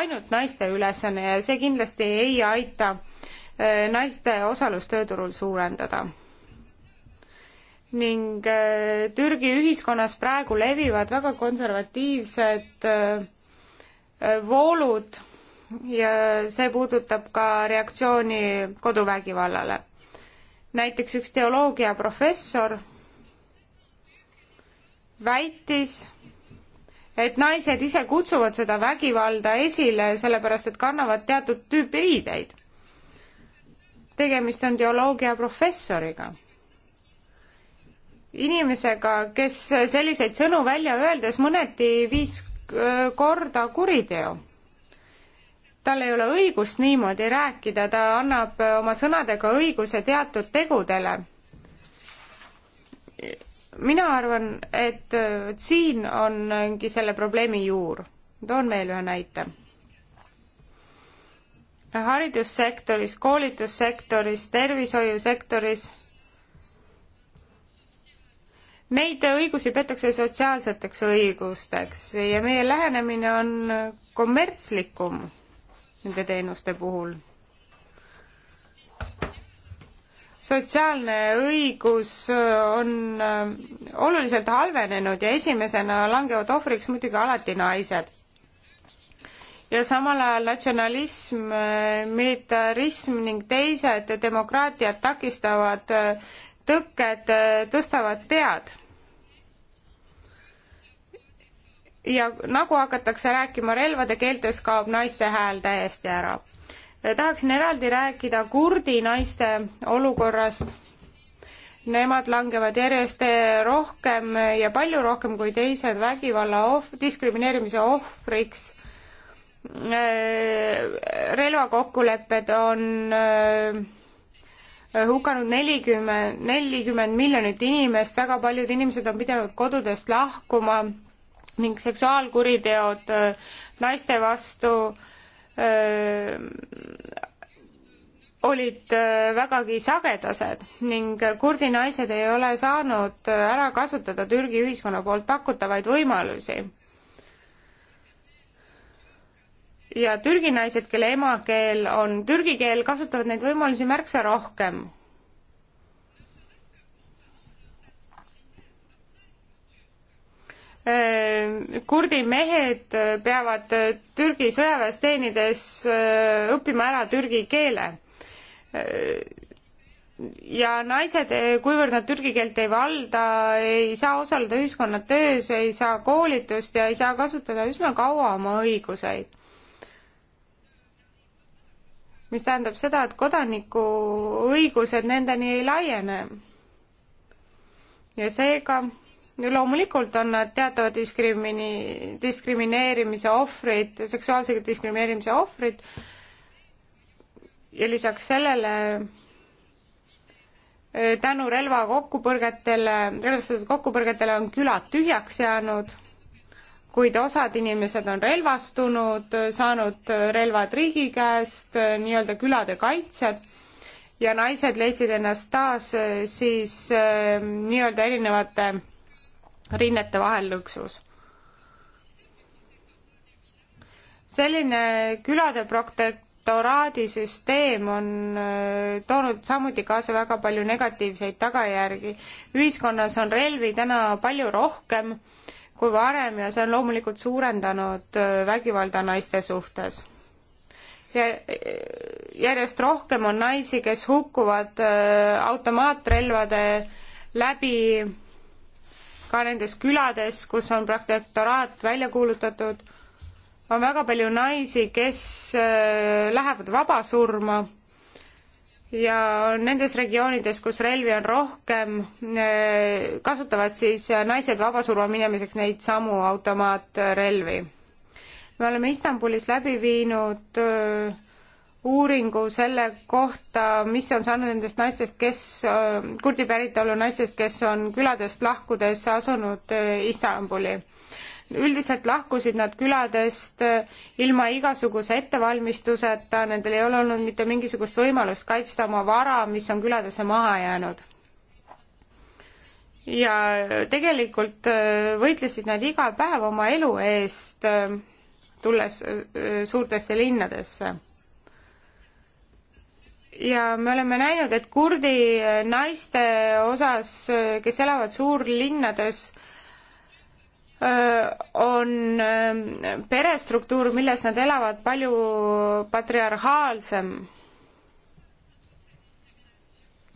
ainult naiste ülesanne ja see kindlasti ei aita naiste osalust tööturul suurendada ning äh, Türgi ühiskonnas praegu levivad väga konservatiivsed äh, äh, voolud ja see puudutab ka reaktsiooni koduvägivallale. näiteks üks teoloogiaprofessor väitis, et naised ise kutsuvad seda vägivalda esile, sellepärast et kannavad teatud tüüpi riideid. tegemist on teoloogiaprofessoriga inimesega, kes selliseid sõnu välja öeldes mõneti viis äh, korda kuriteo. tal ei ole õigust niimoodi rääkida, ta annab äh, oma sõnadega õiguse teatud tegudele. mina arvan, et äh, siin ongi selle probleemi juur. toon veel ühe näite haridussektoris, koolitussektoris, tervishoiusektoris Neid õigusi peetakse sotsiaalseteks õigusteks ja meie lähenemine on kommertslikum nende teenuste puhul. sotsiaalne õigus on äh, oluliselt halvenenud ja esimesena langevad ohvriks muidugi alati naised ja samal ajal natsionalism, äh, militarism ning teised demokraatiat takistavad äh, tõkked äh, tõstavad pead. ja nagu hakatakse rääkima relvade keeltes, kaob naiste hääl täiesti ära. Äh, tahaksin eraldi rääkida kurdi naiste olukorrast. Nemad langevad järjest äh, rohkem ja palju rohkem kui teised vägivalla ohv-, diskrimineerimise ohvriks relvakokkulepped on hukanud nelikümmend, nelikümmend miljonit inimest, väga paljud inimesed on pidanud kodudest lahkuma ning seksuaalkuriteod äh, naiste vastu öö, äh, olid äh, vägagi sagedased ning kurdi naised ei ole saanud ära kasutada Türgi ühiskonna poolt pakutavaid võimalusi ja Türgi naised, kelle emakeel on türgi keel, kasutavad neid võimalusi märksa rohkem. Ehm, kurdi mehed peavad Türgi sõjaväes teenides eh, õppima ära türgi keele. Ehm, ja naised, eh, kuivõrd nad türgi keelt ei valda, ei saa osaleda ühiskonna töös, ei saa koolitust ja ei saa kasutada üsna kaua oma õiguseid mis tähendab seda, et kodanikuõigused nendeni ei laiene. ja seega loomulikult on nad teatava diskrimini-, diskrimineerimise ohvrid, seksuaalse diskrimineerimise ohvrid ja lisaks sellele äh, tänu relva kokkupõrgetele, relvastatud kokkupõrgetele on külad tühjaks jäänud kuid osad inimesed on relvastunud, saanud relvad riigi käest, nii-öelda külade kaitsjad, ja naised leidsid ennast taas eh, siis eh, nii-öelda erinevate rinnete vahel lõksus. selline külade protektoraadi süsteem on eh, toonud samuti kaasa väga palju negatiivseid tagajärgi. ühiskonnas on relvi täna palju rohkem äh, kui varem ja see on loomulikult suurendanud äh, vägivalda naiste suhtes. Äh, järjest rohkem on naisi, kes hukkuvad äh, automaatrelvade läbi ka nendes külades, kus on protektoraat välja kuulutatud, on väga palju naisi, kes lähevad vabasurma ja nendes regioonides, kus relvi on rohkem, eh, kasutavad siis naised vabasurma minemiseks neid samu automaatrelvi. me oleme Istanbulis läbi viinud eh, uuringu selle kohta, mis on saanud nendest naistest, kes, eh, kurdi päritolu naistest, kes on küladest lahkudes asunud Istanbuli üldiselt lahkusid nad küladest eh, ilma igasuguse ettevalmistuseta, nendel ei ole olnud mitte mingisugust võimalust kaitsta oma vara, mis on küladesse maha jäänud. ja tegelikult eh, võitlesid nad iga päev oma elu eest, eh, tulles suurtesse linnadesse ja me oleme näinud, et kurdi naiste osas, kes elavad suurlinnades, on perestruktuur, milles nad elavad, palju patriarhaalsem.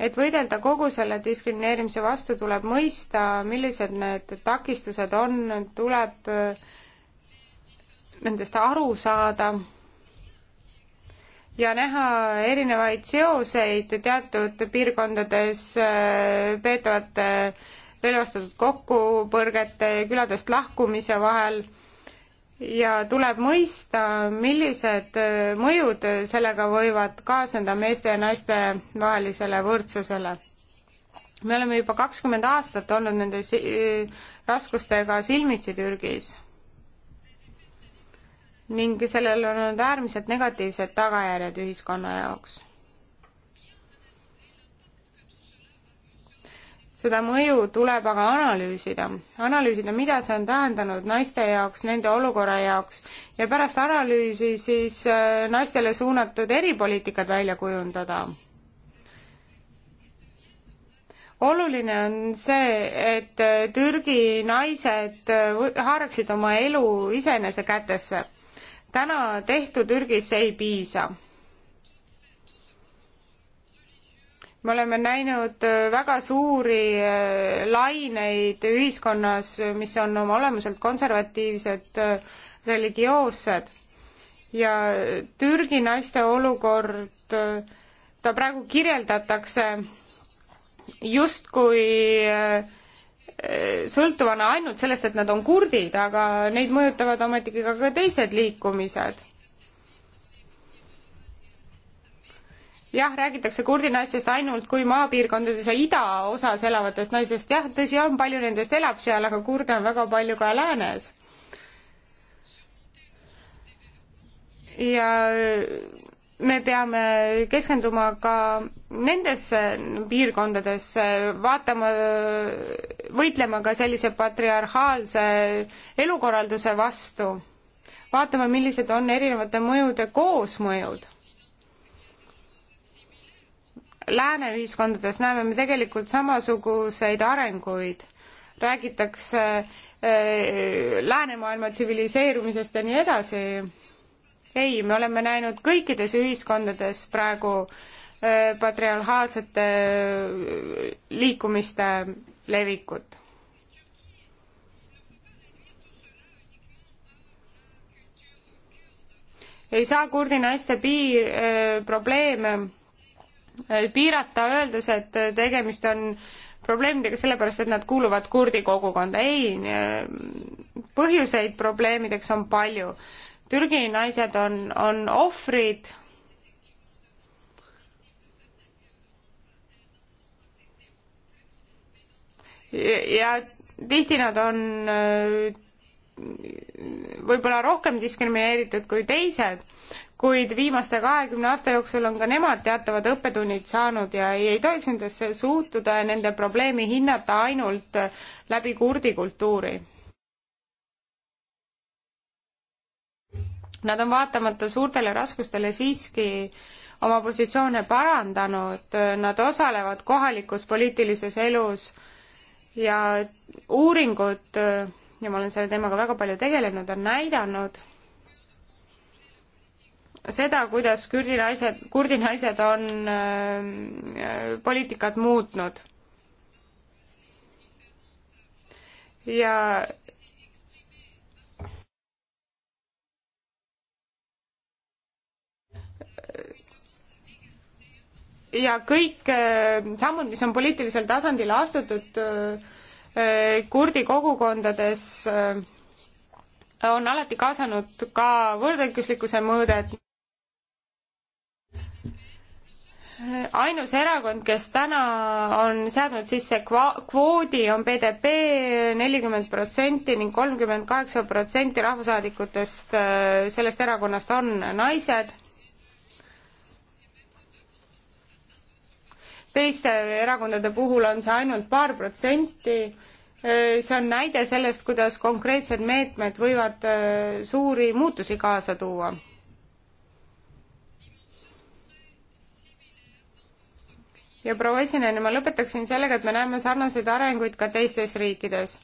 et võidelda kogu selle diskrimineerimise vastu, tuleb mõista, millised need takistused on, tuleb nendest aru saada ja näha erinevaid seoseid teatud piirkondades peetavate äh, relvastatud kokkupõrgete, küladest lahkumise vahel ja tuleb mõista, millised äh, mõjud sellega võivad kaasneda meeste ja naiste vahelisele võrdsusele. me oleme juba kakskümmend aastat olnud nende si raskustega silmitsi Türgis ning sellel on olnud äärmiselt negatiivsed tagajärjed ühiskonna jaoks seda mõju tuleb aga analüüsida. analüüsida, mida see on tähendanud naiste jaoks, nende olukorra jaoks ja pärast analüüsi siis äh, naistele suunatud eripoliitikad välja kujundada. oluline on see, et äh, Türgi naised äh, haaraksid oma elu iseenese kätesse. täna tehtu Türgis ei piisa me oleme näinud äh, väga suuri äh, laineid ühiskonnas, mis on oma olemuselt konservatiivsed, äh, religioossed ja Türgi naiste olukord, ta praegu kirjeldatakse justkui sõltuvana ainult sellest, et nad on kurdid, aga neid mõjutavad ometigi ka, ka teised liikumised jah, räägitakse kurdi naistest ainult kui maapiirkondades ja idaosas elavatest naistest, jah, tõsi on, palju nendest elab seal, aga kurde on väga palju ka läänes. ja me peame keskenduma ka nendesse piirkondadesse, vaatama, võitlema ka sellise patriarhaalse elukorralduse vastu, vaatama, millised on erinevate mõjude koosmõjud lääne ühiskondades näeme me tegelikult samasuguseid arenguid. räägitakse äh, läänemaailma tsiviliseerumisest ja nii edasi. ei, me oleme näinud kõikides ühiskondades praegu äh, patriarhaalsete äh, liikumiste levikut. ei saa kurdi naiste piir, äh, probleeme piirata, öeldes, et tegemist on probleemidega sellepärast, et nad kuuluvad kurdi kogukonda. ei, põhjuseid probleemideks on palju. Türgi naised on, on ohvrid ja tihti nad on äh, võib-olla rohkem diskrimineeritud kui teised, kuid viimaste kahekümne aasta jooksul on ka nemad teatavad õppetunnid saanud ja ei, ei tohiks nendesse suhtuda ja nende probleemi hinnata ainult läbi kurdi kultuuri. Nad on vaatamata suurtele raskustele siiski oma positsioone parandanud, nad osalevad kohalikus poliitilises elus ja uuringud ja ma olen selle teemaga väga palju tegelenud, on näidanud seda, kuidas kürdi naised, kurdi naised on äh, poliitikat muutnud. ja ja kõik äh, sammud, mis on poliitilisel tasandil astutud äh, kurdi kogukondades äh, on alati kaasanud ka võrdõiguslikkuse mõõdet. ainus erakond, kes täna on seadnud sisse kva-, kvoodi, on BDP nelikümmend protsenti ning kolmkümmend kaheksa protsenti rahvasaadikutest äh, sellest erakonnast on naised. teiste erakondade puhul on see ainult paar protsenti. Äh, see on näide sellest, kuidas konkreetsed meetmed võivad äh, suuri muutusi kaasa tuua ja proua esineja, ma lõpetaksin sellega, et me näeme sarnaseid arenguid ka teistes riikides.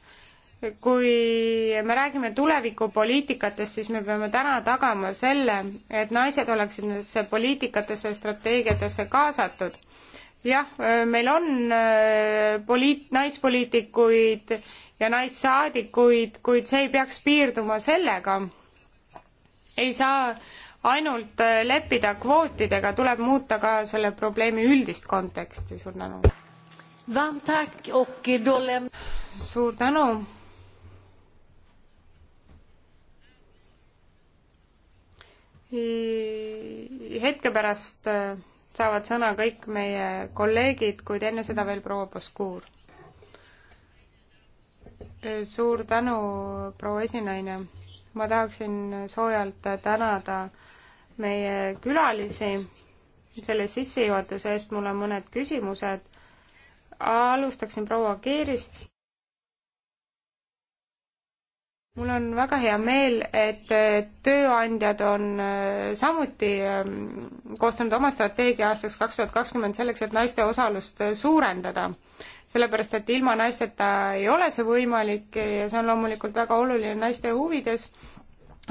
kui me räägime tulevikupoliitikatest, siis me peame täna tagama selle, et naised oleksid nendesse poliitikatesse, strateegiatesse kaasatud jah, meil on äh, poliit-, naispoliitikuid ja naissaadikuid, kuid see ei peaks piirduma sellega. ei saa ainult äh, leppida kvootidega, tuleb muuta ka selle probleemi üldist konteksti, suur tänu. suur tänu. hetke pärast äh, saavad sõna kõik meie kolleegid, kuid enne seda veel proua Poskuur. Äh, suur tänu, proua esinaine ma tahaksin soojalt tänada meie külalisi selle sissejuhatuse eest, mul on mõned küsimused. alustaksin proua Keerist mul on väga hea meel, et äh, tööandjad on äh, samuti ähm, koostanud oma strateegia aastaks kaks tuhat kakskümmend selleks, et naiste osalust äh, suurendada. sellepärast, et ilma naisteta ei ole see võimalik ja see on loomulikult väga oluline naiste huvides,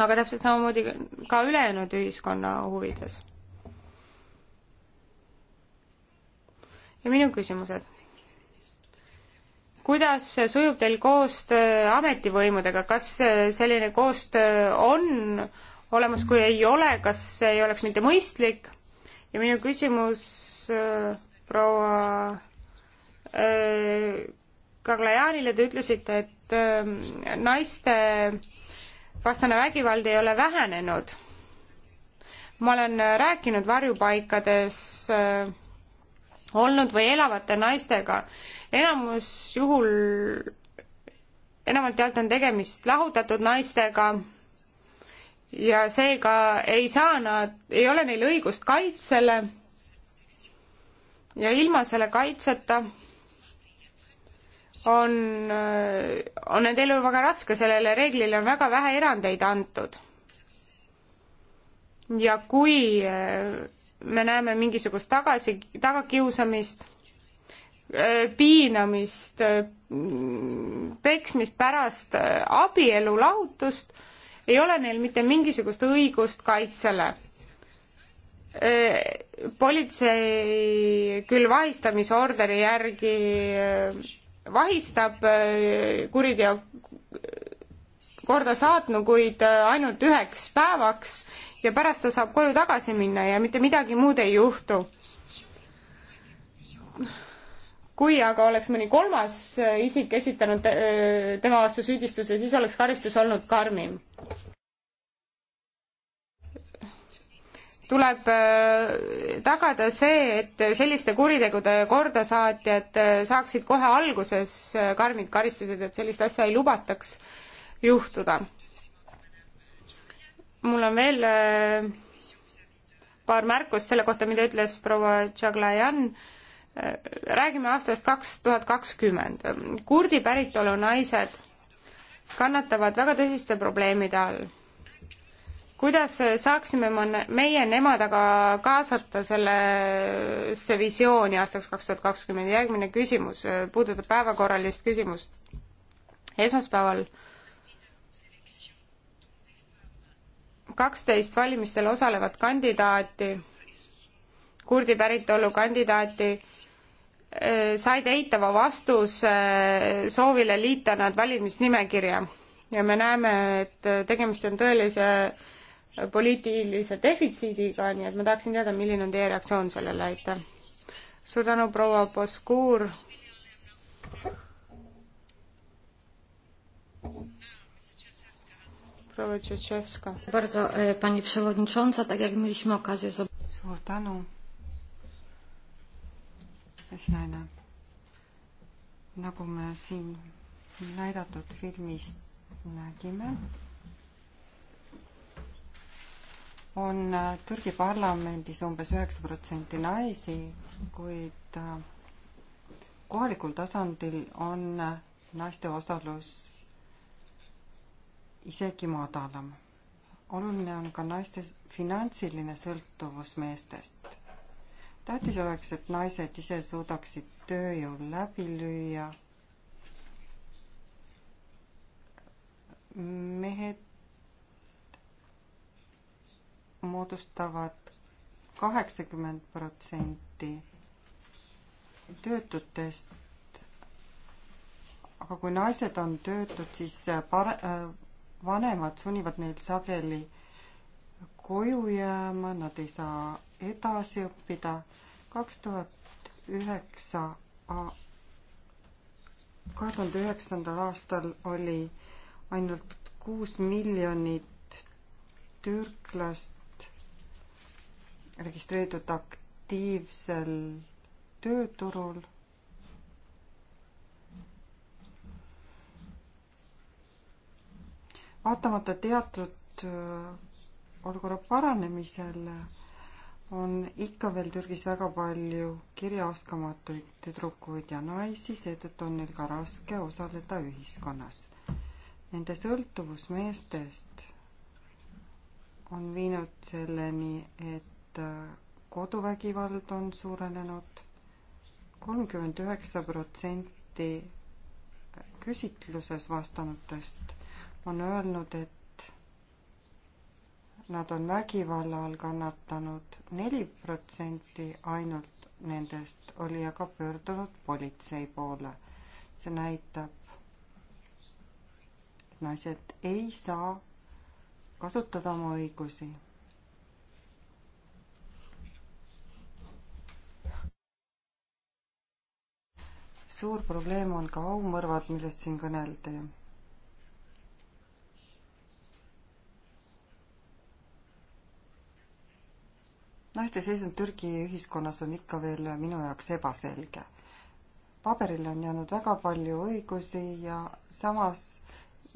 aga täpselt samamoodi ka ülejäänud ühiskonna huvides. ja minu küsimused kuidas sujub teil koostöö ametivõimudega, kas selline koostöö on olemas, kui ei ole, kas ei oleks mitte mõistlik? ja minu küsimus äh, proua äh, Kaglajanile, te ütlesite, et äh, naiste vastane vägivald ei ole vähenenud. ma olen rääkinud varjupaikades äh, olnud või elavate naistega. enamus juhul, enamalt jaolt on tegemist lahutatud naistega ja seega ei saa nad, ei ole neil õigust kaitsele ja ilma selle kaitseta on, on nende elu väga raske, sellele reeglile on väga vähe erandeid antud. ja kui me näeme mingisugust tagasi, tagakiusamist, äh, piinamist, äh, peksmist pärast äh, abielu lahutust, ei ole neil mitte mingisugust õigust kaitsele. politsei küll vahistamisorderi järgi vahistab kuriteo korda saatnud, kuid äh, ainult üheks päevaks ja pärast ta saab koju tagasi minna ja mitte midagi muud ei juhtu. kui aga oleks mõni kolmas äh, isik esitanud te äh, tema vastu süüdistuse, siis oleks karistus olnud karmim. tuleb tagada see, et selliste kuritegude kordasaatjad saaksid kohe alguses karmid karistused, et sellist asja ei lubataks juhtuda. mul on veel äh, paar märkust selle kohta, mida ütles proua Tšaglajan. Äh, räägime aastast kaks tuhat kakskümmend. kurdi päritolu naised kannatavad väga tõsiste probleemide all. kuidas saaksime meie nemad aga kaasata sellesse visiooni aastaks kaks tuhat kakskümmend? järgmine küsimus äh, puudutab päevakorralist küsimust. esmaspäeval äh, kaksteist valimistel osalevat kandidaati, kurdi päritolu kandidaati, eh, said eitava vastuse eh, soovile liita nad valimisnimekirja ja me näeme, et eh, tegemist on tõelise poliitilise defitsiidiga, nii et ma tahaksin teada, milline on teie reaktsioon sellele, aitäh. suur tänu, proua Poskuur proua Tšetševska. suur tänu, esinaine. nagu me siin näidatud filmist nägime, on e, Türgi parlamendis umbes üheksa protsenti naisi, kuid e, kohalikul tasandil on e, naiste osalus isegi madalam. oluline on ka naiste finantsiline sõltuvus meestest. tähtis oleks, et naised ise suudaksid tööjõul läbi lüüa. mehed moodustavad kaheksakümmend protsenti töötutest aga kui naised on töötud, siis par-, vanemad sunnivad neid sageli koju jääma, nad ei saa edasi õppida. kaks tuhat üheksa, kahe tuhande üheksandal aastal oli ainult kuus miljonit türklast registreeritud aktiivsel tööturul vaatamata teatud äh, olukorra paranemisele on ikka veel Türgis väga palju kirjaoskamatuid tüdrukuid ja naisi, seetõttu on neil ka raske osaleda ühiskonnas. Nende sõltuvus meestest on viinud selleni, et äh, koduvägivald on suurenenud kolmkümmend üheksa protsenti küsitluses vastanutest on öelnud, et nad on vägivalla all kannatanud, neli protsenti ainult nendest oli aga pöördunud politsei poole. see näitab, et naised ei saa kasutada oma õigusi suur probleem on ka aumõrvad, millest siin kõneldi. naiste seisund Türgi ühiskonnas on ikka veel minu jaoks ebaselge. paberile on jäänud väga palju õigusi ja samas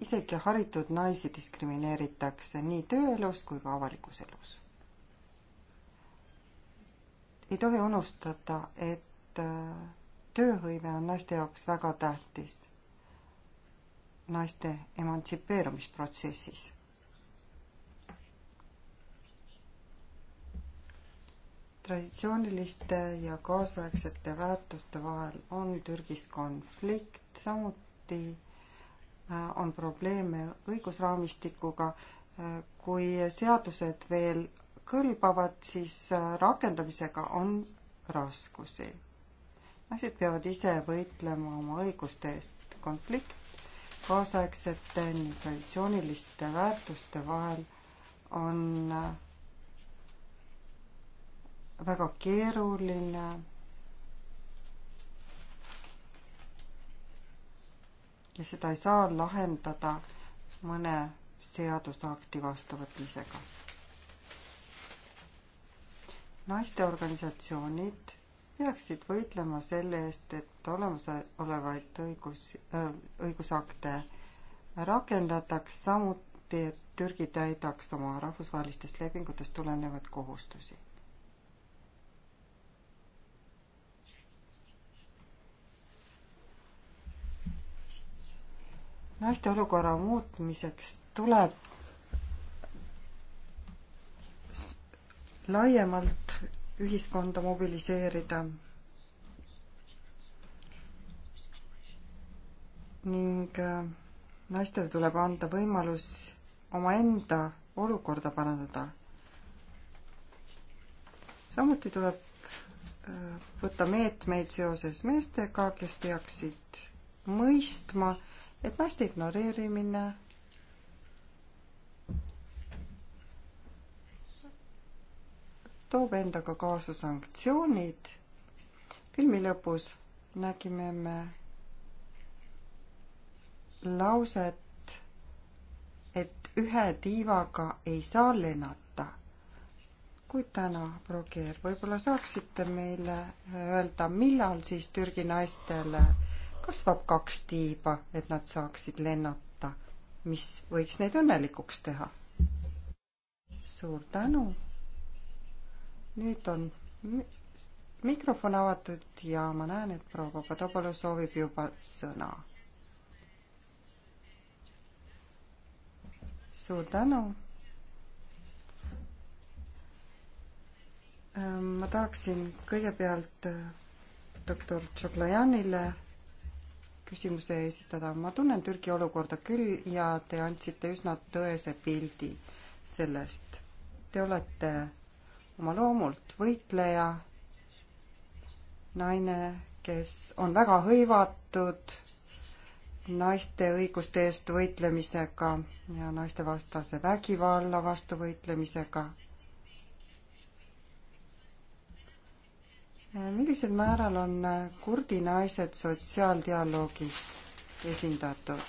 isegi haritud naisi diskrimineeritakse nii tööelus kui ka avalikus elus. ei tohi unustada, et äh, tööhõive on naiste jaoks väga tähtis naiste emantsipeerumisprotsessis traditsiooniliste ja kaasaegsete väärtuste vahel on Türgis konflikt, samuti äh, on probleeme õigusraamistikuga. Äh, kui seadused veel kõlbavad, siis äh, rakendamisega on raskusi. naised peavad ise võitlema oma õiguste eest. konflikt kaasaegsete ning traditsiooniliste väärtuste vahel on väga keeruline. ja seda ei saa lahendada mõne seadusakti vastuvõtmisega. naisteorganisatsioonid peaksid võitlema selle eest, et olemasolevaid õigus äh,, õigusakte rakendataks, samuti et Türgi täidaks oma rahvusvahelistest lepingutest tulenevaid kohustusi naiste olukorra muutmiseks tuleb laiemalt ühiskonda mobiliseerida ning äh, naistele tuleb anda võimalus omaenda olukorda parandada. samuti tuleb äh, võtta meetmeid seoses meestega, kes peaksid mõistma, et naiste ignoreerimine toob endaga kaasa sanktsioonid. filmi lõpus nägime me lauset, et ühe tiivaga ei saa lennata. kuid täna, Roger, võib-olla saaksite meile öelda, millal siis Türgi naistele kasvab kaks tiiba, et nad saaksid lennata, mis võiks neid õnnelikuks teha. suur tänu. nüüd on mikrofon avatud ja ma näen, et proua Papadopolo soovib juba sõna. suur tänu ehm, ma tahaksin kõigepealt äh, doktor Tšoklajanile küsimuse esitada. ma tunnen Türgi olukorda küll ja te andsite üsna tõese pildi sellest. Te olete oma loomult võitleja, naine, kes on väga hõivatud naiste õiguste eest võitlemisega ja naistevastase vägivalla vastu võitlemisega Äh, millisel määral on äh, kurdi naised sotsiaaldialoogis esindatud?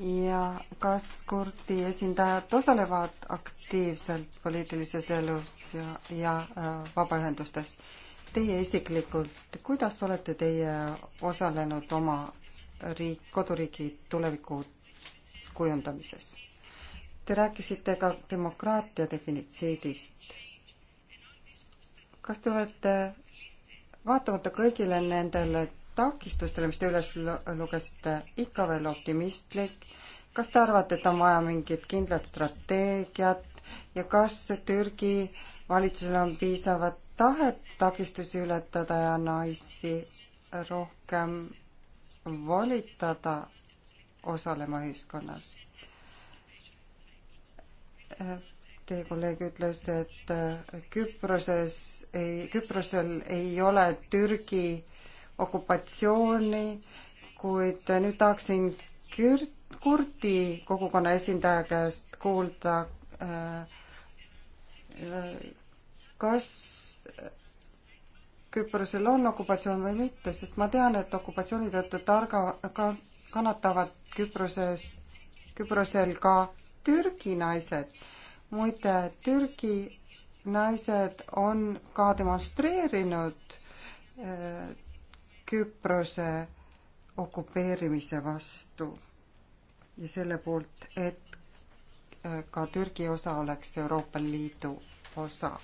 ja kas kurdi esindajad osalevad aktiivselt poliitilises elus ja, ja äh, vabaühendustes äh,? teie isiklikult, kuidas olete teie osalenud oma riik, koduriigi tuleviku kujundamises? Te rääkisite ka demokraatia definitsiidist. kas te olete vaatamata kõigile nendele takistustele, mis te üles lugesite, ikka veel optimistlik? kas te arvate, et on vaja mingit kindlat strateegiat ja kas Türgi valitsusel on piisavat tahet takistusi ületada ja naisi rohkem volitada osalema ühiskonnas. Teie kolleeg ütles, et Küproses ei, Küprosel ei ole Türgi okupatsiooni, kuid nüüd tahaksin Kürt, kurdi kogukonna esindaja käest kuulda, kas Küprosel on okupatsioon või mitte, sest ma tean, et okupatsiooni tõttu targa, ka kannatavad Küproses, Küprosel ka Türgi naised. muide, Türgi naised on ka demonstreerinud eh, Küprose okupeerimise vastu ja selle poolt, et eh, ka Türgi osa oleks Euroopa Liidu osa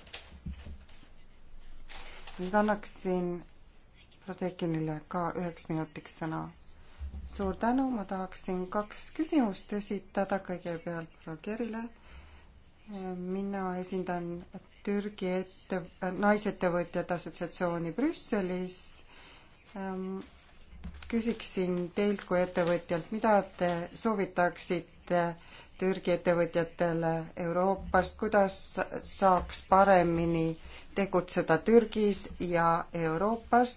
nüüd annaksin Prodekinile ka üheks minutiks sõna. suur tänu, ma tahaksin kaks küsimust esitada, kõigepealt Prodekirile. mina esindan Türgi ette, Naisettevõtjate Assotsiatsiooni Brüsselis. küsiksin teilt kui ettevõtjalt, mida te soovitaksite näite Türgi ettevõtjatele Euroopast, kuidas saaks paremini tegutseda Türgis ja Euroopas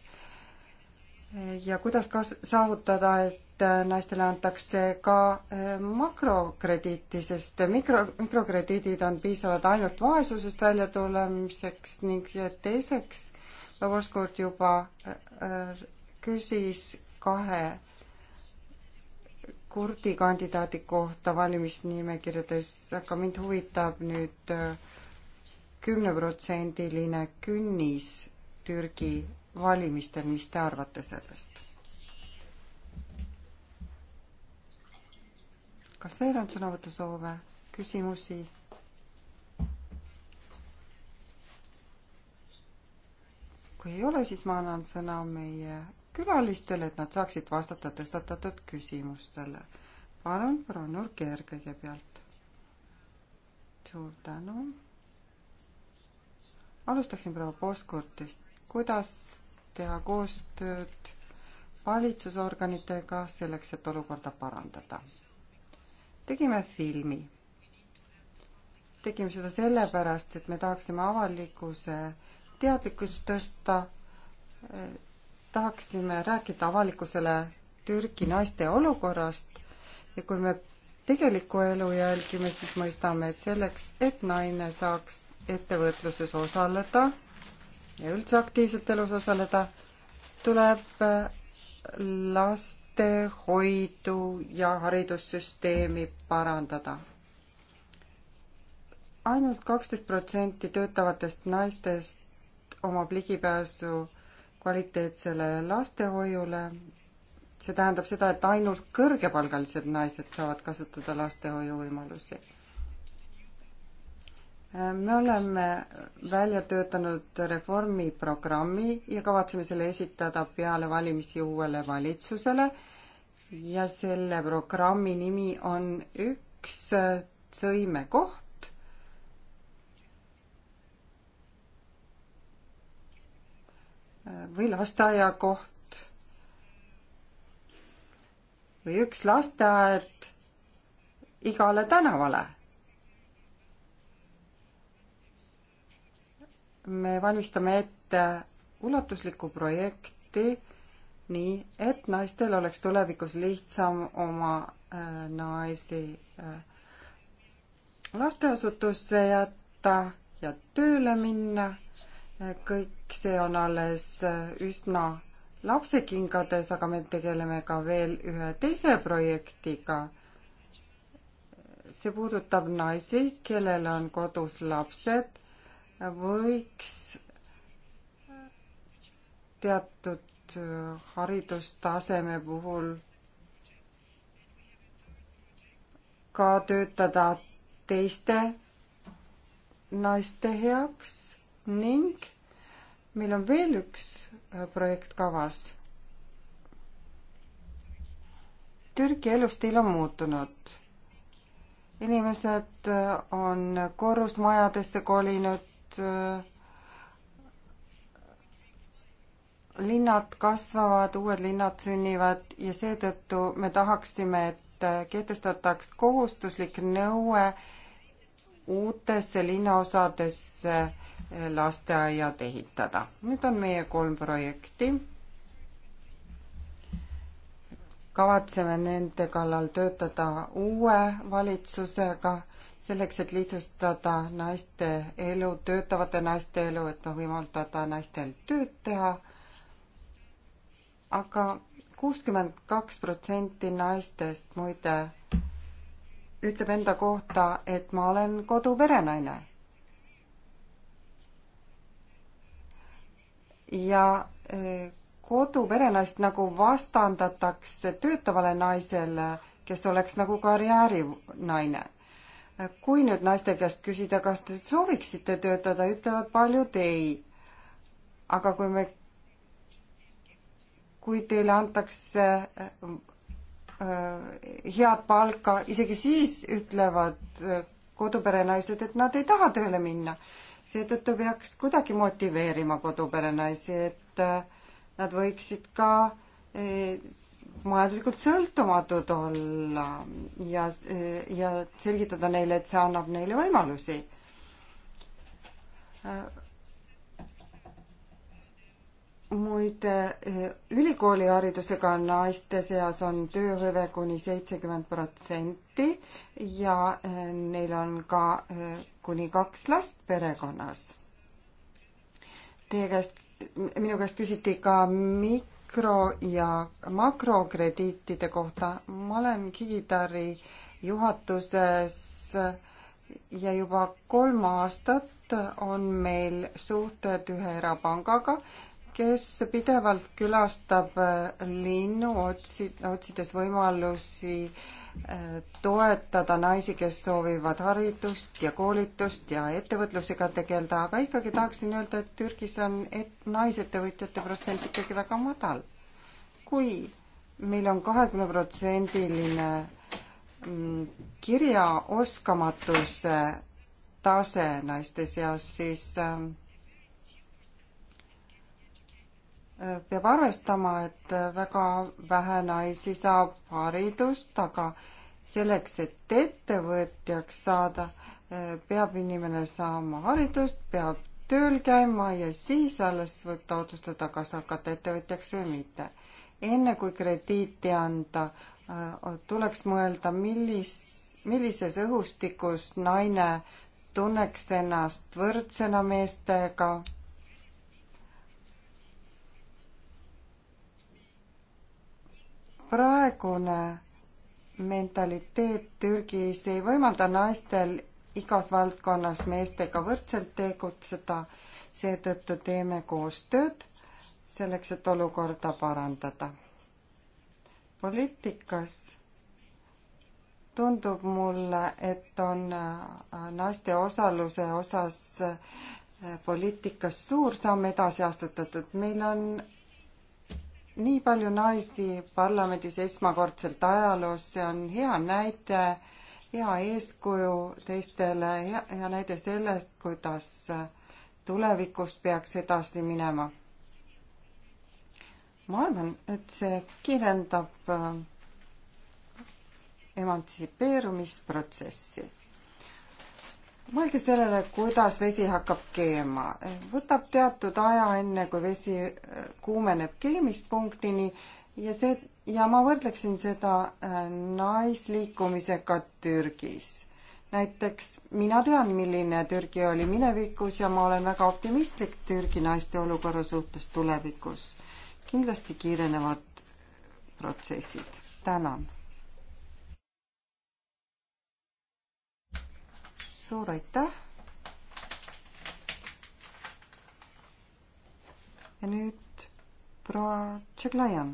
ja kuidas kas-, saavutada, et naistele antakse ka äh, makrokrediiti, sest mikro, mikrokrediidid on piisavad ainult vaesusest välja tulemiseks ning teiseks, Lavoskord juba äh, äh, küsis kahe kurdi kandidaadi kohta valimisnimekirjades, aga mind huvitab nüüd äh, kümneprotsendiline künnis Türgi valimistel, mis te arvate sellest? kas teil on sõnavõtusoove, küsimusi? kui ei ole, siis ma annan sõna meie külalistele, et nad saaksid vastata tõstatatud küsimustele. palun, proua Nurker kõigepealt. suur tänu. alustaksin proua Postkurtist. kuidas teha koostööd valitsusorganitega selleks, et olukorda parandada? tegime filmi. tegime seda sellepärast, et me tahaksime avalikkuse teadlikkust tõsta tahaksime rääkida avalikkusele Türgi naiste olukorrast ja kui me tegelikku elu jälgime, siis mõistame, et selleks, et naine saaks ettevõtluses osaleda ja üldse aktiivselt elus osaleda, tuleb äh, lastehoidu ja haridussüsteemi parandada. ainult kaksteist protsenti töötavatest naistest omab ligipääsu kvaliteetsele lastehoiule. see tähendab seda, et ainult kõrgepalgalised naised saavad kasutada lastehoiu võimalusi. me oleme välja töötanud reformiprogrammi ja kavatseme selle esitada peale valimisi uuele valitsusele. ja selle programmi nimi on Üks sõimekoht või lasteaiakoht või üks lasteaed igale tänavale. me valmistame ette ulatuslikku projekti nii, et naistel oleks tulevikus lihtsam oma äh, naisi äh, lasteasutusse jätta ja tööle minna äh,. kõik kõik see on alles äh, üsna lapsekingades, aga me tegeleme ka veel ühe teise projektiga. see puudutab naisi, kellel on kodus lapsed, võiks teatud äh, haridustaseme puhul ka töötada teiste naiste heaks ning meil on veel üks äh, projekt kavas. Türgi elustiil on muutunud. inimesed äh, on korrusmajadesse kolinud, äh, linnad kasvavad, uued linnad sünnivad ja seetõttu me tahaksime, et kehtestataks kohustuslik nõue uutesse linnaosadesse lasteaiad ehitada. Need on meie kolm projekti. kavatseme nende kallal töötada uue valitsusega selleks, et lihtsustada naiste elu, töötavate naiste elu, et noh, võimaldada naistel tööd teha aga. aga kuuskümmend kaks protsenti naistest muide ütleb enda kohta, et ma olen koduperenaine ja äh, koduperenaist nagu vastandatakse töötavale naisele, kes oleks nagu karjäärinaine. Äh, kui nüüd naiste käest küsida, kas te sooviksite töötada, ütlevad paljud ei. aga kui me, kui teile antakse äh, head palka, isegi siis ütlevad koduperenaised, et nad ei taha tööle minna. seetõttu peaks kuidagi motiveerima koduperenaisi, et äh, nad võiksid ka äh, majanduslikult sõltumatud olla ja, äh, ja selgitada neile, et see annab neile võimalusi muide, eh, ülikooliharidusega naiste seas on tööhõive kuni seitsekümmend protsenti ja eh, neil on ka eh, kuni kaks last perekonnas. Teie käest, minu käest küsiti ka mikro- ja makrokrediitide kohta. ma olen Kigitari juhatuses ja juba kolm aastat on meil suhted ühe erapangaga kes pidevalt külastab äh, linnu, otsi-, otsides võimalusi äh, toetada naisi, kes soovivad haridust ja koolitust ja ettevõtlusega tegeleda, aga ikkagi tahaksin öelda, et Türgis on et-, naisettevõtjate protsent ikkagi väga madal. kui meil on kahekümneprotsendiline mm, kirjaoskamatuse tase naiste seas, siis äh, peab arvestama, et väga vähe naisi saab haridust, aga selleks, et ettevõtjaks saada, peab inimene saama haridust, peab tööl käima ja siis alles võib ta otsustada, kas hakata ettevõtjaks või mitte. enne kui krediiti anda, äh, tuleks mõelda, millis, millises õhustikus naine tunneks ennast võrdsena meestega praegune mentaliteet Türgis ei võimalda naistel igas valdkonnas meestega võrdselt tegutseda, seetõttu teeme koostööd selleks, et olukorda parandada. poliitikas tundub mulle, et on äh, naiste osaluse osas äh, poliitikas suur samm edasi astutatud, meil on nii palju naisi parlamendis esmakordselt ajaloos, see on hea näide, hea eeskuju teistele, hea, hea näide sellest, kuidas tulevikus peaks edasi minema. ma arvan, et see kirjeldab äh, emantsipeerumisprotsessi mõelge sellele, kuidas vesi hakkab keema. võtab teatud aja, enne kui vesi äh, kuumeneb keemispunktini ja see, ja ma võrdleksin seda äh, naisliikumisega Türgis. näiteks mina tean, milline Türgi oli minevikus ja ma olen väga optimistlik Türgi naiste olukorra suhtes tulevikus. kindlasti kiirenevad protsessid. tänan suur aitäh. ja nüüd proua Tšeklajan.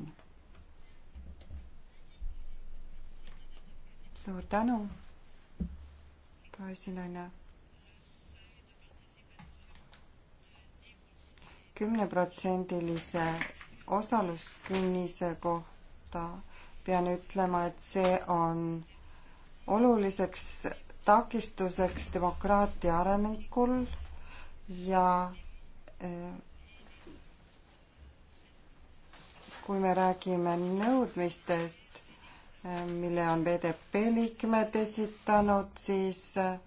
suur tänu, proua esinaine kümneprotsendilise osaluskünnise kohta pean ütlema, et see on oluliseks takistuseks demokraatia arengul ja eh, kui me räägime nõudmistest, eh, mille on BDP liikmed esitanud, siis eh,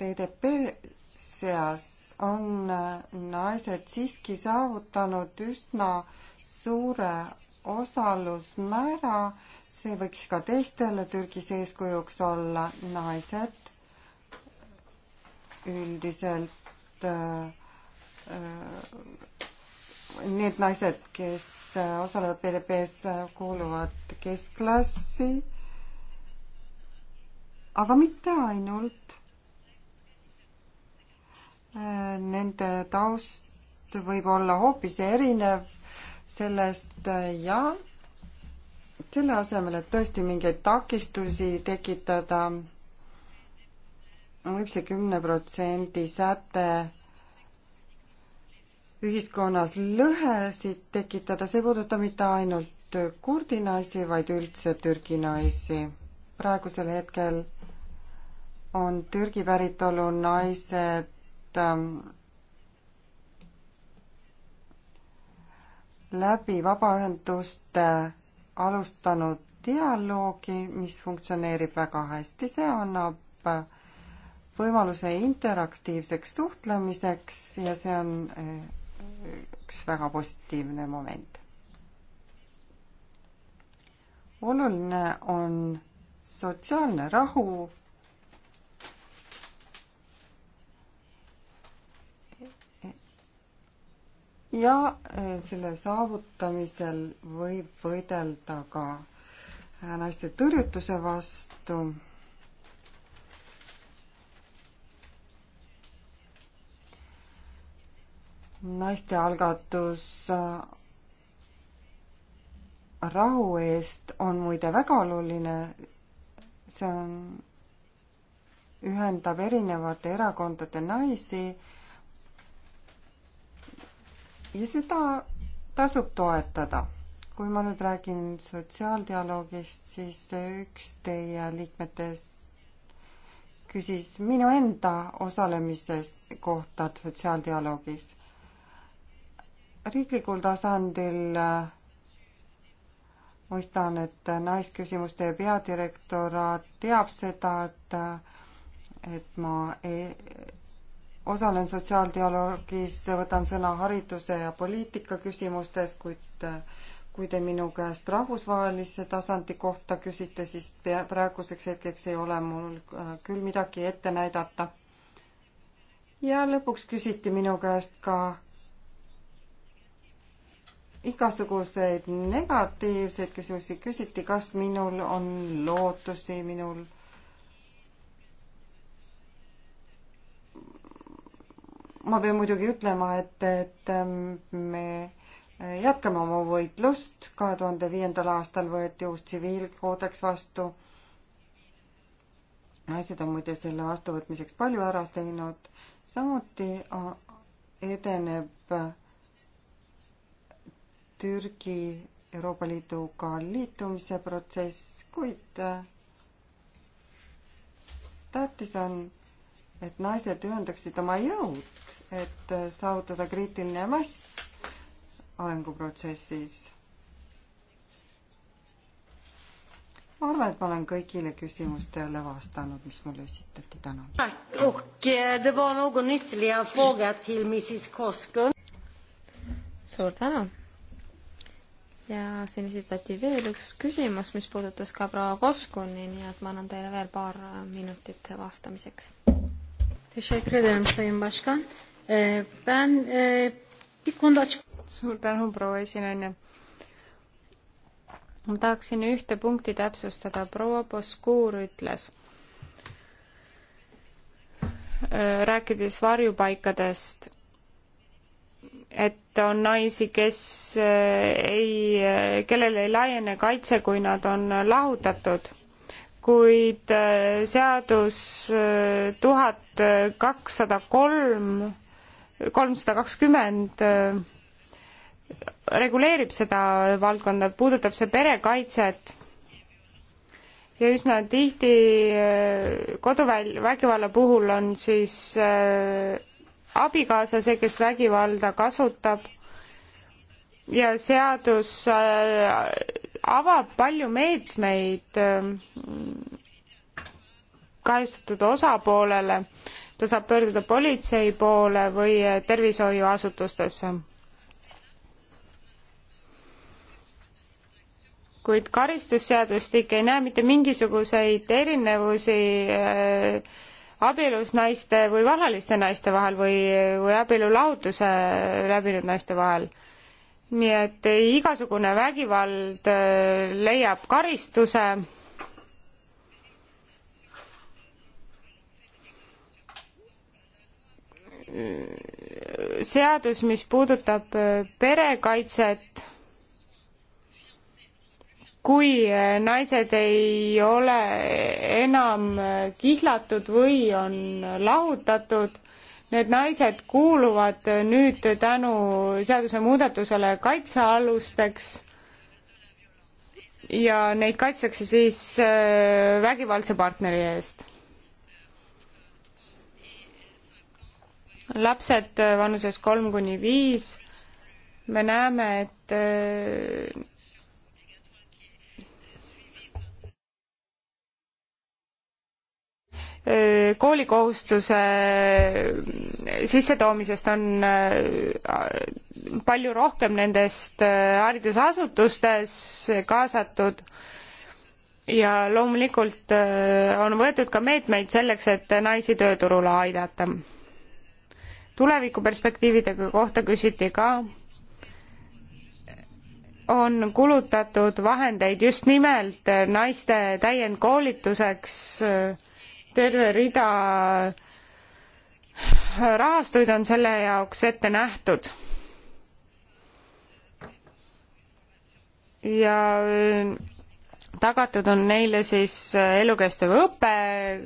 BDP seas on naised siiski saavutanud üsna suure osalusmäära see võiks ka teistele Türgis eeskujuks olla, naised üldiselt äh, äh, need naised, kes osalevad PDP-s, kuuluvad keskklassi, aga mitte ainult. Äh, nende taust võib olla hoopis erinev sellest ja selle asemel, et tõesti mingeid takistusi tekitada, võib see kümne protsendi säte ühiskonnas lõhesid tekitada, see ei puuduta mitte ainult kurdi naisi, vaid üldse Türgi naisi. praegusel hetkel on Türgi päritolu naised ähm, läbi vabaühenduste alustanud dialoogi, mis funktsioneerib väga hästi, see annab võimaluse interaktiivseks suhtlemiseks ja see on eh, üks väga positiivne moment. oluline on sotsiaalne rahu ja äh, selle saavutamisel võib võidelda ka äh, naiste tõrjutuse vastu. naistealgatus äh, rahu eest on muide väga oluline, see on, ühendab erinevate erakondade naisi ja seda tasub toetada. kui ma nüüd räägin sotsiaaldialoogist, siis üks teie liikmetest küsis minu enda osalemise kohta sotsiaaldialoogis. riiklikul tasandil äh, mõistan, et Naisküsimuste peadirektoraat teab seda, et äh, et ma ei, osalen sotsiaaldialoogis, võtan sõna hariduse ja poliitika küsimustes, kuid kui te minu käest rahvusvahelise tasandi kohta küsite, siis pea, praeguseks hetkeks ei ole mul äh, küll midagi ette näidata. ja lõpuks küsiti minu käest ka igasuguseid negatiivseid küsimusi, küsiti, kas minul on lootusi, minul ma pean muidugi ütlema, et, et ähm, me jätkame oma võitlust, kahe tuhande viiendal aastal võeti uus tsiviilkoodeks vastu. naised on muide selle vastuvõtmiseks palju ära teinud, samuti äh, edeneb äh, Türgi Euroopa Liiduga liitumise protsess, kuid äh, tähtis on et naised ühendaksid oma jõud, et äh, saavutada kriitiline mass arenguprotsessis. ma arvan, et ma olen kõigile küsimustele vastanud, mis mulle esitati, tänan. Eh, suur tänu ja siin esitati veel üks küsimus, mis puudutas ka proua Koskuni, nii et ma annan teile veel paar minutit vastamiseks. Teşekkür ederim Sayın Başkan. Ee, ben e, bir konuda açık... Suur tänu, proua esinaine. Ma tahaksin ühte punkti täpsustada. Proua Poskuur ütles, äh, rääkides varjupaikadest, et on naisi, kes äh, ei, äh, kellele ei laiene kaitse, kui nad on lahutatud kuid äh, seadus äh, tuhat kakssada kolm, kolmsada kakskümmend äh, reguleerib seda valdkonda, puudutab see perekaitset ja üsna tihti koduvägivalla puhul on siis abikaasa see, kes vägivalda kasutab ja seadus avab palju meetmeid ähm, kahjustatud osapoolele, ta saab pöörduda politsei poole või äh, tervishoiuasutustesse. kuid karistusseadustik ei näe mitte mingisuguseid erinevusi äh, abielus naiste või vallaliste naiste vahel või, äh, või abielu lahutuse läbinud naiste vahel nii et igasugune vägivald äh, leiab karistuse. seadus, mis puudutab äh, perekaitset, kui äh, naised ei ole enam kihlatud või on lahutatud, Need naised kuuluvad nüüd tänu seadusemuudatusele kaitsealusteks ja neid kaitstakse siis äh, vägivaldse partneri eest. lapsed äh, vanuses kolm kuni viis, me näeme, et äh, koolikohustuse sissetoomisest on palju rohkem nendest haridusasutustes kaasatud ja loomulikult on võetud ka meetmeid selleks, et naisi tööturule aidata. tulevikuperspektiividega kohta küsiti ka on kulutatud vahendeid just nimelt naiste täiendkoolituseks terve rida rahastuid on selle jaoks ette nähtud. ja äh, tagatud on neile siis äh, elukestev õpe,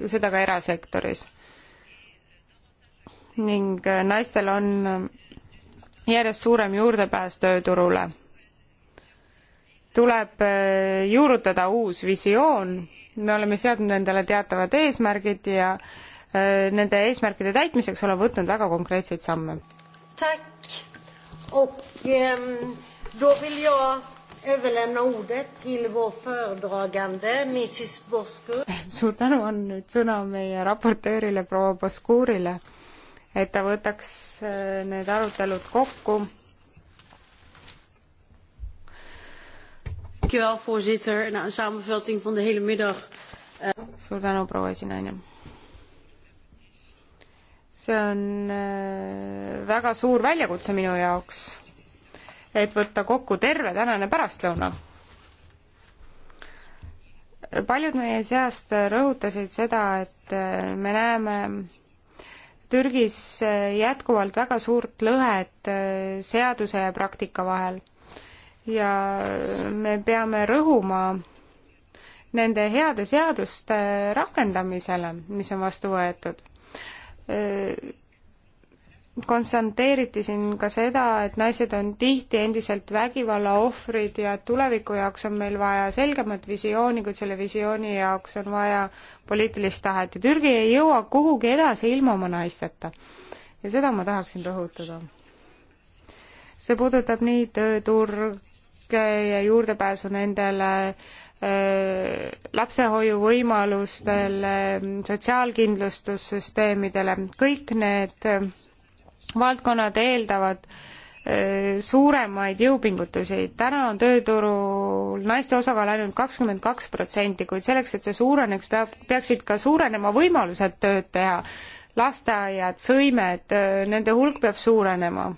seda ka erasektoris. ning äh, naistel on järjest suurem juurdepääs tööturule. tuleb juurutada uus visioon me oleme seadnud endale teatavad eesmärgid ja öö, äh, nende eesmärkide täitmiseks oleme võtnud väga konkreetseid samme. Ehm, suur tänu on nüüd sõna meie raportöörile proua Boskurile, et ta võtaks äh, need arutelud kokku Eh, suur tänu, proua esinaine. see on eh, väga suur väljakutse minu jaoks, et võtta kokku terve tänane pärastlõuna paljud meie seast rõhutasid seda, et eh, me näeme Türgis jätkuvalt väga suurt lõhet seaduse ja praktika vahel ja me peame rõhuma nende heade seaduste rakendamisele, mis on vastu võetud. konstanteeriti siin ka seda, et naised on tihti endiselt vägivalla ohvrid ja tuleviku jaoks on meil vaja selgemat visiooni, kuid selle visiooni jaoks on vaja poliitilist tahet ja Türgi ei jõua kuhugi edasi ilma oma naisteta. ja seda ma tahaksin rõhutada see puudutab nii tööturg, ja juurdepääsu nendele äh, lapsehoiuvõimalustele, sotsiaalkindlustussüsteemidele, kõik need äh, valdkonnad eeldavad äh, suuremaid jõupingutusi. täna on tööturul naiste osakaal ainult kakskümmend kaks protsenti, kuid selleks, et see suureneks, peab, peaksid ka suurenema võimalused tööd teha. lasteaiad, sõimed, nende hulk peab suurenema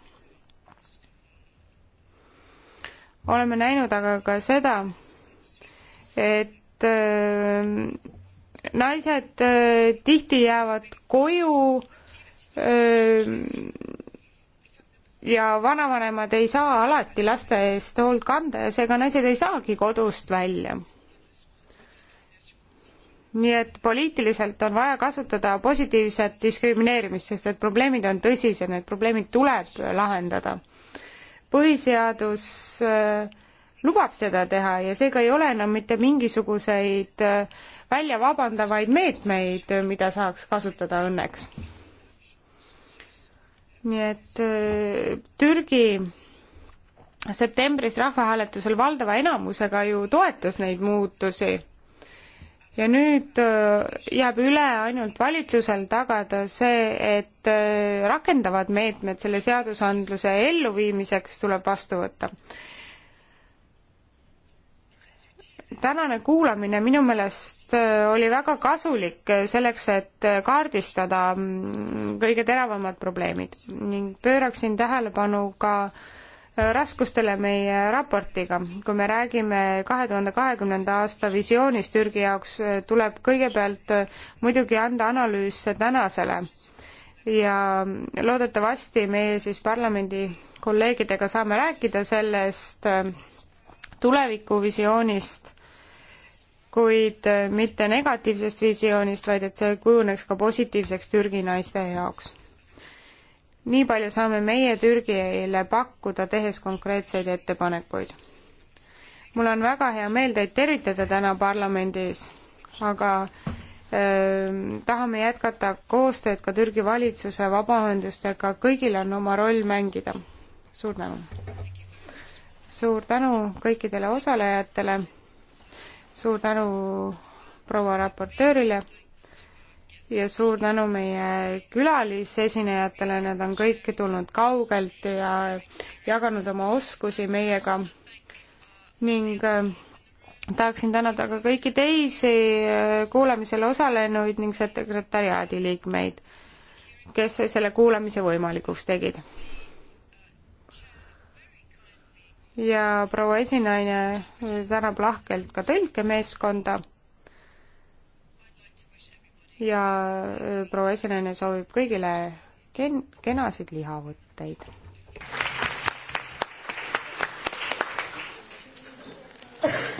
oleme näinud aga ka seda, et äh, naised äh, tihti jäävad koju äh, ja vanavanemad ei saa alati laste eest hoolt kanda ja seega naised ei saagi kodust välja nii et poliitiliselt on vaja kasutada positiivset diskrimineerimist, sest et probleemid on tõsised, need probleemid tuleb lahendada põhiseadus äh, lubab seda teha ja seega ei ole enam mitte mingisuguseid äh, välja vabandavaid meetmeid, mida saaks kasutada õnneks. nii et äh, Türgi septembris rahvahääletusel valdava enamusega ju toetas neid muutusi ja nüüd äh, jääb üle ainult valitsusel tagada see, et äh, rakendavad meetmed selle seadusandluse elluviimiseks tuleb vastu võtta. tänane kuulamine minu meelest äh, oli väga kasulik selleks, et kaardistada mm, kõige teravamad probleemid ning pööraksin tähelepanu ka äh, raskustele meie raportiga. kui me räägime kahe tuhande kahekümnenda aasta visioonist Türgi jaoks, tuleb kõigepealt muidugi anda analüüs tänasele. ja loodetavasti meie siis parlamendi kolleegidega saame rääkida sellest tulevikuvisioonist, kuid mitte negatiivsest visioonist, vaid et see kujuneks ka positiivseks Türgi naiste jaoks nii palju saame meie Türgile pakkuda, tehes konkreetseid ettepanekuid. mul on väga hea meel teid tervitada täna parlamendis, aga öö, tahame jätkata koostööd ka Türgi valitsuse vabaühendustega, kõigil on oma roll mängida. suur tänu! suur tänu kõikidele osalejatele, suur tänu proua raportöörile ja suur tänu meie külalisesinejatele, nad on kõik tulnud kaugelt ja jaganud oma oskusi meiega ning äh, tahaksin tänada ka kõiki teisi äh, kuulamisel osalenuid ning sekretäriaadi liikmeid, kes selle kuulamise võimalikuks tegid. ja proua esinaine tänab lahkelt ka tõlkemeeskonda ja proua esinaine soovib kõigile ken-, kenasid lihavõtteid.